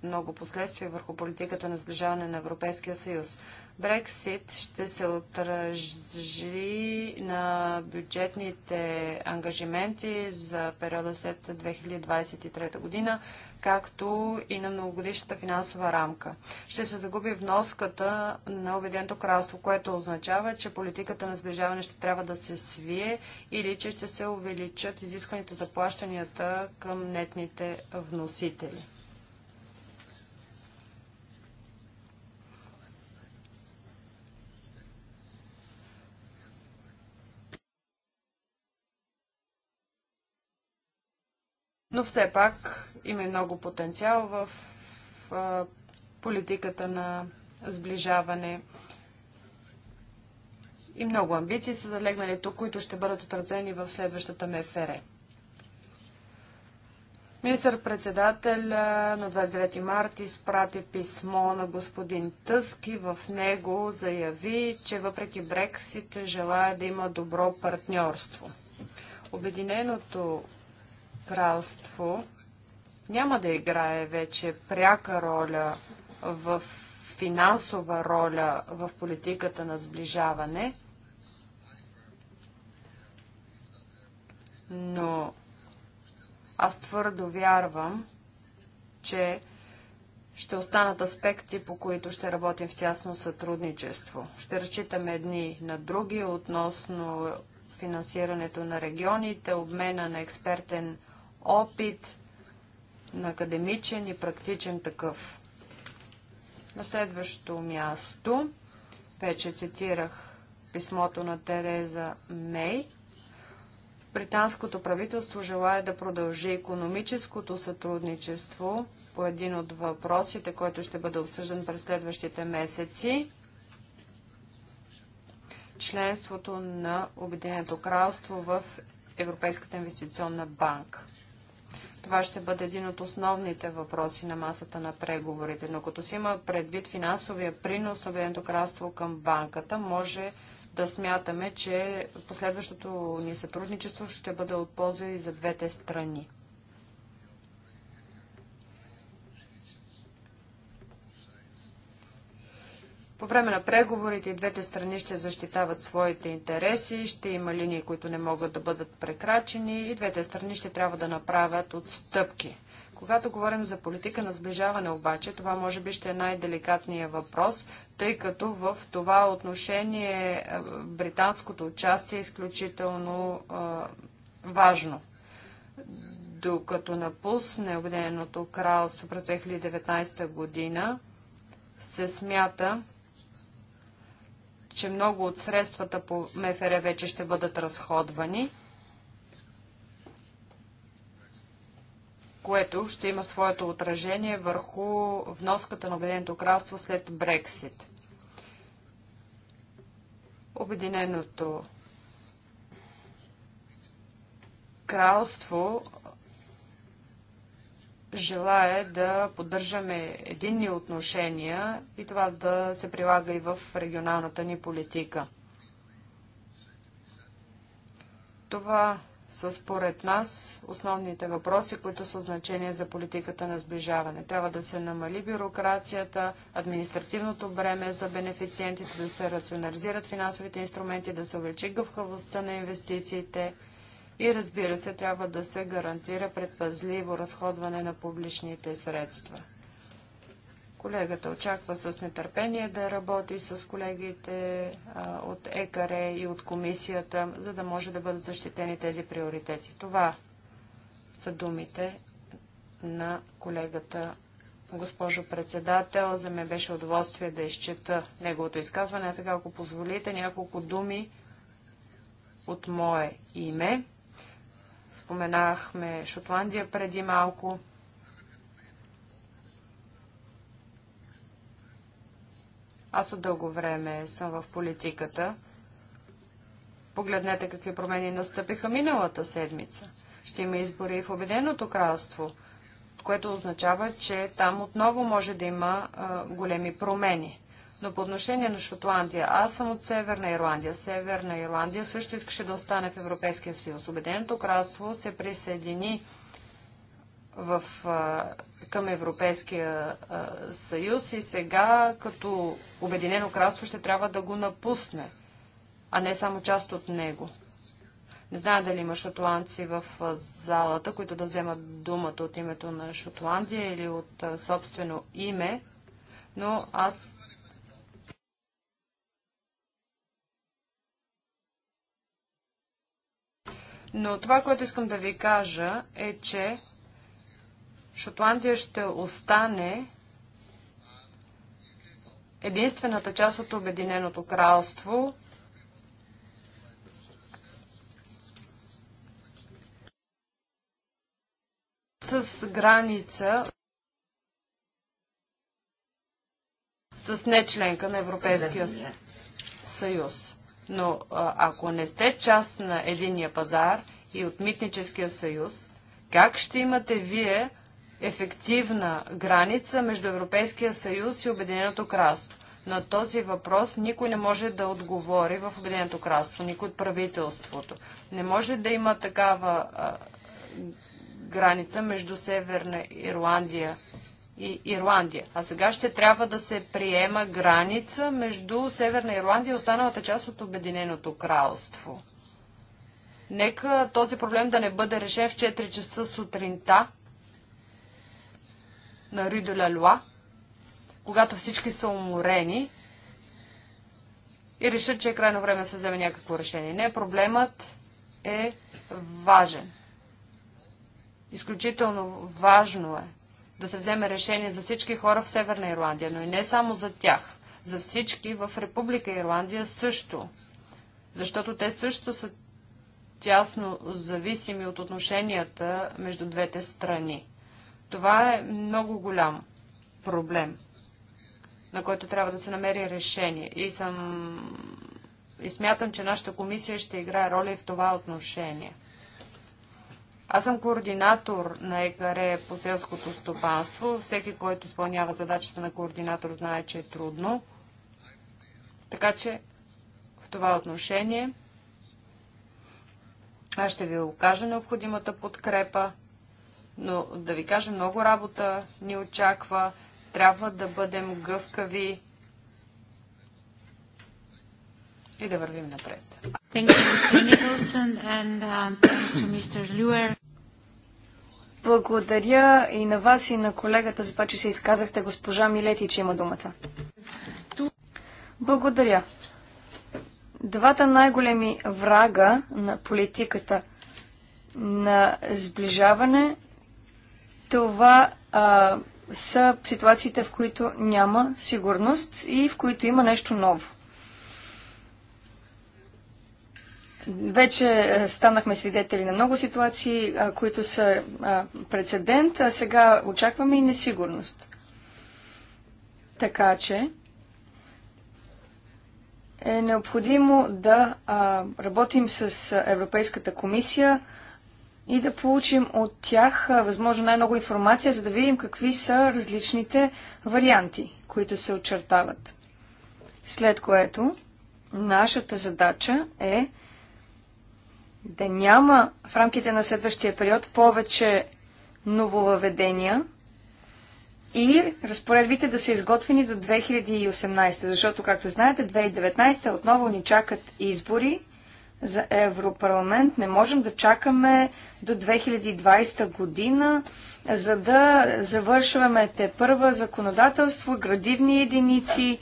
много последствия върху политиката на сближаване на Европейския съюз. Брексит ще се отражи на бюджетните ангажименти за периода след 2023 година, както и на многогодишната финансова рамка. Ще се загуби вноската на Обеденто кралство, което означава, че политиката на сближаване ще трябва да се свие или че ще се увеличат изискваните заплащанията към нетните вносители. Но все пак има и много потенциал в, в политиката на сближаване. И много амбиции са залегнали тук, които ще бъдат отразени в следващата МФР. Министър-председател на 29 марта изпрати писмо на господин Тъск и в него заяви, че въпреки Брексит желая да има добро партньорство. Обединеното кралство няма да играе вече пряка роля в финансова роля в политиката на сближаване, но аз твърдо вярвам, че ще останат аспекти, по които ще работим в тясно сътрудничество. Ще разчитаме едни на други относно финансирането на регионите, обмена на експертен опит на академичен и практичен такъв. На следващо място, вече цитирах писмото на Тереза Мей, британското правителство желая да продължи економическото сътрудничество по един от въпросите, който ще бъде обсъждан през следващите месеци. Членството на Обединеното кралство в Европейската инвестиционна банка. Това ще бъде един от основните въпроси на масата на преговорите. Но като си има предвид финансовия принос на Обединеното кралство към банката, може да смятаме, че последващото ни сътрудничество ще бъде от полза и за двете страни. По време на преговорите и двете страни ще защитават своите интереси, ще има линии, които не могат да бъдат прекрачени и двете страни ще трябва да направят отстъпки. Когато говорим за политика на сближаване обаче, това може би ще е най-деликатният въпрос, тъй като в това отношение е, британското участие е изключително а, е, важно. Докато напусне Обединеното кралство през 2019 година, се смята, че много от средствата по МФР вече ще бъдат разходвани, което ще има своето отражение върху вноската на Обединеното кралство след Брексит. Обединеното кралство желае да поддържаме единни отношения и това да се прилага и в регионалната ни политика. Това са според нас основните въпроси, които са значение за политиката на сближаване. Трябва да се намали бюрокрацията, административното бреме за бенефициентите, да се рационализират финансовите инструменти, да се увеличи гъвкавостта на инвестициите – и разбира се, трябва да се гарантира предпазливо разходване на публичните средства. Колегата очаква с нетърпение да работи с колегите а, от ЕКАРЕ и от комисията, за да може да бъдат защитени тези приоритети. Това са думите на колегата госпожо председател. За мен беше удоволствие да изчета неговото изказване. А сега, ако позволите, няколко думи от мое име. Споменахме Шотландия преди малко. Аз от дълго време съм в политиката. Погледнете какви промени настъпиха миналата седмица. Ще има избори в Обеденото кралство, което означава, че там отново може да има а, големи промени. Но по отношение на Шотландия, аз съм от Северна Ирландия. Северна Ирландия също искаше да остане в Европейския съюз. Обединеното кралство се присъедини в, а, към Европейския а, съюз и сега като Обединено кралство ще трябва да го напусне, а не само част от него. Не знам дали има шотландци в залата, които да вземат думата от името на Шотландия или от собствено име, но аз Но това, което искам да ви кажа е, че Шотландия ще остане единствената част от Обединеното кралство, с граница с нечленка на Европейския съюз. Но ако не сте част на единния пазар и от митническия съюз, как ще имате вие ефективна граница между Европейския съюз и Обединеното кралство? На този въпрос никой не може да отговори в Обединеното кралство, никой от правителството. Не може да има такава а, граница между Северна Ирландия и Ирландия. А сега ще трябва да се приема граница между Северна Ирландия и останалата част от Обединеното кралство. Нека този проблем да не бъде решен в 4 часа сутринта на Ридоля Луа, когато всички са уморени и решат, че е крайно време да се вземе някакво решение. Не, проблемът е важен. Изключително важно е да се вземе решение за всички хора в Северна Ирландия, но и не само за тях, за всички в Република Ирландия също, защото те също са тясно зависими от отношенията между двете страни. Това е много голям проблем, на който трябва да се намери решение. И съм и смятам, че нашата комисия ще играе роля и в това отношение. Аз съм координатор на ЕКАРЕ по селското стопанство. Всеки, който изпълнява задачата на координатор, знае, че е трудно. Така че в това отношение аз ще ви окажа необходимата подкрепа, но да ви кажа, много работа ни очаква. Трябва да бъдем гъвкави и да вървим напред. Thank you, Mr. Nicholson, and uh, thank you Mr. Luer. Благодаря и на вас, и на колегата за това, че се изказахте. Госпожа Милети, че има думата. Благодаря. Двата най-големи врага на политиката на сближаване, това а, са ситуациите, в които няма сигурност и в които има нещо ново. Вече е, станахме свидетели на много ситуации, е, които са е, прецедент, а сега очакваме и несигурност. Така че е необходимо да работим с Европейската комисия и да получим от тях възможно най-много информация, за да видим какви са различните варианти, които се очертават. След което нашата задача е да няма в рамките на следващия период повече нововъведения и разпоредбите да са изготвени до 2018, защото, както знаете, 2019 отново ни чакат избори за Европарламент. Не можем да чакаме до 2020 година, за да завършваме те първа законодателство, градивни единици,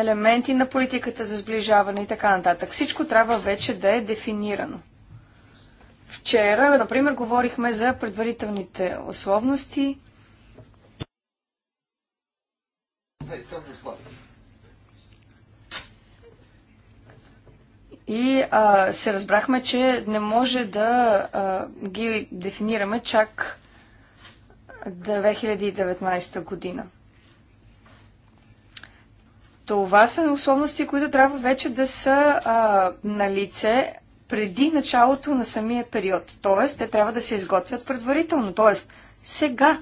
елементи на политиката за сближаване и така нататък. Всичко трябва вече да е дефинирано. Вчера, например, говорихме за предварителните условности. И а, се разбрахме, че не може да а, ги дефинираме чак 2019 година. Това са условности, които трябва вече да са на лице преди началото на самия период. Тоест, те трябва да се изготвят предварително. Тоест, сега,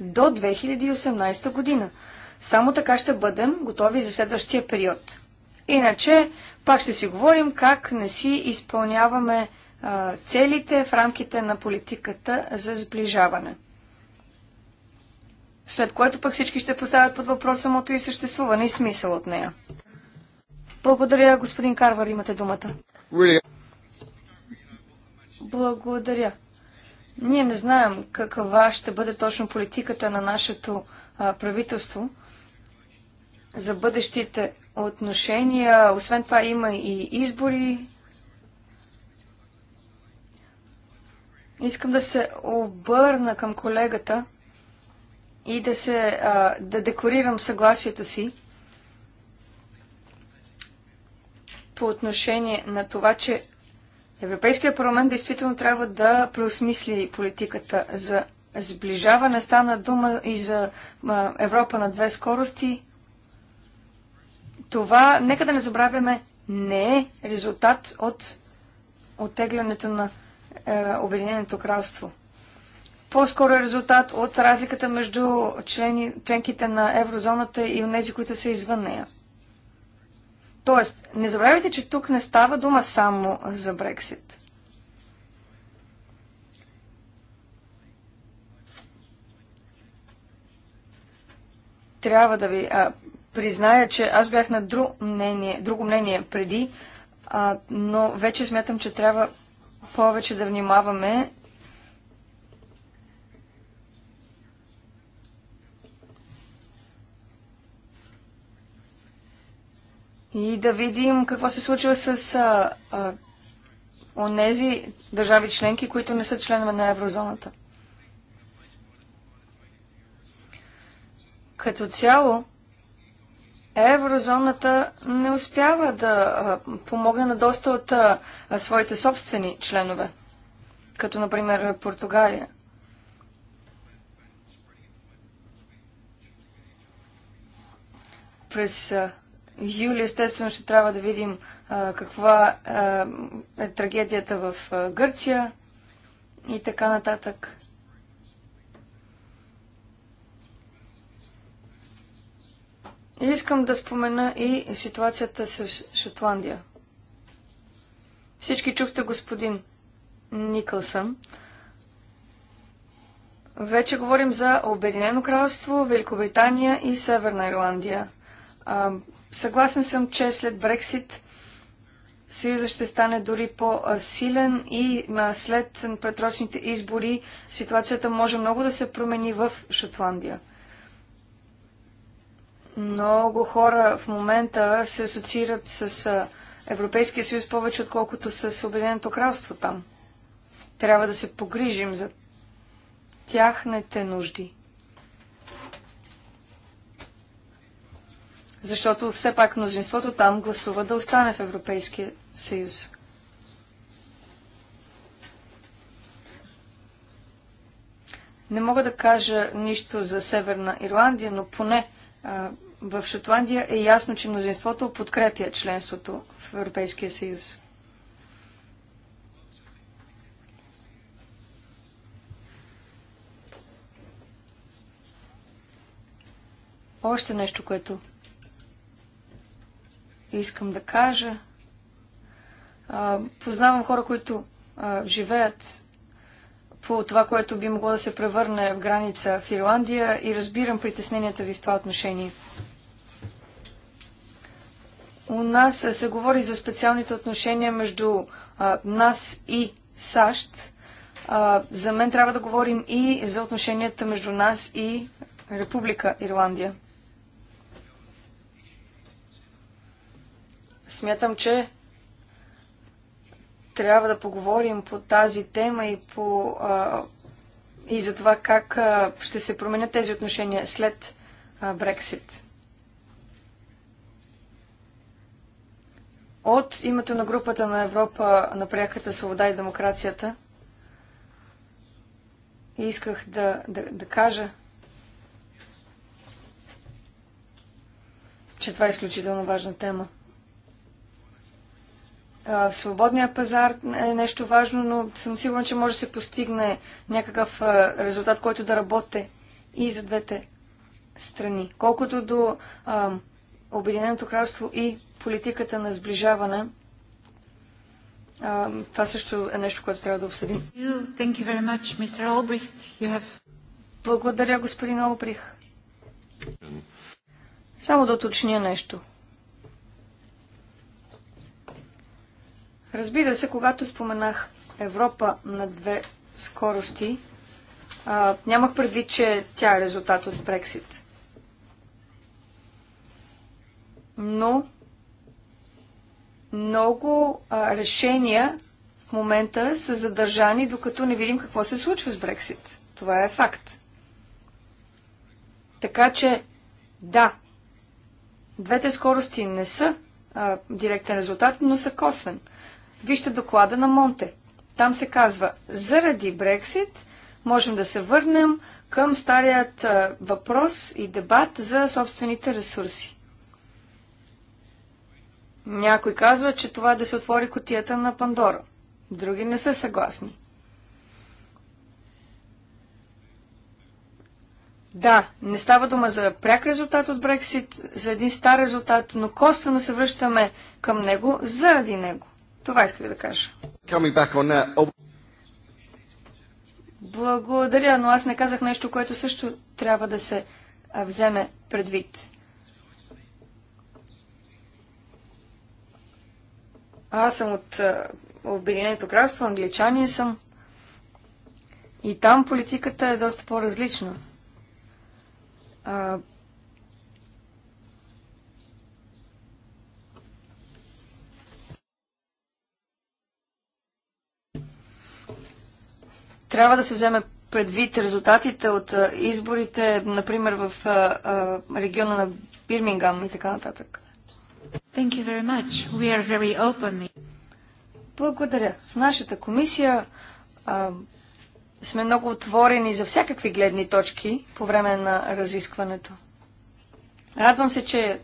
до 2018 година. Само така ще бъдем готови за следващия период. Иначе, пак ще си говорим как не си изпълняваме а, целите в рамките на политиката за сближаване след което пък всички ще поставят под въпрос самото и съществуване и смисъл от нея. Благодаря, господин Карвар, имате думата. Благодаря. Ние не знаем каква ще бъде точно политиката на нашето а, правителство за бъдещите отношения. Освен това има и избори. Искам да се обърна към колегата и да, се, а, да декорирам съгласието си по отношение на това, че Европейския парламент действително трябва да преосмисли политиката за сближаване. Стана дума и за а, Европа на две скорости. Това, нека да не забравяме, не е резултат от оттеглянето на е, Обединеното кралство по-скоро е резултат от разликата между члени, членките на еврозоната и тези, които са извън нея. Тоест, не забравяйте, че тук не става дума само за Брексит. Трябва да ви а, призная, че аз бях на друго мнение, друго мнение преди, а, но вече смятам, че трябва повече да внимаваме и да видим какво се случва с а, а, онези държави членки, които не са членове на еврозоната. Като цяло, еврозоната не успява да а, помогне на доста от а, своите собствени членове, като например Португалия. През юли естествено ще трябва да видим а, каква а, е трагедията в а, Гърция и така нататък. Искам да спомена и ситуацията с Шотландия. Всички чухте господин Никълсън. Вече говорим за Обединено кралство, Великобритания и Северна Ирландия. Съгласен съм, че след Брексит Съюза ще стане дори по-силен и след предрочните избори ситуацията може много да се промени в Шотландия. Много хора в момента се асоциират с Европейския съюз повече, отколкото с Обединеното кралство там. Трябва да се погрижим за тяхните нужди. защото все пак мнозинството там гласува да остане в Европейския съюз. Не мога да кажа нищо за Северна Ирландия, но поне а, в Шотландия е ясно, че мнозинството подкрепя членството в Европейския съюз. Още нещо, което искам да кажа. А, познавам хора, които а, живеят по това, което би могло да се превърне в граница в Ирландия и разбирам притесненията ви в това отношение. У нас се говори за специалните отношения между а, нас и САЩ. А, за мен трябва да говорим и за отношенията между нас и Република Ирландия. Смятам, че трябва да поговорим по тази тема и, по, а, и за това как а, ще се променят тези отношения след а, Брексит. От името на групата на Европа на пряката свобода и демокрацията исках да, да, да кажа, че това е изключително важна тема свободния пазар е нещо важно, но съм сигурна, че може да се постигне някакъв резултат, който да работи и за двете страни. Колкото до а, Обединеното кралство и политиката на сближаване, а, това също е нещо, което трябва да обсъдим. Благодаря, господин Олбрих. Само да уточня нещо. Разбира се, когато споменах Европа на две скорости, а, нямах предвид, че тя е резултат от Брексит. Но много а, решения в момента са задържани, докато не видим какво се случва с Брексит. Това е факт. Така че, да, двете скорости не са а, директен резултат, но са косвен. Вижте доклада на Монте. Там се казва, заради Брексит можем да се върнем към старият въпрос и дебат за собствените ресурси. Някой казва, че това е да се отвори котията на Пандора. Други не са съгласни. Да, не става дума за пряк резултат от Брексит, за един стар резултат, но косвено се връщаме към него заради него. Това исках да кажа. Oh, Благодаря, но аз не казах нещо, което също трябва да се вземе предвид. Аз съм от Обединеното кралство, англичанин съм. И там политиката е доста по-различна. трябва да се вземе предвид резултатите от изборите, например в региона на Бирмингам и така нататък. Thank you very much. We are very open. Благодаря. В нашата комисия а, сме много отворени за всякакви гледни точки по време на разискването. Радвам се, че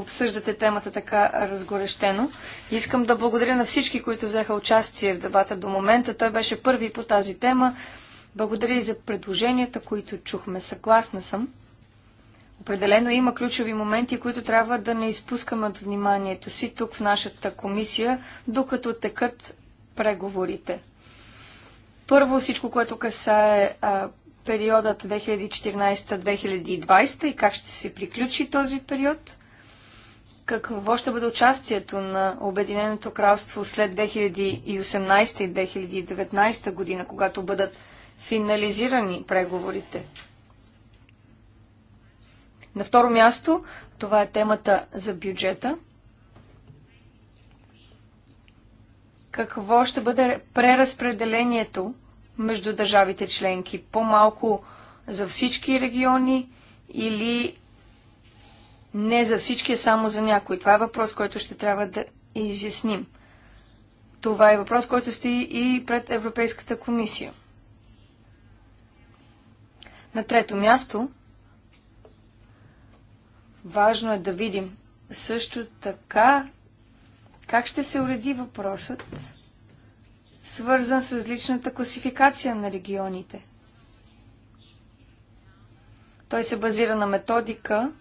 обсъждате темата така разгорещено. Искам да благодаря на всички, които взеха участие в дебата до момента. Той беше първи по тази тема. Благодаря и за предложенията, които чухме. Съгласна съм. Определено има ключови моменти, които трябва да не изпускаме от вниманието си тук в нашата комисия, докато текат преговорите. Първо всичко, което касае а, периодът 2014-2020 и как ще се приключи този период какво ще бъде участието на Обединеното кралство след 2018 и 2019 година, когато бъдат финализирани преговорите. На второ място, това е темата за бюджета. Какво ще бъде преразпределението между държавите членки? По-малко за всички региони или не за всички, само за някой. Това е въпрос, който ще трябва да изясним. Това е въпрос, който стои и пред Европейската комисия. На трето място, важно е да видим също така как ще се уреди въпросът, свързан с различната класификация на регионите. Той се базира на методика,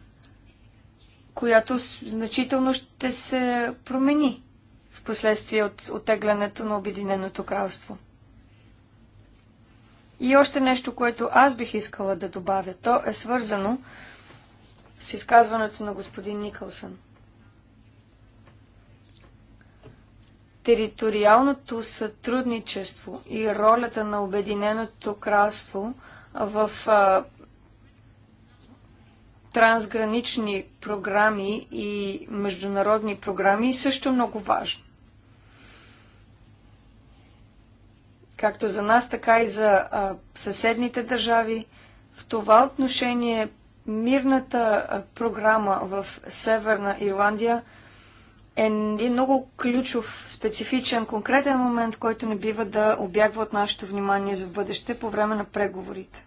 която значително ще се промени в последствие от отеглянето на Обединеното кралство. И още нещо, което аз бих искала да добавя, то е свързано с изказването на господин Никълсън. Териториалното сътрудничество и ролята на Обединеното кралство в трансгранични програми и международни програми също много важно. Както за нас, така и за а, съседните държави. В това отношение мирната а, програма в Северна Ирландия е един много ключов, специфичен, конкретен момент, който не бива да обягва от нашето внимание за бъдеще по време на преговорите.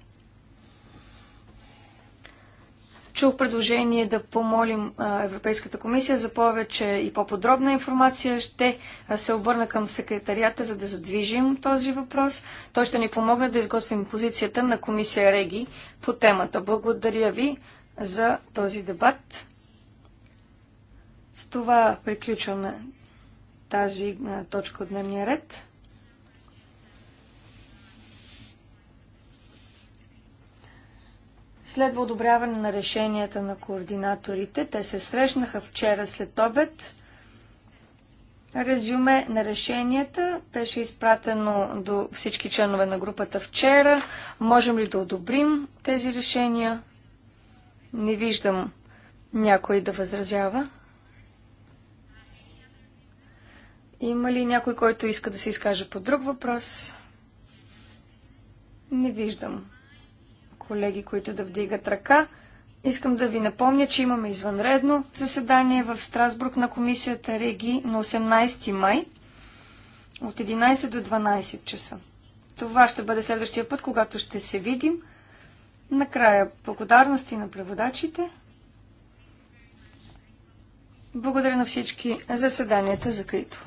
Чух предложение да помолим Европейската комисия за повече и по-подробна информация. Ще се обърна към секретарията, за да задвижим този въпрос. Той ще ни помогне да изготвим позицията на комисия Реги по темата. Благодаря ви за този дебат. С това приключваме тази точка от дневния ред. Следва одобряване на решенията на координаторите. Те се срещнаха вчера след обед. Резюме на решенията беше изпратено до всички членове на групата вчера. Можем ли да одобрим тези решения? Не виждам някой да възразява. Има ли някой, който иска да се изкаже по друг въпрос? Не виждам колеги, които да вдигат ръка. Искам да ви напомня, че имаме извънредно заседание в Страсбург на комисията Реги на 18 май от 11 до 12 часа. Това ще бъде следващия път, когато ще се видим. Накрая, благодарности на преводачите. Благодаря на всички. Заседанието е закрито.